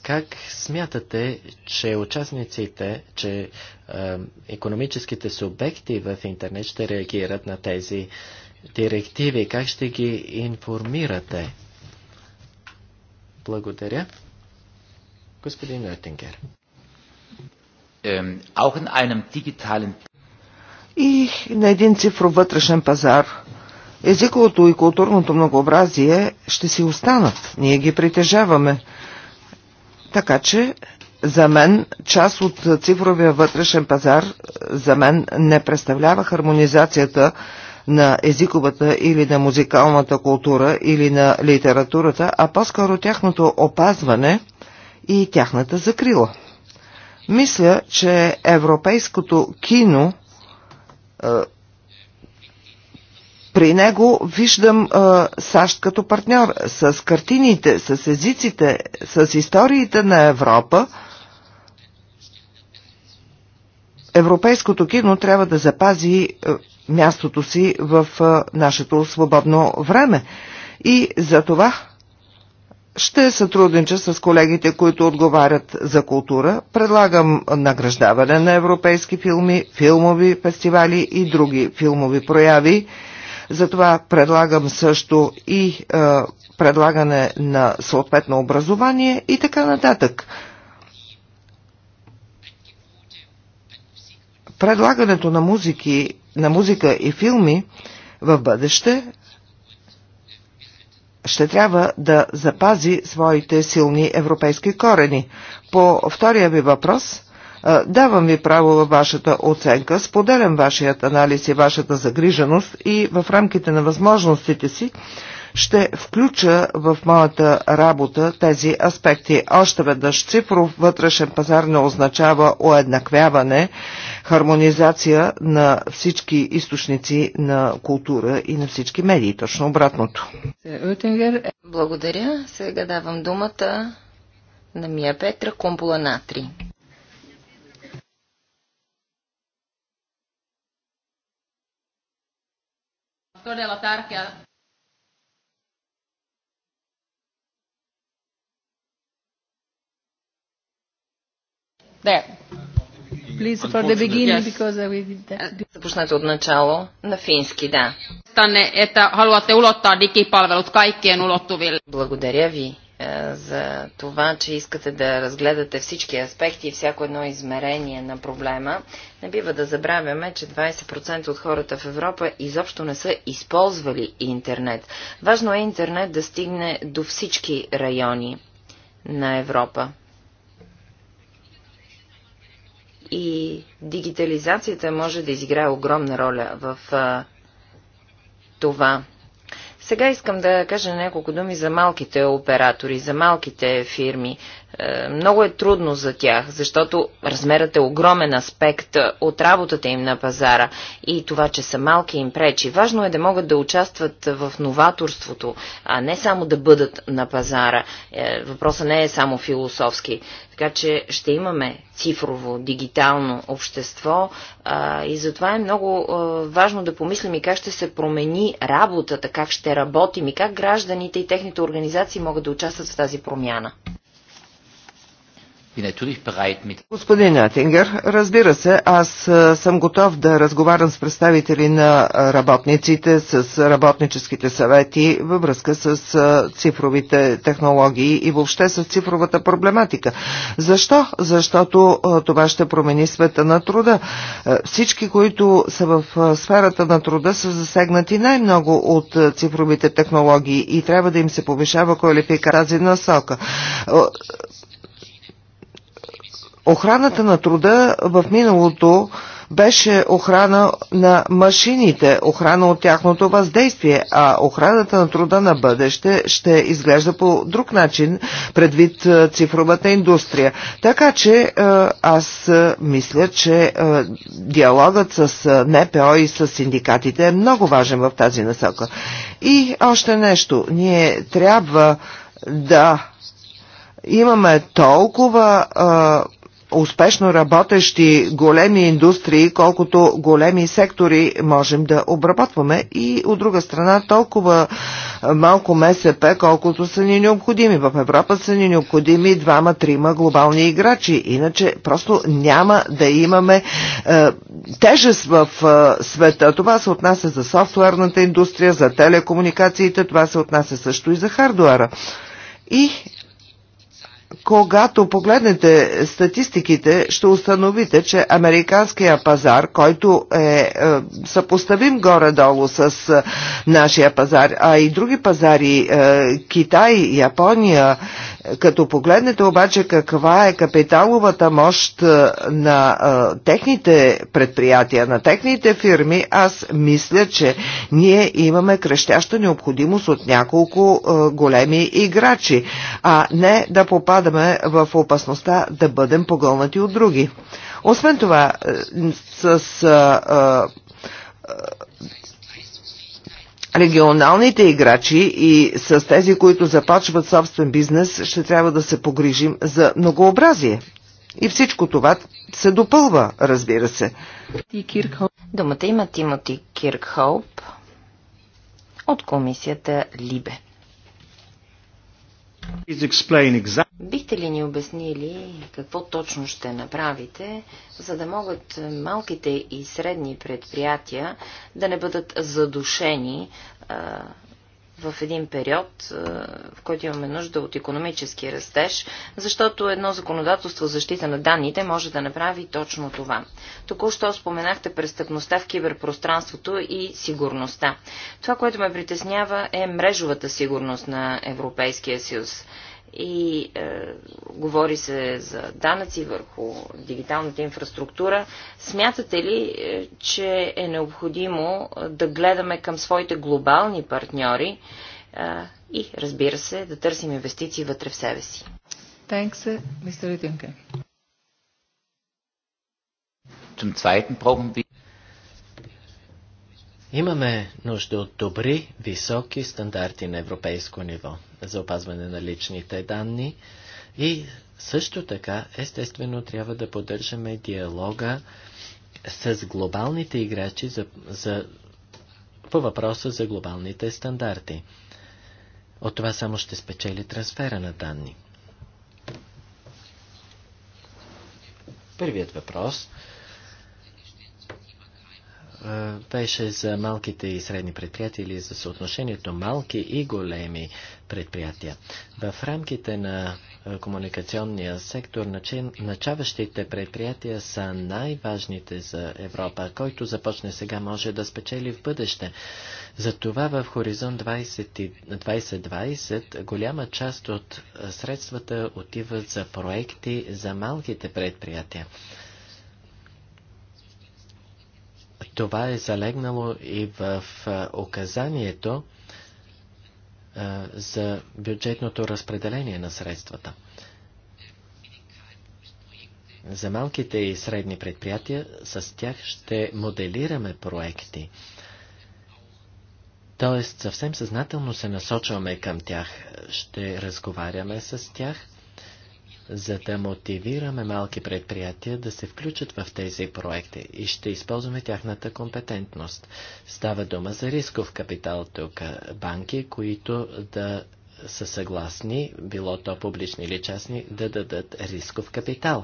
Как смятате, че участниците, че е, економическите субекти в интернет ще реагират на тези директиви? Как ще ги информирате?
Благодаря. Господин Ойтингер auch in einem digitalen
и на един цифров вътрешен пазар езиковото и културното многообразие ще си останат. Ние ги притежаваме. Така че за мен част от цифровия вътрешен пазар за мен не представлява хармонизацията на езиковата или на музикалната култура или на литературата, а по-скоро тяхното опазване и тяхната закрила. Мисля, че европейското кино е, при него виждам е, САЩ като партньор. С картините, с езиците, с историите на Европа, европейското кино трябва да запази е, мястото си в е, нашето свободно време. И за това ще сътруднича с колегите, които отговарят за култура. Предлагам награждаване на европейски филми, филмови фестивали и други филмови прояви. Затова предлагам също и е, предлагане на съответно образование и така нататък. Предлагането на, музики, на музика и филми в бъдеще ще трябва да запази своите силни европейски корени. По втория ви въпрос, давам ви право във вашата оценка, споделям вашият анализ и вашата загриженост и в рамките на възможностите си ще включа в моята работа тези аспекти. Още веднъж цифров вътрешен пазар не означава уеднаквяване, хармонизация на всички източници на култура и на всички медии. Точно обратното.
Благодаря. Сега давам думата на Мия Петра Комбула Натри.
todella tärkeä
There. Please for the beginning, because we
did that. Започнете
от начало на фински, да. Благодаря ви е, за това, че искате да разгледате всички аспекти и всяко едно измерение на проблема. Не бива да забравяме, че 20% от хората в Европа изобщо не са използвали интернет. Важно е интернет да стигне до всички райони на Европа. И дигитализацията може да изиграе огромна роля в а, това. Сега искам да кажа няколко думи за малките оператори, за малките фирми. Е, много е трудно за тях, защото размерът е огромен аспект е, от работата им на пазара и това, че са малки им пречи. Важно е да могат да участват е, в новаторството, а не само да бъдат на пазара. Въпросът не е само философски. Така че ще имаме цифрово, дигитално общество а, и затова е много а, важно да помислим и как ще се промени работата, как ще работим и как гражданите и техните организации могат да участват в тази промяна.
Господин Атингер, разбира се, аз съм готов да разговарям с представители на работниците, с работническите съвети във връзка с цифровите технологии и въобще с цифровата проблематика. Защо? Защото това ще промени света на труда. Всички, които са в сферата на труда, са засегнати най-много от цифровите технологии и трябва да им се повишава квалификация на сока Охраната на труда в миналото беше охрана на машините, охрана от тяхното въздействие, а охраната на труда на бъдеще ще изглежда по друг начин предвид цифровата индустрия. Така че аз мисля, че диалогът с НПО и с синдикатите е много важен в тази насока. И още нещо, ние трябва да имаме толкова а, успешно работещи големи индустрии, колкото големи сектори можем да обработваме и от друга страна толкова малко МСП, колкото са ни необходими. В Европа са ни необходими двама-трима глобални играчи, иначе просто няма да имаме е, тежест в е, света. Това се отнася за софтуерната индустрия, за телекомуникациите, това се отнася също и за хардуера. И когато погледнете статистиките, ще установите, че американския пазар, който е, е съпоставим горе-долу с е, нашия пазар, а и други пазари, е, Китай, Япония, като погледнете обаче каква е капиталовата мощ на а, техните предприятия, на техните фирми, аз мисля, че ние имаме крещяща необходимост от няколко а, големи играчи, а не да попадаме в опасността да бъдем погълнати от други. Освен това, с а, регионалните играчи и с тези, които започват собствен бизнес, ще трябва да се погрижим за многообразие. И всичко това се допълва, разбира се. Думата има Тимоти
Киркхолп от комисията Либе. Бихте ли ни обяснили какво точно ще направите, за да могат малките и средни предприятия да не бъдат задушени в един период, в който имаме нужда от економически растеж, защото едно законодателство за защита на данните може да направи точно това. Току-що споменахте престъпността в киберпространството и сигурността. Това, което ме притеснява е мрежовата сигурност на Европейския съюз и е, говори се за данъци върху дигиталната инфраструктура. Смятате ли, е, че е необходимо да гледаме към своите глобални партньори е, и, разбира се, да търсим инвестиции вътре в себе си?
Thanks, Mr. Е, Zum zweiten
Имаме нужда от добри, високи стандарти на европейско ниво за опазване на личните данни и също така, естествено, трябва да поддържаме диалога с глобалните играчи за, за, по въпроса за глобалните стандарти. От това само ще спечели трансфера на данни. Първият въпрос – е, беше за малките и средни предприятия или за съотношението малки и големи предприятия. В рамките на е, комуникационния сектор начаващите предприятия са най-важните за Европа. Който започне сега може да спечели в бъдеще. Затова в Хоризонт 2020 20, голяма част от е, средствата отиват за проекти за малките предприятия. Това е залегнало и в указанието за бюджетното разпределение на средствата. За малките и средни предприятия с тях ще моделираме проекти. Тоест, съвсем съзнателно се насочваме към тях. Ще разговаряме с тях за да мотивираме малки предприятия да се включат в тези проекти и ще използваме тяхната компетентност. Става дума за рисков капитал тук, банки, които да са съгласни, било то публични или частни, да дадат рисков капитал.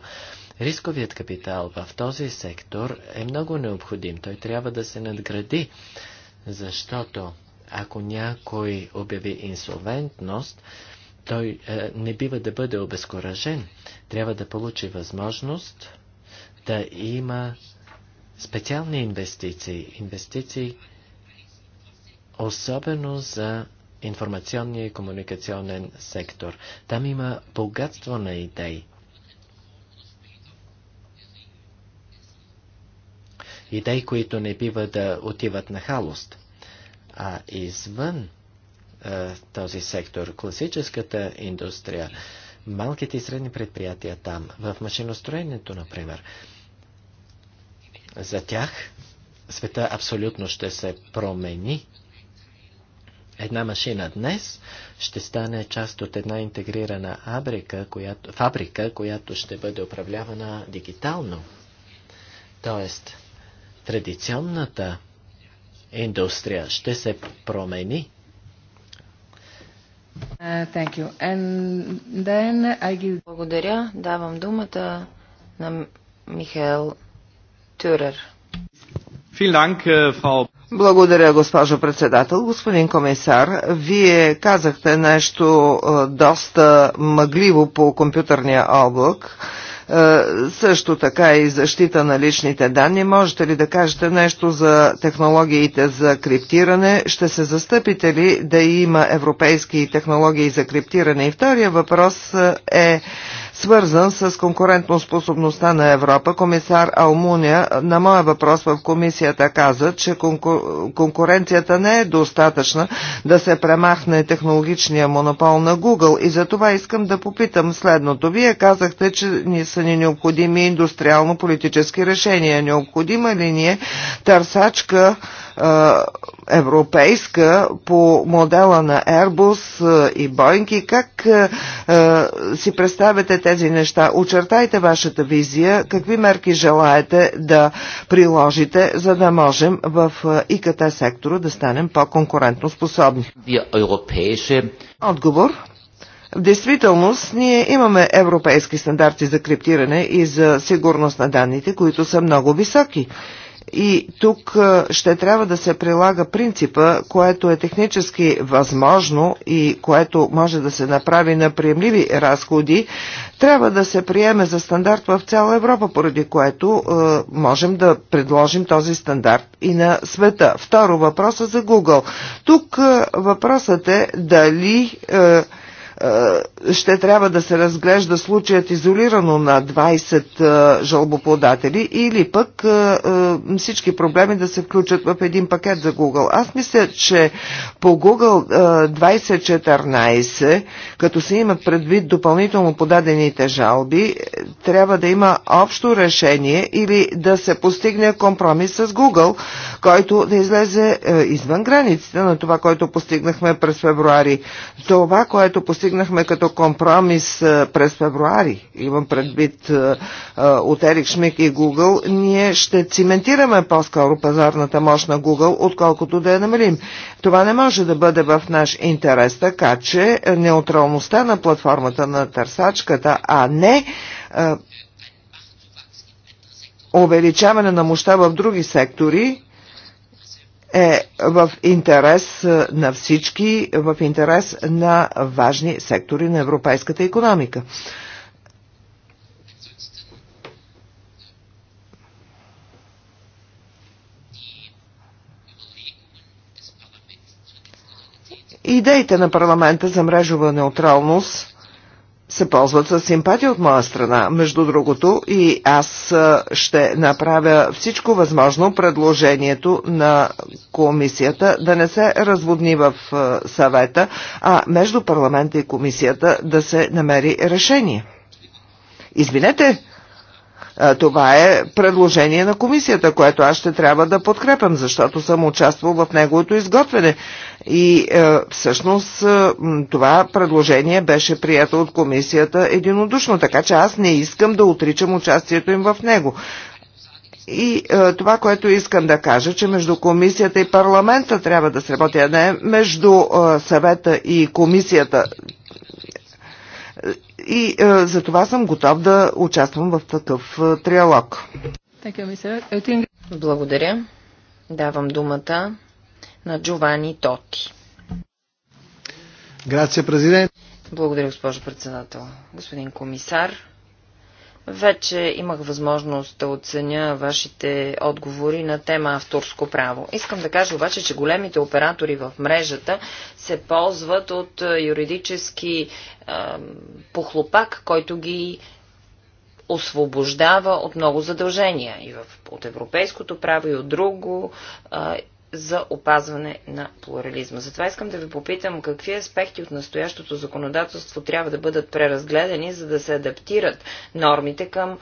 Рисковият капитал в този сектор е много необходим. Той трябва да се надгради, защото ако някой обяви инсолвентност, той е, не бива да бъде обезкуражен. Трябва да получи възможност да има специални инвестиции. Инвестиции особено за информационния и комуникационен сектор. Там има богатство на идеи. Идеи, които не бива да отиват на халост. А извън е, този сектор. Класическата индустрия, малките и средни предприятия там, в машиностроението, например, за тях света абсолютно ще се промени. Една машина днес ще стане част от една интегрирана абрика, която, фабрика, която ще бъде управлявана дигитално. Тоест, традиционната индустрия ще се промени
Uh, Благодаря. Давам думата на Михаел Тюрер.
Äh,
Благодаря, госпожо председател. Господин комисар, вие казахте нещо э, доста мъгливо по компютърния облак е, също така и защита на личните данни. Можете ли да кажете нещо за технологиите за криптиране? Ще се застъпите ли да има европейски технологии за криптиране? И втория въпрос е свързан с конкурентоспособността на Европа, комисар Алмуния на моя въпрос в комисията каза, че конкуренцията не е достатъчна да се премахне технологичния монопол на Google и за това искам да попитам следното. Вие казахте, че ни са ни необходими индустриално-политически решения. Необходима ли ни е търсачка европейска по модела на Airbus и Boeing и как си представяте тези неща? Очертайте вашата визия, какви мерки желаете да приложите, за да можем в ИКТ сектора да станем по-конкурентно способни. Отговор? В действителност ние имаме европейски стандарти за криптиране и за сигурност на данните, които са много високи. И тук ще трябва да се прилага принципа, което е технически възможно и което може да се направи на приемливи разходи, трябва да се приеме за стандарт в цяла Европа, поради което е, можем да предложим този стандарт и на света. Второ въпроса за Google. Тук е, въпросът е дали е, е, ще трябва да се разглежда случаят изолирано на 20 е, жалбоподатели или пък е, всички проблеми да се включат в един пакет за Google. Аз мисля, че по Google 2014, като се имат предвид допълнително подадените жалби, трябва да има общо решение или да се постигне компромис с Google, който да излезе извън границите на това, което постигнахме през февруари. Това, което постигнахме постигнахме като компромис през февруари, имам предвид от Ерик Шмик и Google, ние ще циментираме по-скоро пазарната мощ на Google, отколкото да я намалим. Това не може да бъде в наш интерес, така че неутралността на платформата на търсачката, а не увеличаване на мощта в други сектори, е в интерес е, на всички, в интерес на важни сектори на европейската економика. Идеите на парламента за мрежова неутралност се ползват с симпатия от моя страна. Между другото и аз ще направя всичко възможно предложението на комисията да не се разводни в съвета, а между парламента и комисията да се намери решение. Извинете, е, това е предложение на комисията, което аз ще трябва да подкрепям, защото съм участвал в неговото изготвяне. И е, всъщност е, това предложение беше прието от комисията единодушно, така че аз не искам да отричам участието им в него. И е, това, което искам да кажа, че между комисията и парламента трябва да се работи, а не между е, съвета и комисията и е, за това съм готов да участвам в такъв е, триалог.
Благодаря. Давам думата на Джовани Тоти. Благодаря, госпожо председател. Господин комисар, вече имах възможност да оценя вашите отговори на тема авторско право. Искам да кажа обаче, че големите оператори в мрежата се ползват от юридически е, похлопак, който ги освобождава от много задължения и в, от европейското право и от друго Е, за опазване на плурализма. Затова искам да ви попитам какви аспекти от настоящото законодателство трябва да бъдат преразгледани, за да се адаптират нормите към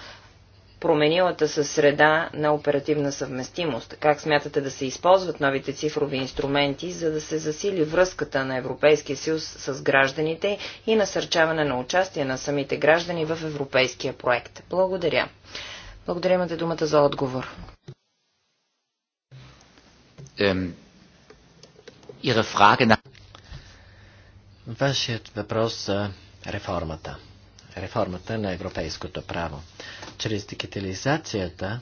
променилата се среда на оперативна съвместимост? Как смятате да се използват новите цифрови инструменти, за да се засили връзката на Европейския съюз с гражданите и насърчаване на участие на самите граждани в европейския проект? Благодаря. Благодаря, имате думата за отговор.
Ehm, Ihre Frage nach... Вашият въпрос
за реформата. Реформата на европейското право. Чрез дигитализацията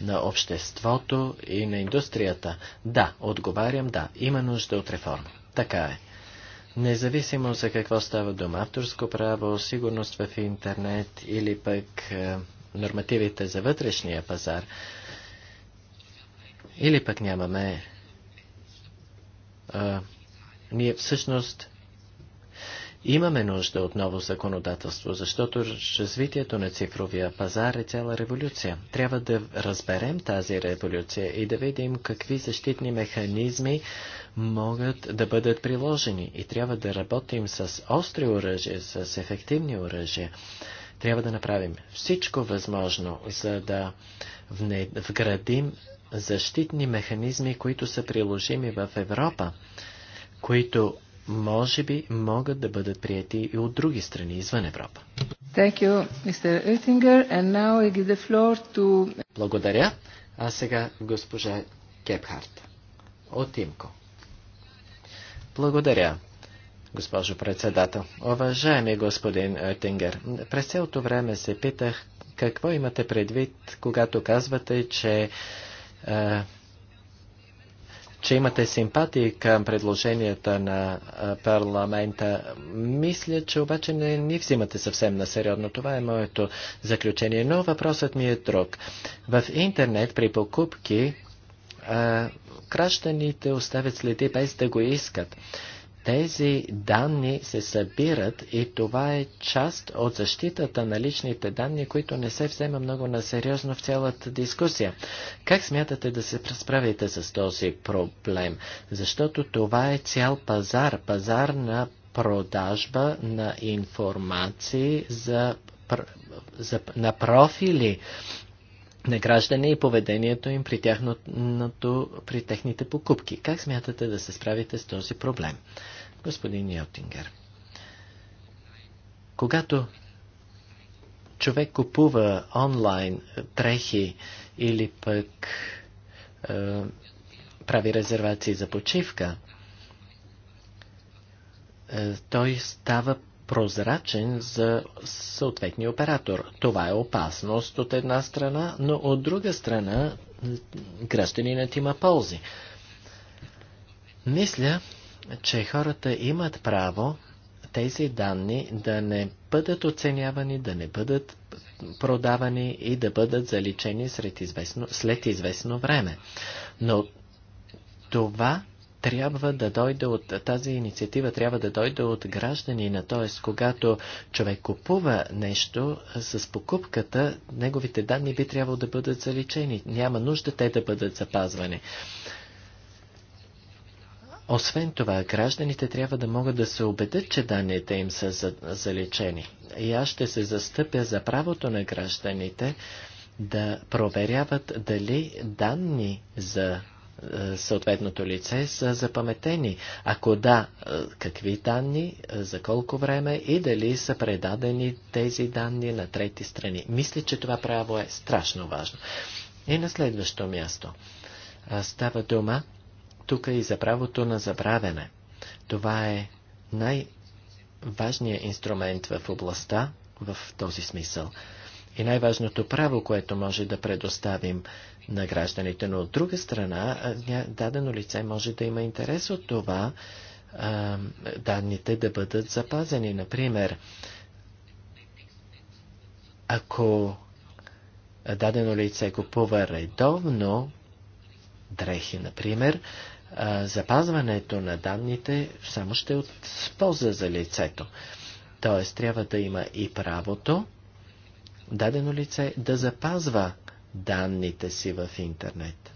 на обществото и на индустрията. Да, отговарям да, има нужда от реформа. Така е. Независимо за какво става дума, авторско право, сигурност в интернет или пък е, нормативите за вътрешния пазар, или пък нямаме. А, ние всъщност имаме нужда от ново законодателство, защото развитието на цифровия пазар е цяла революция. Трябва да разберем тази революция и да видим какви защитни механизми могат да бъдат приложени. И трябва да работим с остри оръжия, с ефективни оръжия. Трябва да направим всичко възможно, за да вградим защитни механизми, които са приложими в Европа, които може би могат да бъдат прияти и от други страни извън Европа.
You, to... Благодаря.
А сега госпожа Кепхарт от Имко. Благодаря, госпожо председател. Уважаеми господин Оттингер, през цялото време се питах какво имате предвид, когато казвате, че е, че имате симпатии към предложенията на е, парламента. Мисля, че обаче не ни взимате съвсем на сериозно. Това е моето заключение. Но въпросът ми е друг. В интернет при покупки е, а, оставят следи без да го искат. Тези данни се събират и това е част от защитата на личните данни, които не се взема много на сериозно в цялата дискусия. Как смятате да се справите с този проблем? Защото това е цял пазар, пазар на продажба на информации за, за, на профили на граждане и поведението им при, тяхното, при техните покупки. Как смятате да се справите с този проблем? господин Йотингер. Когато човек купува онлайн трехи или пък е, прави резервации за почивка, е, той става прозрачен за съответния оператор. Това е опасност от една страна, но от друга страна гражданинът има ползи. Мисля, че хората имат право тези данни да не бъдат оценявани, да не бъдат продавани и да бъдат заличени след известно, след известно време. Но това трябва да дойде от тази инициатива, трябва да дойде от гражданина, т.е. когато човек купува нещо с покупката, неговите данни би трябвало да бъдат заличени. Няма нужда те да бъдат запазвани. Освен това, гражданите трябва да могат да се убедят, че данните им са заличени. И аз ще се застъпя за правото на гражданите да проверяват дали данни за е, съответното лице са запаметени. Ако да, е, какви данни, е, за колко време и дали са предадени тези данни на трети страни. Мисля, че това право е страшно важно. И на следващо място. Става дума тук и за правото на забравяне. Това е най-важният инструмент в областта, в този смисъл. И най-важното право, което може да предоставим на гражданите. Но от друга страна, дадено лице може да има интерес от това данните да бъдат запазени. Например, ако дадено лице купува редовно дрехи, например, запазването на данните само ще е от полза за лицето. Тоест, трябва да има и правото дадено лице да запазва данните си в интернет.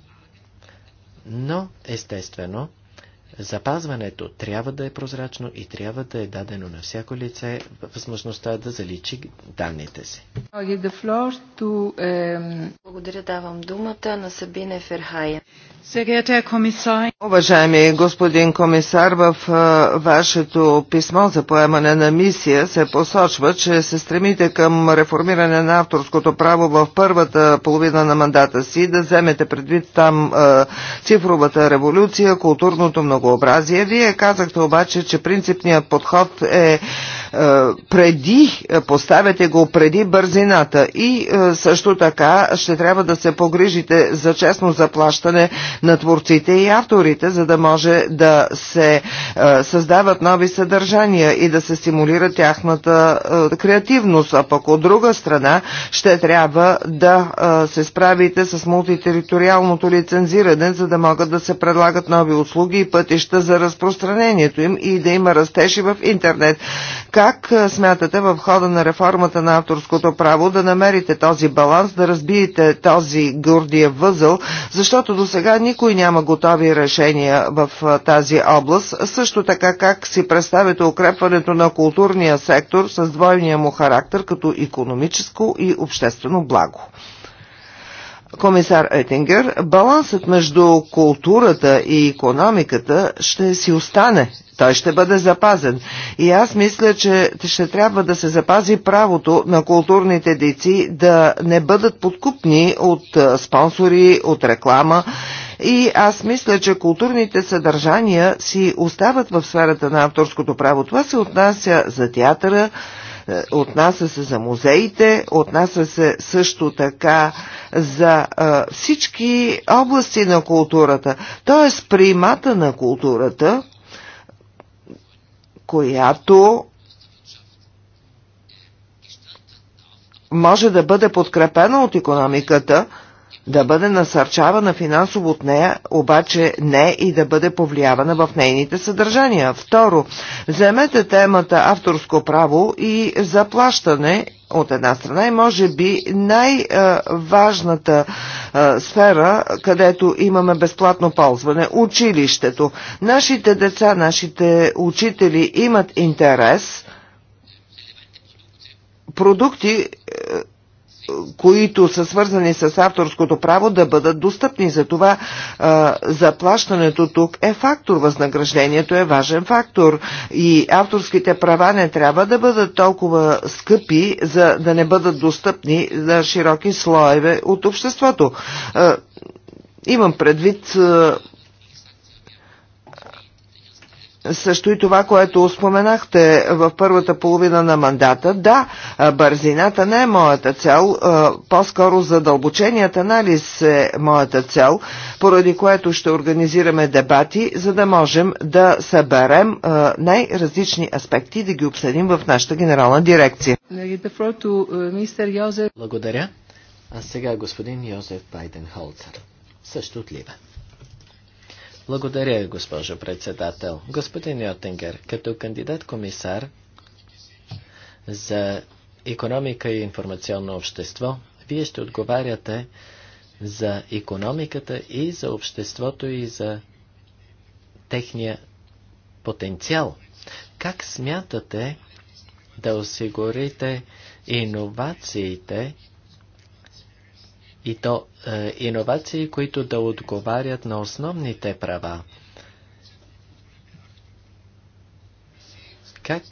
Но, естествено, запазването трябва да е прозрачно и трябва да е дадено на всяко лице възможността да заличи данните си.
Um,
Благодаря, давам думата на Сабина Ферхая.
Уважаеми господин комисар, в вашето писмо за поемане на мисия се посочва, че се стремите към реформиране на авторското право в първата половина на мандата си, да вземете предвид там цифровата революция, културното многообразие. Вие казахте обаче, че принципният подход е преди, поставяте го преди бързината и също така ще трябва да се погрижите за честно заплащане на творците и авторите, за да може да се е, създават нови съдържания и да се стимулира тяхната е, креативност. А пък от друга страна ще трябва да е, се справите с мултитериториалното лицензиране, за да могат да се предлагат нови услуги и пътища за разпространението им и да има растеж в интернет. Как смятате в хода на реформата на авторското право да намерите този баланс, да разбиете този гордия възъл, защото до сега никой няма готови решения в тази област. Също така как си представите укрепването на културния сектор с двойния му характер като економическо и обществено благо? комисар Етингер, балансът между културата и економиката ще си остане. Той ще бъде запазен. И аз мисля, че ще трябва да се запази правото на културните дейци да не бъдат подкупни от спонсори, от реклама. И аз мисля, че културните съдържания си остават в сферата на авторското право. Това се отнася за театъра, е, отнася се за музеите, отнася се също така за е, всички области на културата. Тоест примата на културата, която може да бъде подкрепена от економиката, да бъде насърчавана финансово от нея, обаче не и да бъде повлиявана в нейните съдържания. Второ, вземете темата авторско право и заплащане от една страна и може би най-важната сфера, където имаме безплатно ползване – училището. Нашите деца, нашите учители имат интерес – продукти, които са свързани с авторското право, да бъдат достъпни. Затова това заплащането тук е фактор, възнаграждението е важен фактор и авторските права не трябва да бъдат толкова скъпи, за да не бъдат достъпни за широки слоеве от обществото. имам предвид също и това, което споменахте в първата половина на мандата. Да, бързината не е моята цел, по-скоро задълбоченият анализ е моята цел, поради което ще организираме дебати, за да можем да съберем най-различни аспекти и да ги обсъдим в нашата генерална дирекция.
Благодаря. А сега господин Йозеф Байден Холцер, също от благодаря, госпожо председател. Господин Йотенгер, като кандидат-комисар за економика и информационно общество, вие ще отговаряте за економиката и за обществото и за техния потенциал. Как смятате да осигурите иновациите и то е, иновации, които да отговарят на основните права. Как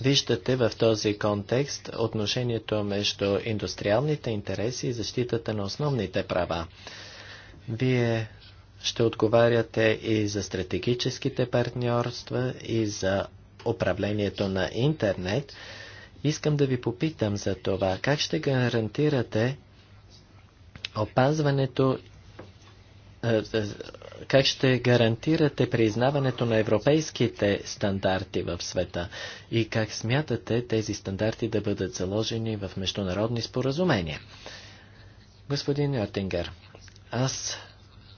виждате в този контекст отношението между индустриалните интереси и защитата на основните права? Вие ще отговаряте и за стратегическите партньорства, и за управлението на интернет. Искам да ви попитам за това, как ще гарантирате опазването е, е, как ще гарантирате признаването на европейските стандарти в света и как смятате тези стандарти да бъдат заложени в международни споразумения? Господин Йортингер, аз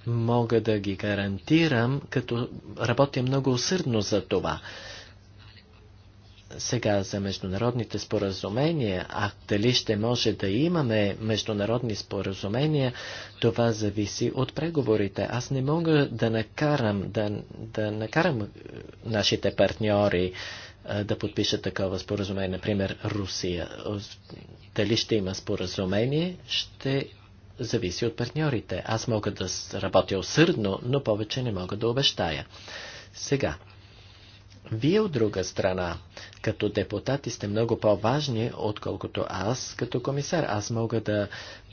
мога да ги гарантирам, като работя много усърдно за това. Сега за международните споразумения, а дали ще може да имаме международни споразумения, това зависи от преговорите. Аз не мога да накарам, да, да накарам е, нашите партньори е, да подпишат такова споразумение, например Русия. Дали ще има споразумение, ще зависи от партньорите. Аз мога да работя усърдно, но повече не мога да обещая. Сега, вие от друга страна, като депутати сте много по-важни, отколкото аз като комисар. Аз мога да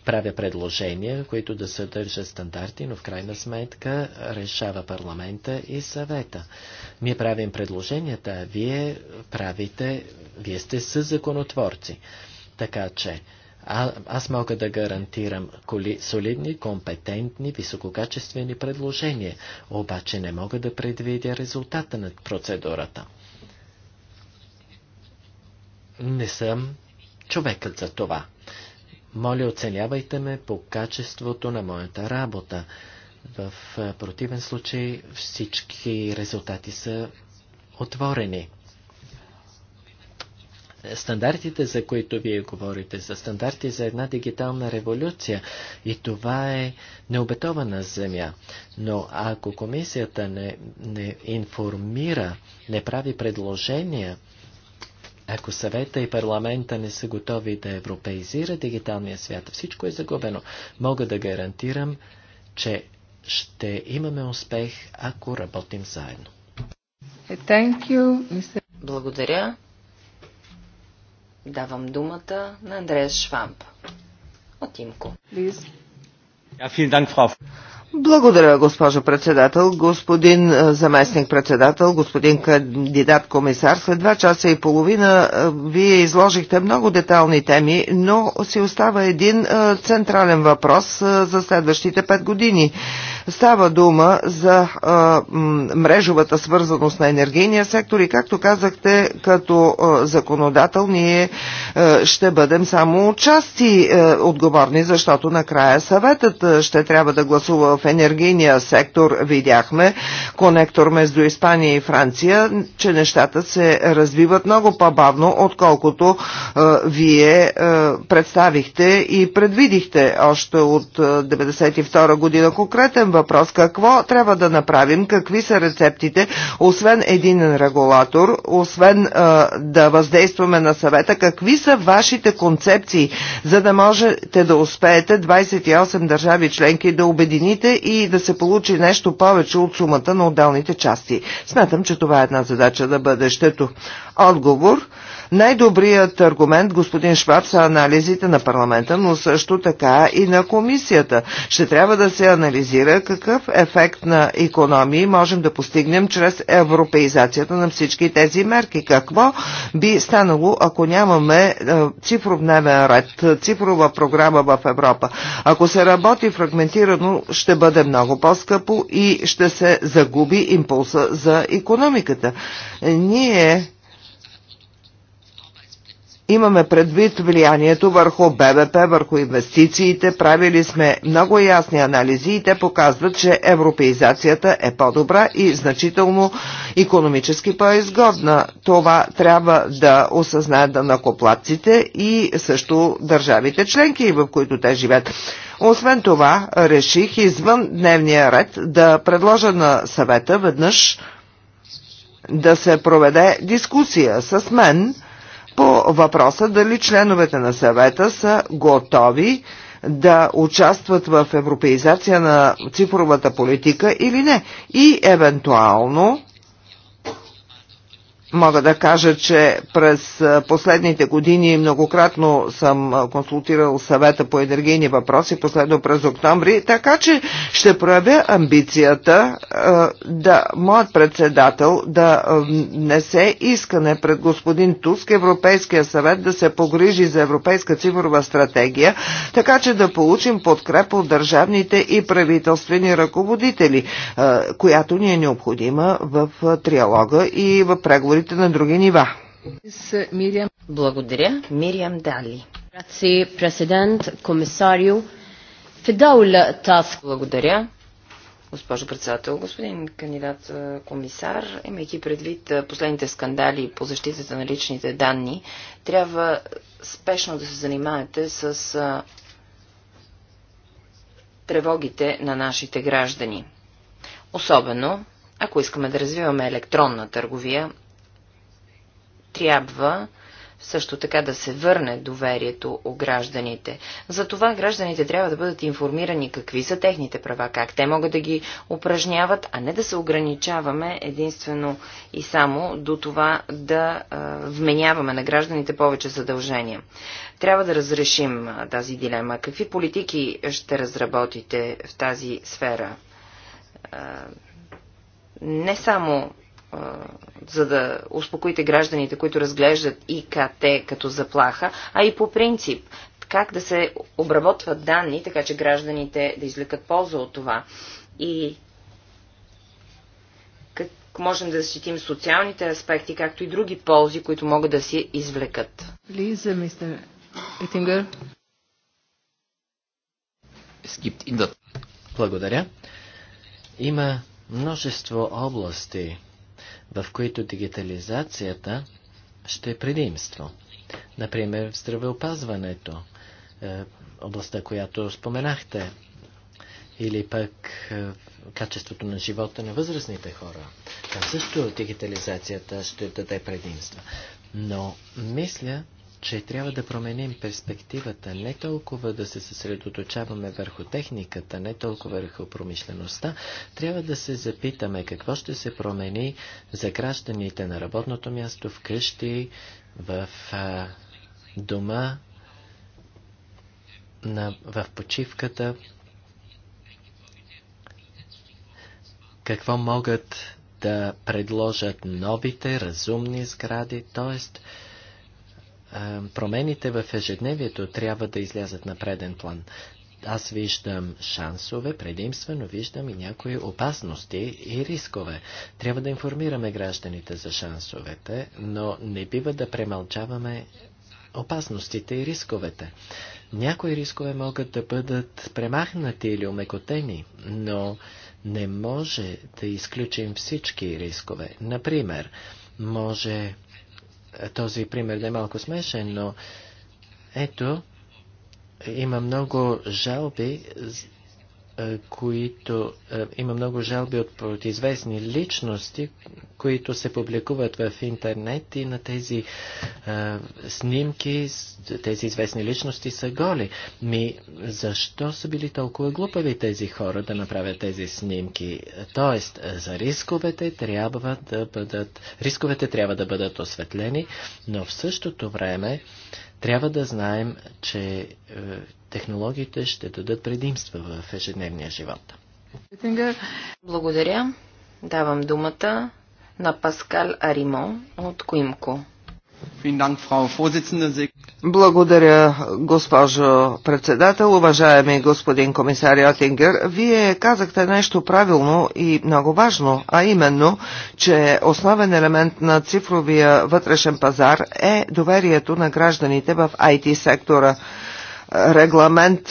правя предложения, които да съдържат стандарти, но в крайна сметка решава парламента и съвета. Ние правим предложенията, а вие правите, вие сте със законотворци. Така че, а, аз мога да гарантирам коли, солидни, компетентни, висококачествени предложения, обаче не мога да предвидя резултата на процедурата. Не съм човекът за това. Моля, оценявайте ме по качеството на моята работа. В противен случай всички резултати са отворени. Стандартите, за които вие говорите, са стандарти за една дигитална революция и това е необетована земя. Но ако комисията не, не информира, не прави предложения, ако съвета и парламента не са готови да европеизира дигиталния свят, всичко е загубено. Мога да гарантирам, че ще имаме успех, ако работим заедно. Благодаря.
Давам думата на Андрея Швамп от Имко.
Благодаря, госпожо председател, господин е, заместник председател, господин кандидат комисар. След два часа и половина е, вие изложихте много детални теми, но си остава един е, централен въпрос за следващите пет години. Става дума за мрежовата свързаност на енергийния сектор и както казахте, като законодател ние ще бъдем само части отговорни, защото накрая съветът ще трябва да гласува в енергийния сектор. Видяхме конектор между Испания и Франция, че нещата се развиват много по-бавно, отколкото вие представихте и предвидихте още от 1992 година. Конкретен въпрос. Какво трябва да направим? Какви са рецептите? Освен един регулатор, освен а, да въздействаме на съвета, какви са вашите концепции, за да можете да успеете 28 държави членки да обедините и да се получи нещо повече от сумата на отделните части? Смятам, че това е една задача бъде бъдещето. Отговор – най-добрият аргумент, господин Шваб, са анализите на парламента, но също така и на комисията. Ще трябва да се анализира какъв ефект на економии можем да постигнем чрез европеизацията на всички тези мерки. Какво би станало, ако нямаме е, цифров дневен ред, цифрова програма в Европа? Ако се работи фрагментирано, ще бъде много по-скъпо и ще се загуби импулса за економиката. Ние Имаме предвид влиянието върху БВП, върху инвестициите, правили сме много ясни анализи и те показват, че европеизацията е по-добра и значително економически по-изгодна. Това трябва да осъзнаят данакоплатците и също държавите членки, в които те живеят. Освен това, реших извън дневния ред да предложа на съвета веднъж да се проведе дискусия с мен по въпроса дали членовете на съвета са готови да участват в европеизация на цифровата политика или не и евентуално Мога да кажа, че през последните години многократно съм консултирал съвета по енергийни въпроси, последно през октомври, така че ще проявя амбицията да моят председател да внесе искане пред господин Туск Европейския съвет да се погрижи за Европейска цифрова стратегия, така че да получим подкрепа от държавните и правителствени ръководители, която ни е необходима в триалога и в преговорите преговорите на други нива.
Благодаря. Мириам Дали. президент, комисарио. Фидаул Таск. Благодаря. Госпожо председател, господин кандидат комисар, имайки предвид последните скандали по защитата на личните данни, трябва спешно да се занимаете с тревогите на нашите граждани. Особено, ако искаме да развиваме електронна търговия трябва също така да се върне доверието у гражданите. Затова гражданите трябва да бъдат информирани какви са техните права, как те могат да ги упражняват, а не да се ограничаваме единствено и само до това да вменяваме на гражданите повече задължения. Трябва да разрешим тази дилема. Какви политики ще разработите в тази сфера? не само за да успокоите гражданите, които разглеждат ИКТ като заплаха, а и по принцип как да се обработват данни, така че гражданите да извлекат полза от това и как можем да защитим социалните аспекти, както и други ползи, които могат да се извлекат.
Лиза, мистер Етингър. Благодаря. Има множество области, в които дигитализацията ще е предимство. Например, в здравеопазването, е, областта, която споменахте, или пък е, качеството на живота на възрастните хора. Там също дигитализацията ще даде предимства. Но мисля, че трябва да променим перспективата, не толкова да се съсредоточаваме върху техниката, не толкова върху промишлеността, трябва да се запитаме какво ще се промени за гражданите на работното място, в къщи, в а, дома, на, в почивката. Какво могат да предложат новите разумни сгради, т.е промените в ежедневието трябва да излязат на преден план. Аз виждам шансове, предимствено виждам и някои опасности и рискове. Трябва да информираме гражданите за шансовете, но не бива да премълчаваме опасностите и рисковете. Някои рискове могат да бъдат премахнати или омекотени, но не може да изключим всички рискове. Например, може този пример да е малко смешен, но ето, има много жалби е, които е, има много жалби от известни личности, които се публикуват в интернет и на тези а, е, снимки, тези известни личности са голи. Ми, защо са били толкова глупави тези хора да направят тези снимки? Тоест, за рисковете трябва да бъдат, рисковете трябва да бъдат осветлени, но в същото време трябва да знаем, че технологиите ще дадат предимства в ежедневния живот.
Благодаря. Давам думата на Паскал Аримон от Коимко.
Благодаря, госпожо председател. Уважаеми господин комисар Йотингер, вие казахте нещо правилно и много важно, а именно, че основен елемент на цифровия вътрешен пазар е доверието на гражданите в IT сектора регламент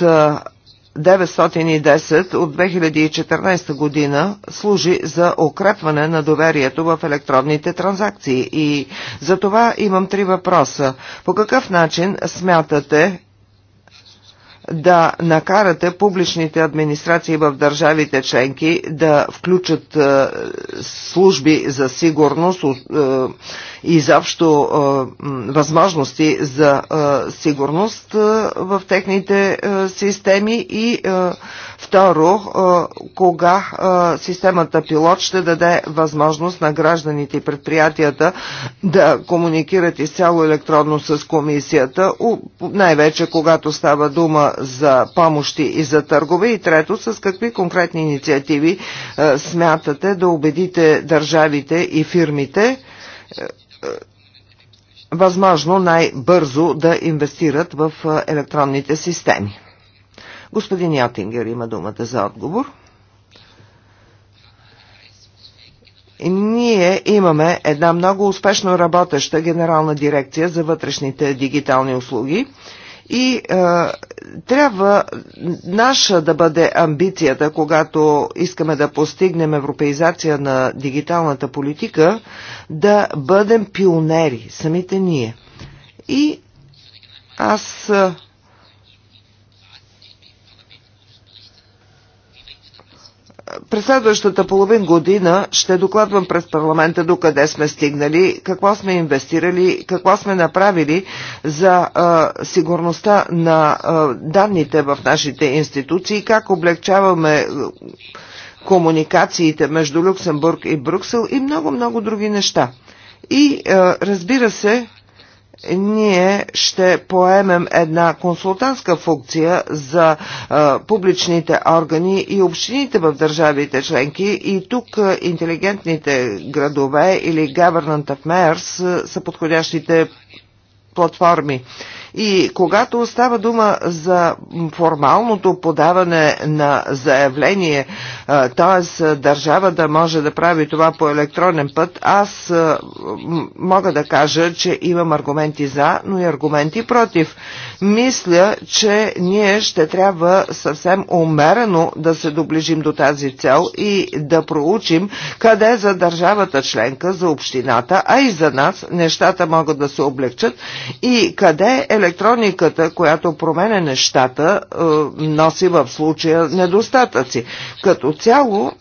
910 от 2014 година служи за укрепване на доверието в електронните транзакции и за това имам три въпроса. По какъв начин смятате да накарате публичните администрации в държавите членки да включат е, служби за сигурност е, и заобщо е, възможности за сигурност в техните системи и Второ, е, кога е, системата пилот ще даде възможност на гражданите и предприятията да комуникират изцяло електронно с комисията, най-вече когато става дума за помощи и за търгове. И трето, с какви конкретни инициативи е, смятате да убедите държавите и фирмите възможно най-бързо да инвестират в електронните системи. Господин Йотингер има думата за отговор. Ние имаме една много успешно работеща генерална дирекция за вътрешните дигитални услуги и е, трябва наша да бъде амбицията, когато искаме да постигнем европеизация на дигиталната политика, да бъдем пионери, самите ние. И аз е, през следващата половин година ще докладвам през парламента до къде сме стигнали, какво сме инвестирали, какво сме направили за а, сигурността на а, данните в нашите институции, как облегчаваме комуникациите между Люксембург и Брюксел и много-много други неща. И а, разбира се, ние ще поемем една консултантска функция за а, публичните органи и общините в държавите членки и тук а, интелигентните градове или Government of Mayors са подходящите платформи. А, и когато става дума за формалното подаване на заявление, т.е. държава да може да прави това по електронен път, аз мога да кажа, че имам аргументи за, но и аргументи против. Мисля, че ние ще трябва съвсем умерено да се доближим до тази цел и да проучим къде за държавата членка, за общината, а и за нас нещата могат да се облегчат и къде е електрониката, която променя нещата, е, носи в случая недостатъци. Като цяло,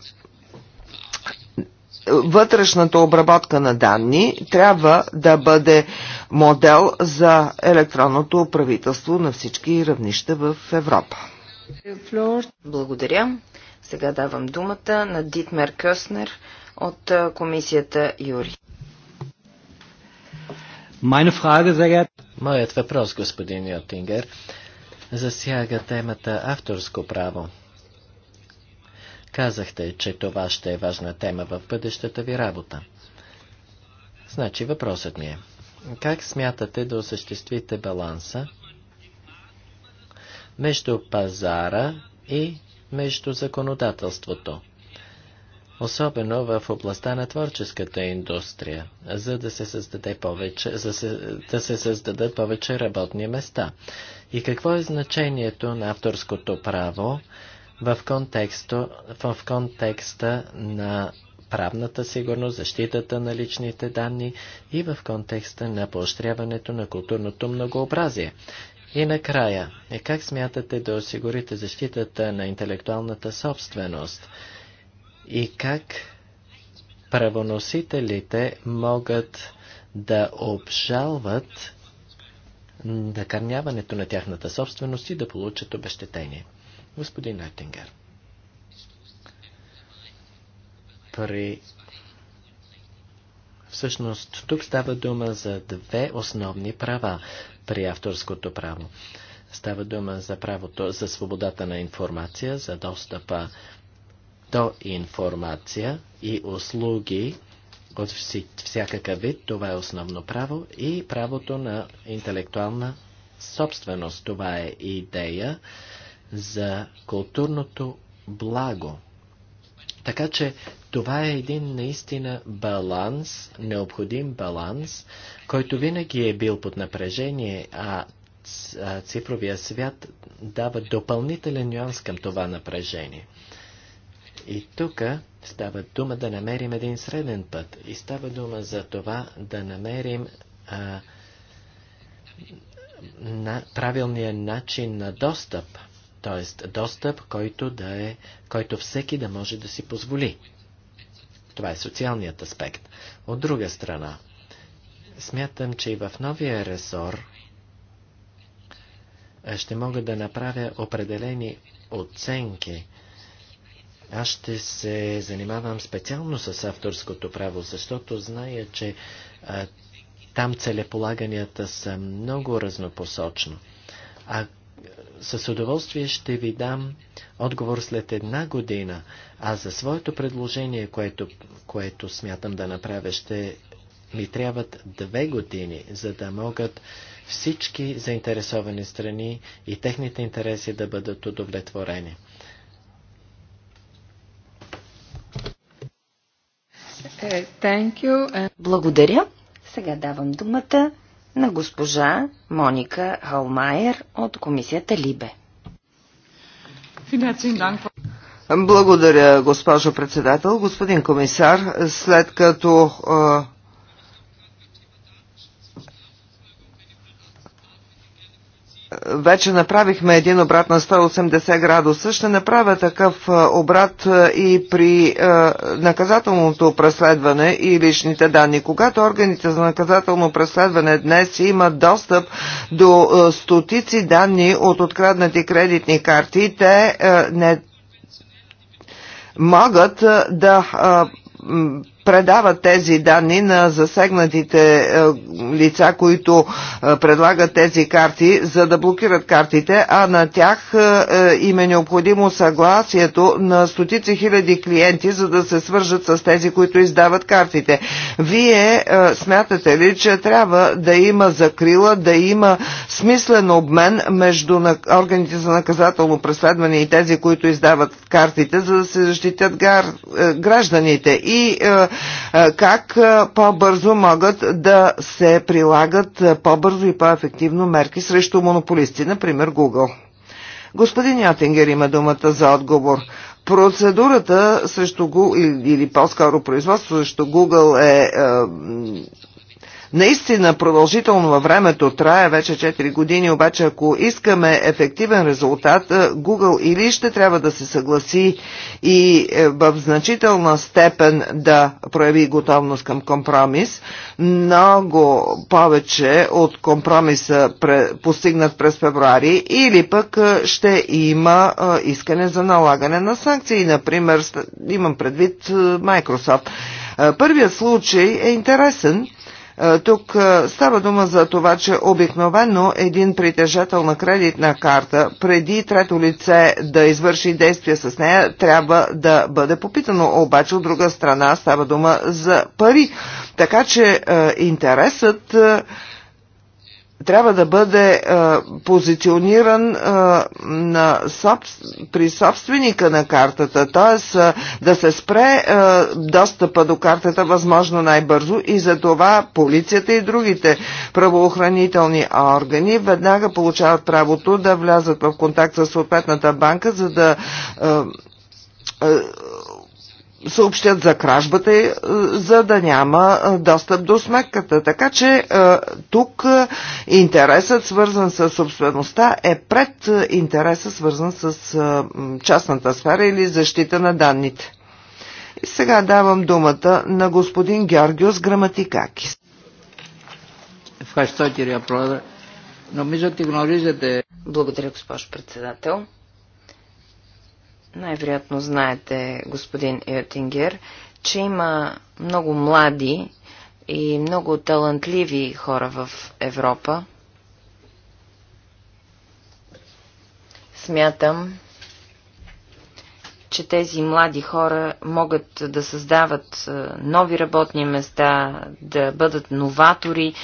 вътрешната обработка на данни трябва да бъде модел за електронното правителство на всички равнища в Европа.
Благодаря. Сега давам думата на Дитмер Кюснер от е, комисията Юри.
Моят въпрос, господин Йотингер, засяга темата авторско право. Казахте, че това ще е важна тема в бъдещата ви работа. Значи въпросът ми е, как смятате да осъществите баланса между пазара и между законодателството? особено в областта на творческата индустрия, за да се, създаде повече, за се, да се създадат повече работни места. И какво е значението на авторското право в, контексто, в контекста на правната сигурност, защитата на личните данни и в контекста на поощряването на културното многообразие. И накрая, е, как смятате да осигурите защитата на интелектуалната собственост? и как правоносителите могат да обжалват накърняването на тяхната собственост и да получат обещетение. Господин Найтингер, при... Всъщност, тук става дума за две основни права при авторското право. Става дума за правото за свободата на информация, за достъпа до информация и услуги от всякакъв вид, това е основно право и правото на интелектуална собственост. Това е идея за културното благо. Така че това е един наистина баланс, необходим баланс, който винаги е бил под напрежение, а цифровия свят дава допълнителен нюанс към това напрежение. И тук става дума да намерим един среден път. И става дума за това да намерим а, на, правилния начин на достъп. Т.е. достъп, който, да е, който всеки да може да си позволи. Това е социалният аспект. От друга страна, смятам, че и в новия ресор ще мога да направя определени оценки аз ще се занимавам специално с авторското право, защото зная, че а, там целеполаганията са много разнопосочно. А с удоволствие ще ви дам отговор след една година, а за своето предложение, което, което смятам да направя, ще ми трябват две години, за да могат всички заинтересовани страни и техните интереси да бъдат удовлетворени.
And... Благодаря. Сега давам думата на госпожа Моника Халмайер от комисията Либе.
Благодаря, госпожо председател. Господин комисар, след като а, вече направихме един обрат на 180 градуса. Ще направя такъв обрат и при наказателното преследване и личните данни. Когато органите за наказателно преследване днес имат достъп до стотици данни от откраднати кредитни карти, те не могат да предават тези данни на засегнатите е, лица, които е, предлагат тези карти, за да блокират картите, а на тях е, им е необходимо съгласието на стотици хиляди клиенти, за да се свържат с тези, които издават картите. Вие смятате ли, че трябва да има закрила, да има смислен обмен между органите за наказателно преследване и тези, които издават картите, за да се защитят гражданите? И е, как е, по-бързо могат да се прилагат е, по-бързо и по-ефективно мерки срещу монополисти, например Google. Господин Ятингер има думата за отговор. Процедурата срещу Google, или по-скоро производство срещу Google е, е наистина продължително във времето трае вече 4 години, обаче ако искаме ефективен резултат, Google или ще трябва да се съгласи и е, в значителна степен да прояви готовност към компромис, много повече от компромиса постигнат през февруари или пък ще има искане за налагане на санкции. Например, имам предвид Microsoft. Първият случай е интересен е, тук е, става дума за това, че обикновено един притежател на кредитна карта, преди трето лице да извърши действия с нея, трябва да бъде попитано. Обаче от друга страна става дума за пари. Така че е, интересът трябва да бъде е, позициониран е, на соб, при собственика на картата, т.е. да се спре е, достъпа до картата възможно най-бързо и за това полицията и другите правоохранителни органи веднага получават правото да влязат в контакт с съответната банка, за да е, съобщят за кражбата, е, за да няма е, достъп до сметката. Така че е, тук интересът, свързан с собствеността, е пред интереса, свързан с частната сфера или защита на данните. И сега давам думата на господин Георгиос Граматикакис. Благодаря, госпожо председател.
Най-вероятно знаете, господин Йотингер, че има много млади и много талантливи хора в Европа. Смятам, че тези млади хора могат да създават е, нови работни места, да бъдат новатори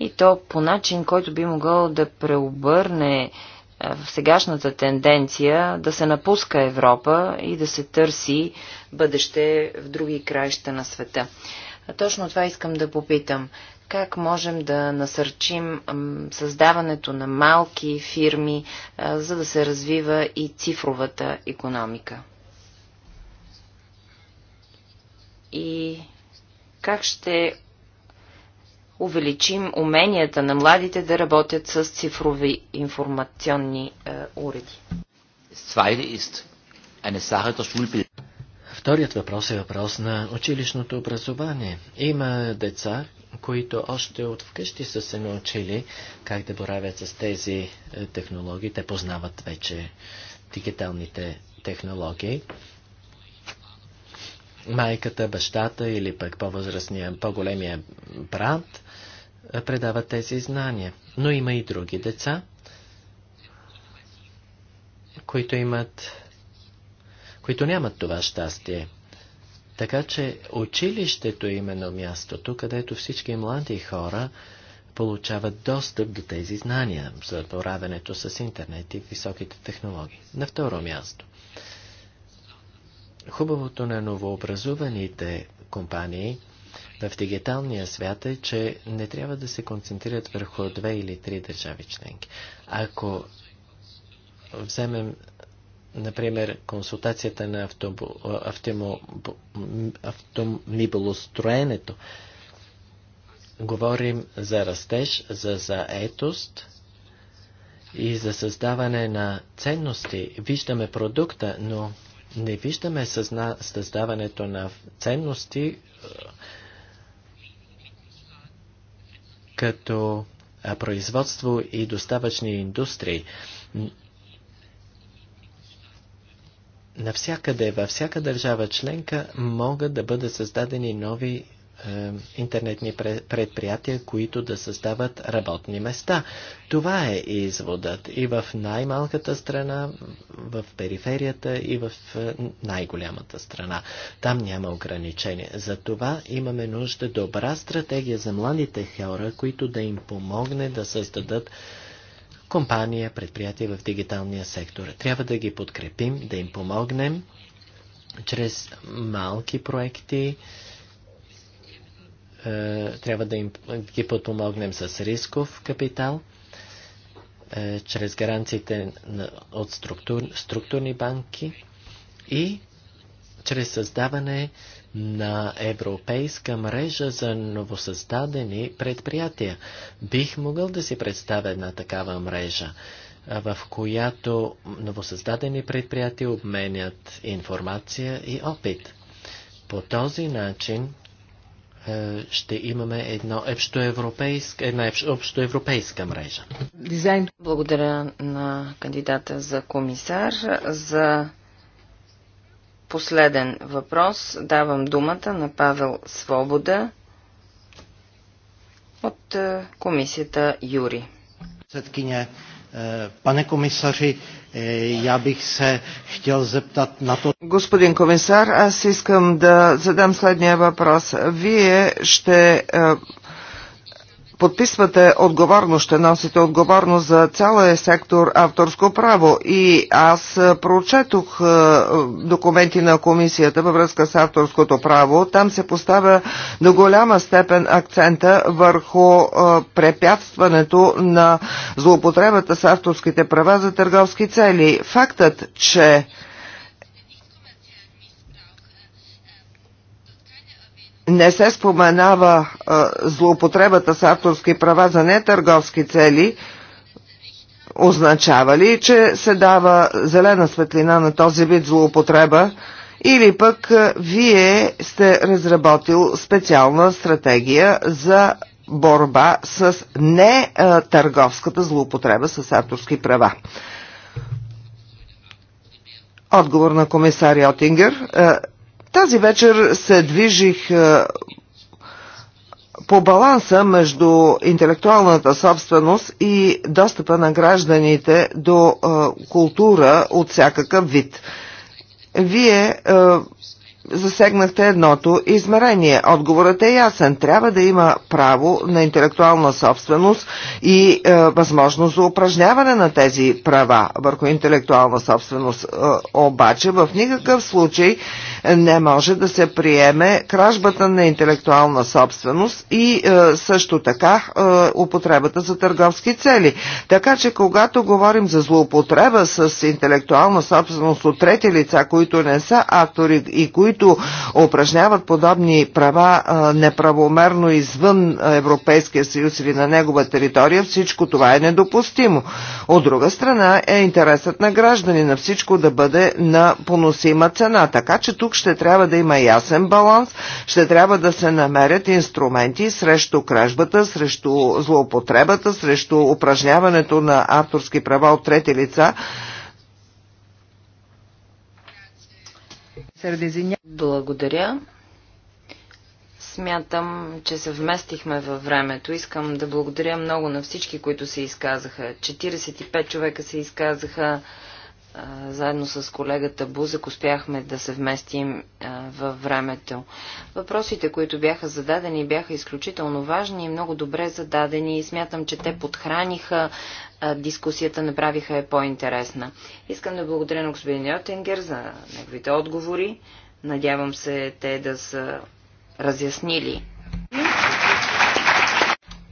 и то по начин, който би могъл да преобърне в сегашната тенденция да се напуска Европа и да се търси бъдеще в други краища на света. А точно това искам да попитам. Как можем да насърчим създаването на малки фирми, за да се развива и цифровата економика? И как ще увеличим уменията на младите да работят с цифрови информационни е, уреди.
Вторият въпрос е въпрос на училищното образование. Има деца, които още от вкъщи са се научили как да боравят с тези е, технологии. Те познават вече дигиталните технологии. Майката, бащата или пък по-възрастния, по-големия брат предават тези знания. Но има и други деца, които имат, които нямат това щастие. Така че училището е именно мястото, където всички млади хора получават достъп до тези знания за боравенето с интернет и високите технологии. На второ място. Хубавото на новообразуваните компании в дигиталния свят е, че не трябва да се концентрират върху две или три държави членки. Ако вземем, например, консултацията на автомобилостроенето, говорим за растеж, за заетост и за създаване на ценности. Виждаме продукта, но не виждаме създаването на ценности като производство и доставъчни индустрии. Навсякъде, във всяка държава членка могат да бъдат създадени нови е, интернетни предприятия, които да създават работни места. Това е изводът и в най-малката страна, в периферията и в е, най-голямата страна. Там няма ограничения. За това имаме нужда добра стратегия за младите хора, които да им помогне да създадат компания, предприятия в дигиталния сектор. Трябва да ги подкрепим, да им помогнем чрез малки проекти, е, трябва да им, ги подпомогнем с рисков капитал, е, чрез гаранциите от структур, структурни банки и чрез създаване на европейска мрежа за новосъздадени предприятия. Бих могъл да си представя една такава мрежа, е, в която новосъздадени предприятия обменят информация и опит. По този начин е, ще имаме едно общоевропейск, една общоевропейска мрежа.
Дизайн. Благодаря на кандидата за комисар. За последен въпрос давам думата на Павел Свобода от е, комисията Юри.
Съдкиня Eh, pane komisaři, eh, Господин комисар, аз искам да задам следния въпрос. Вие ще подписвате отговорност, ще носите отговорност за цялия е сектор авторско право. И аз прочетох е, документи на комисията във връзка с авторското право. Там се поставя до голяма степен акцента върху е, препятстването на злоупотребата с авторските права за търговски цели. Фактът, че не се споменава а, злоупотребата с авторски права за нетърговски цели, означава ли, че се дава зелена светлина на този вид злоупотреба или пък а, вие сте разработил специална стратегия за борба с нетърговската злоупотреба с авторски права? Отговор на комисар Йотингер. Тази вечер се движих е, по баланса между интелектуалната собственост и достъпа на гражданите до е, култура от всякакъв вид. Вие е, засегнахте едното измерение. Отговорът е ясен. Трябва да има право на интелектуална собственост и е, възможност за упражняване на тези права върху интелектуална собственост. Е, обаче в никакъв случай не може да се приеме кражбата на интелектуална собственост и е, също така е, употребата за търговски цели. Така че когато говорим за злоупотреба с интелектуална собственост от трети лица, които не са автори и които които упражняват подобни права неправомерно извън Европейския съюз или на негова територия, всичко това е недопустимо. От друга страна е интересът на граждани на всичко да бъде на поносима цена. Така че тук ще трябва да има ясен баланс, ще трябва да се намерят инструменти срещу кражбата, срещу злоупотребата, срещу упражняването на авторски права от трети лица,
Благодаря. Смятам, че се вместихме във времето. Искам да благодаря много на всички, които се изказаха. 45 човека се изказаха. Заедно с колегата Бузък успяхме да се вместим във времето. Въпросите, които бяха зададени, бяха изключително важни и много добре зададени. И смятам, че те подхраниха дискусията направиха е по-интересна. Искам да благодаря на господин Йотингер за неговите отговори. Надявам се те да са разяснили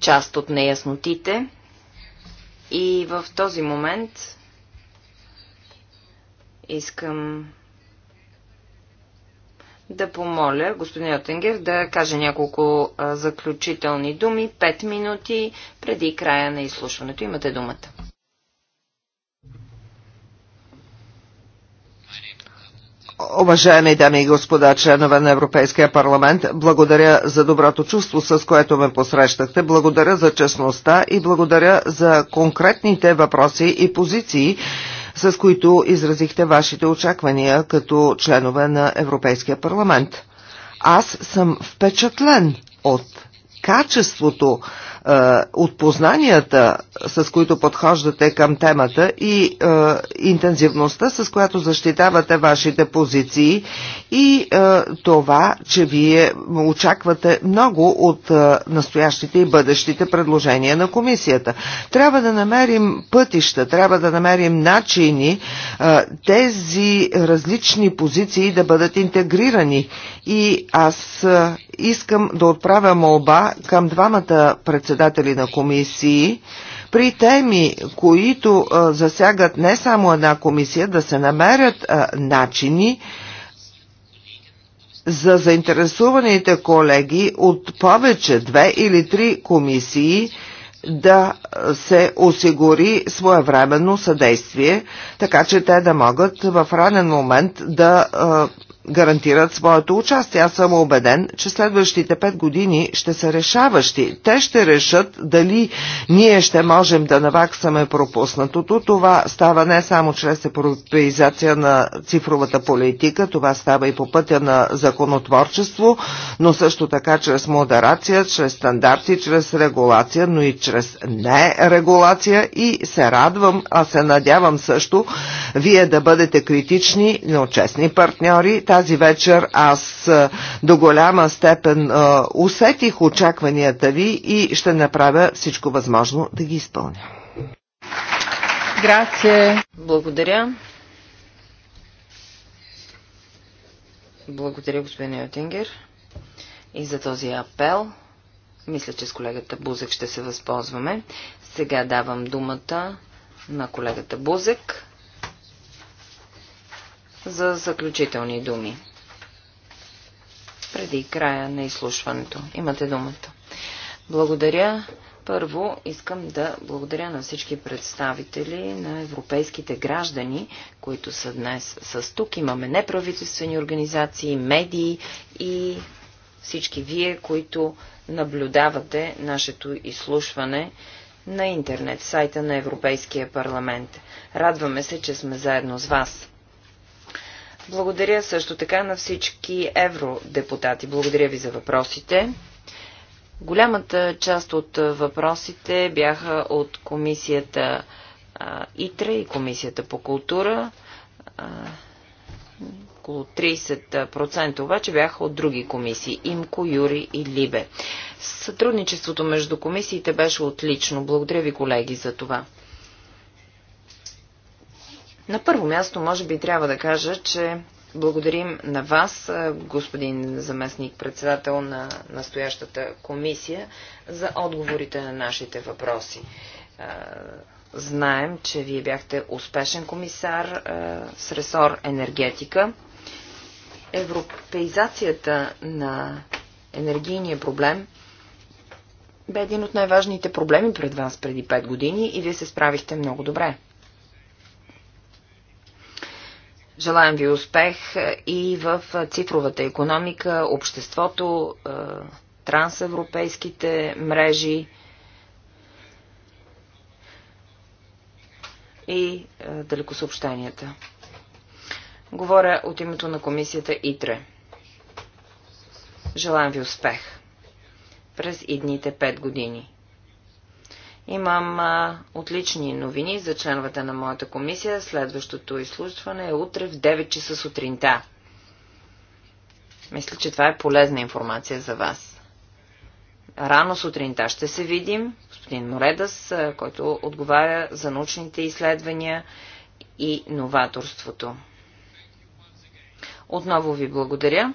част от неяснотите. И в този момент искам да помоля господин Отенгер да каже няколко а, заключителни думи, пет минути преди края на изслушването. Имате думата.
Уважаеми дами и господа, членове на Европейския парламент, благодаря за доброто чувство, с което ме посрещахте, благодаря за честността и благодаря за конкретните въпроси и позиции, с които изразихте вашите очаквания като членове на Европейския парламент. Аз съм впечатлен от качеството е, от познанията, с които подхождате към темата и е, интензивността, с която защитавате вашите позиции и е, това, че вие очаквате много от е, настоящите и бъдещите предложения на комисията. Трябва да намерим пътища, трябва да намерим начини е, тези различни позиции да бъдат интегрирани и аз е, искам да отправя молба към двамата председатели на комисии при теми, които а, засягат не само една комисия, да се намерят а, начини за заинтересуваните колеги от повече две или три комисии, да се осигури своевременно съдействие, така че те да могат в ранен момент да гарантират своето участие. Аз съм убеден, че следващите пет години ще са решаващи. Те ще решат дали ние ще можем да наваксаме пропуснатото. Това става не само чрез европеизация на цифровата политика, това става и по пътя на законотворчество, но също така чрез модерация, чрез стандарти, чрез регулация, но и чрез чрез нерегулация и се радвам, а се надявам също, вие да бъдете критични, но честни партньори. Тази вечер аз е, до голяма степен е, усетих очакванията ви и ще направя всичко възможно да ги изпълня.
Грация. Благодаря. Благодаря, господин Йотингер, и за този апел. Мисля, че с колегата Бузек ще се възползваме. Сега давам думата на колегата Бузек за заключителни думи. Преди края на изслушването. Имате думата. Благодаря. Първо искам да благодаря на всички представители на европейските граждани, които са днес с тук. Имаме неправителствени организации, медии и всички вие, които наблюдавате нашето изслушване на интернет сайта на Европейския парламент. Радваме се, че сме заедно с вас. Благодаря също така на всички евродепутати. Благодаря ви за въпросите. Голямата част от въпросите бяха от комисията ИТРА и комисията по култура около 30% обаче бяха от други комисии – ИМКО, Юри и Либе. Сътрудничеството между комисиите беше отлично. Благодаря ви, колеги, за това. На първо място, може би трябва да кажа, че благодарим на вас, господин заместник председател на настоящата комисия, за отговорите на нашите въпроси. Знаем, че вие бяхте успешен комисар с ресор енергетика европеизацията на енергийния проблем бе един от най-важните проблеми пред вас преди 5 години и вие се справихте много добре. Желаем ви успех и в цифровата економика, обществото, е, трансевропейските мрежи и е, далекосъобщенията. Говоря от името на комисията ИТРЕ. Желаем ви успех през идните пет години. Имам а, отлични новини за членовете на моята комисия. Следващото изслушване е утре в 9 часа сутринта. Мисля, че това е полезна информация за вас. Рано сутринта ще се видим. Господин Моредас, който отговаря за научните изследвания и новаторството. Отново ви благодаря.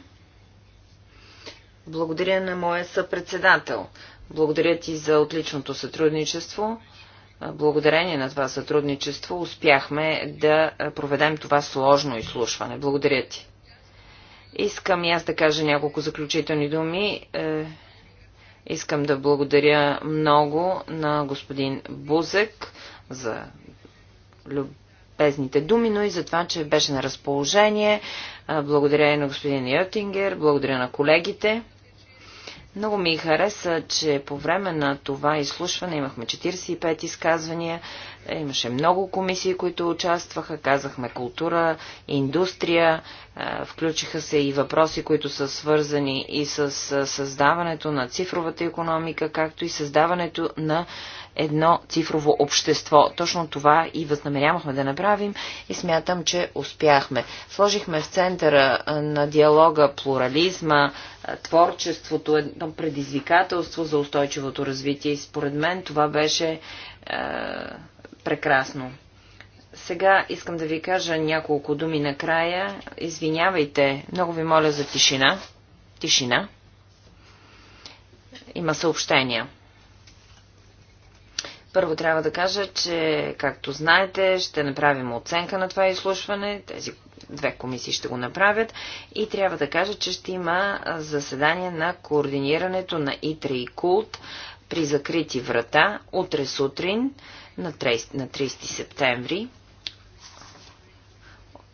Благодаря на моя съпредседател. Благодаря ти за отличното сътрудничество. Благодарение на това сътрудничество успяхме да проведем това сложно изслушване. Благодаря ти. Искам и аз да кажа няколко заключителни думи. Е, искам да благодаря много на господин Бузек за люб любезните думи, но и за това, че беше на разположение. Благодаря и на господин Йотингер, благодаря на колегите. Много ми хареса, че по време на това изслушване имахме 45 изказвания, имаше много комисии, които участваха, казахме култура, индустрия, включиха се и въпроси, които са свързани и с създаването на цифровата економика, както и създаването на едно цифрово общество. Точно това и възнамерявахме да направим и смятам, че успяхме. Сложихме в центъра на диалога плурализма, творчеството, едно предизвикателство за устойчивото развитие и според мен това беше е, прекрасно. Сега искам да ви кажа няколко думи накрая. Извинявайте, много ви моля за тишина. Тишина. Има съобщения. Първо трябва да кажа, че, както знаете, ще направим оценка на това изслушване. Тези две комисии ще го направят. И трябва да кажа, че ще има заседание на координирането на И3 и КУЛТ при закрити врата утре сутрин на 30 септември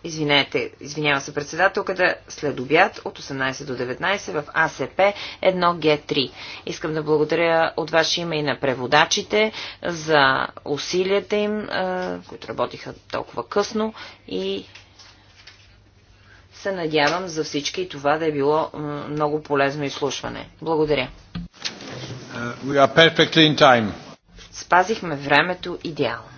Извинете, извинява се председателката, след обяд от 18 до 19 в АСП 1Г3. Искам да благодаря от ваше име и на преводачите за усилията им, които работиха толкова късно и се надявам за всички това да е било много полезно изслушване. Благодаря.
Uh,
Спазихме времето идеално.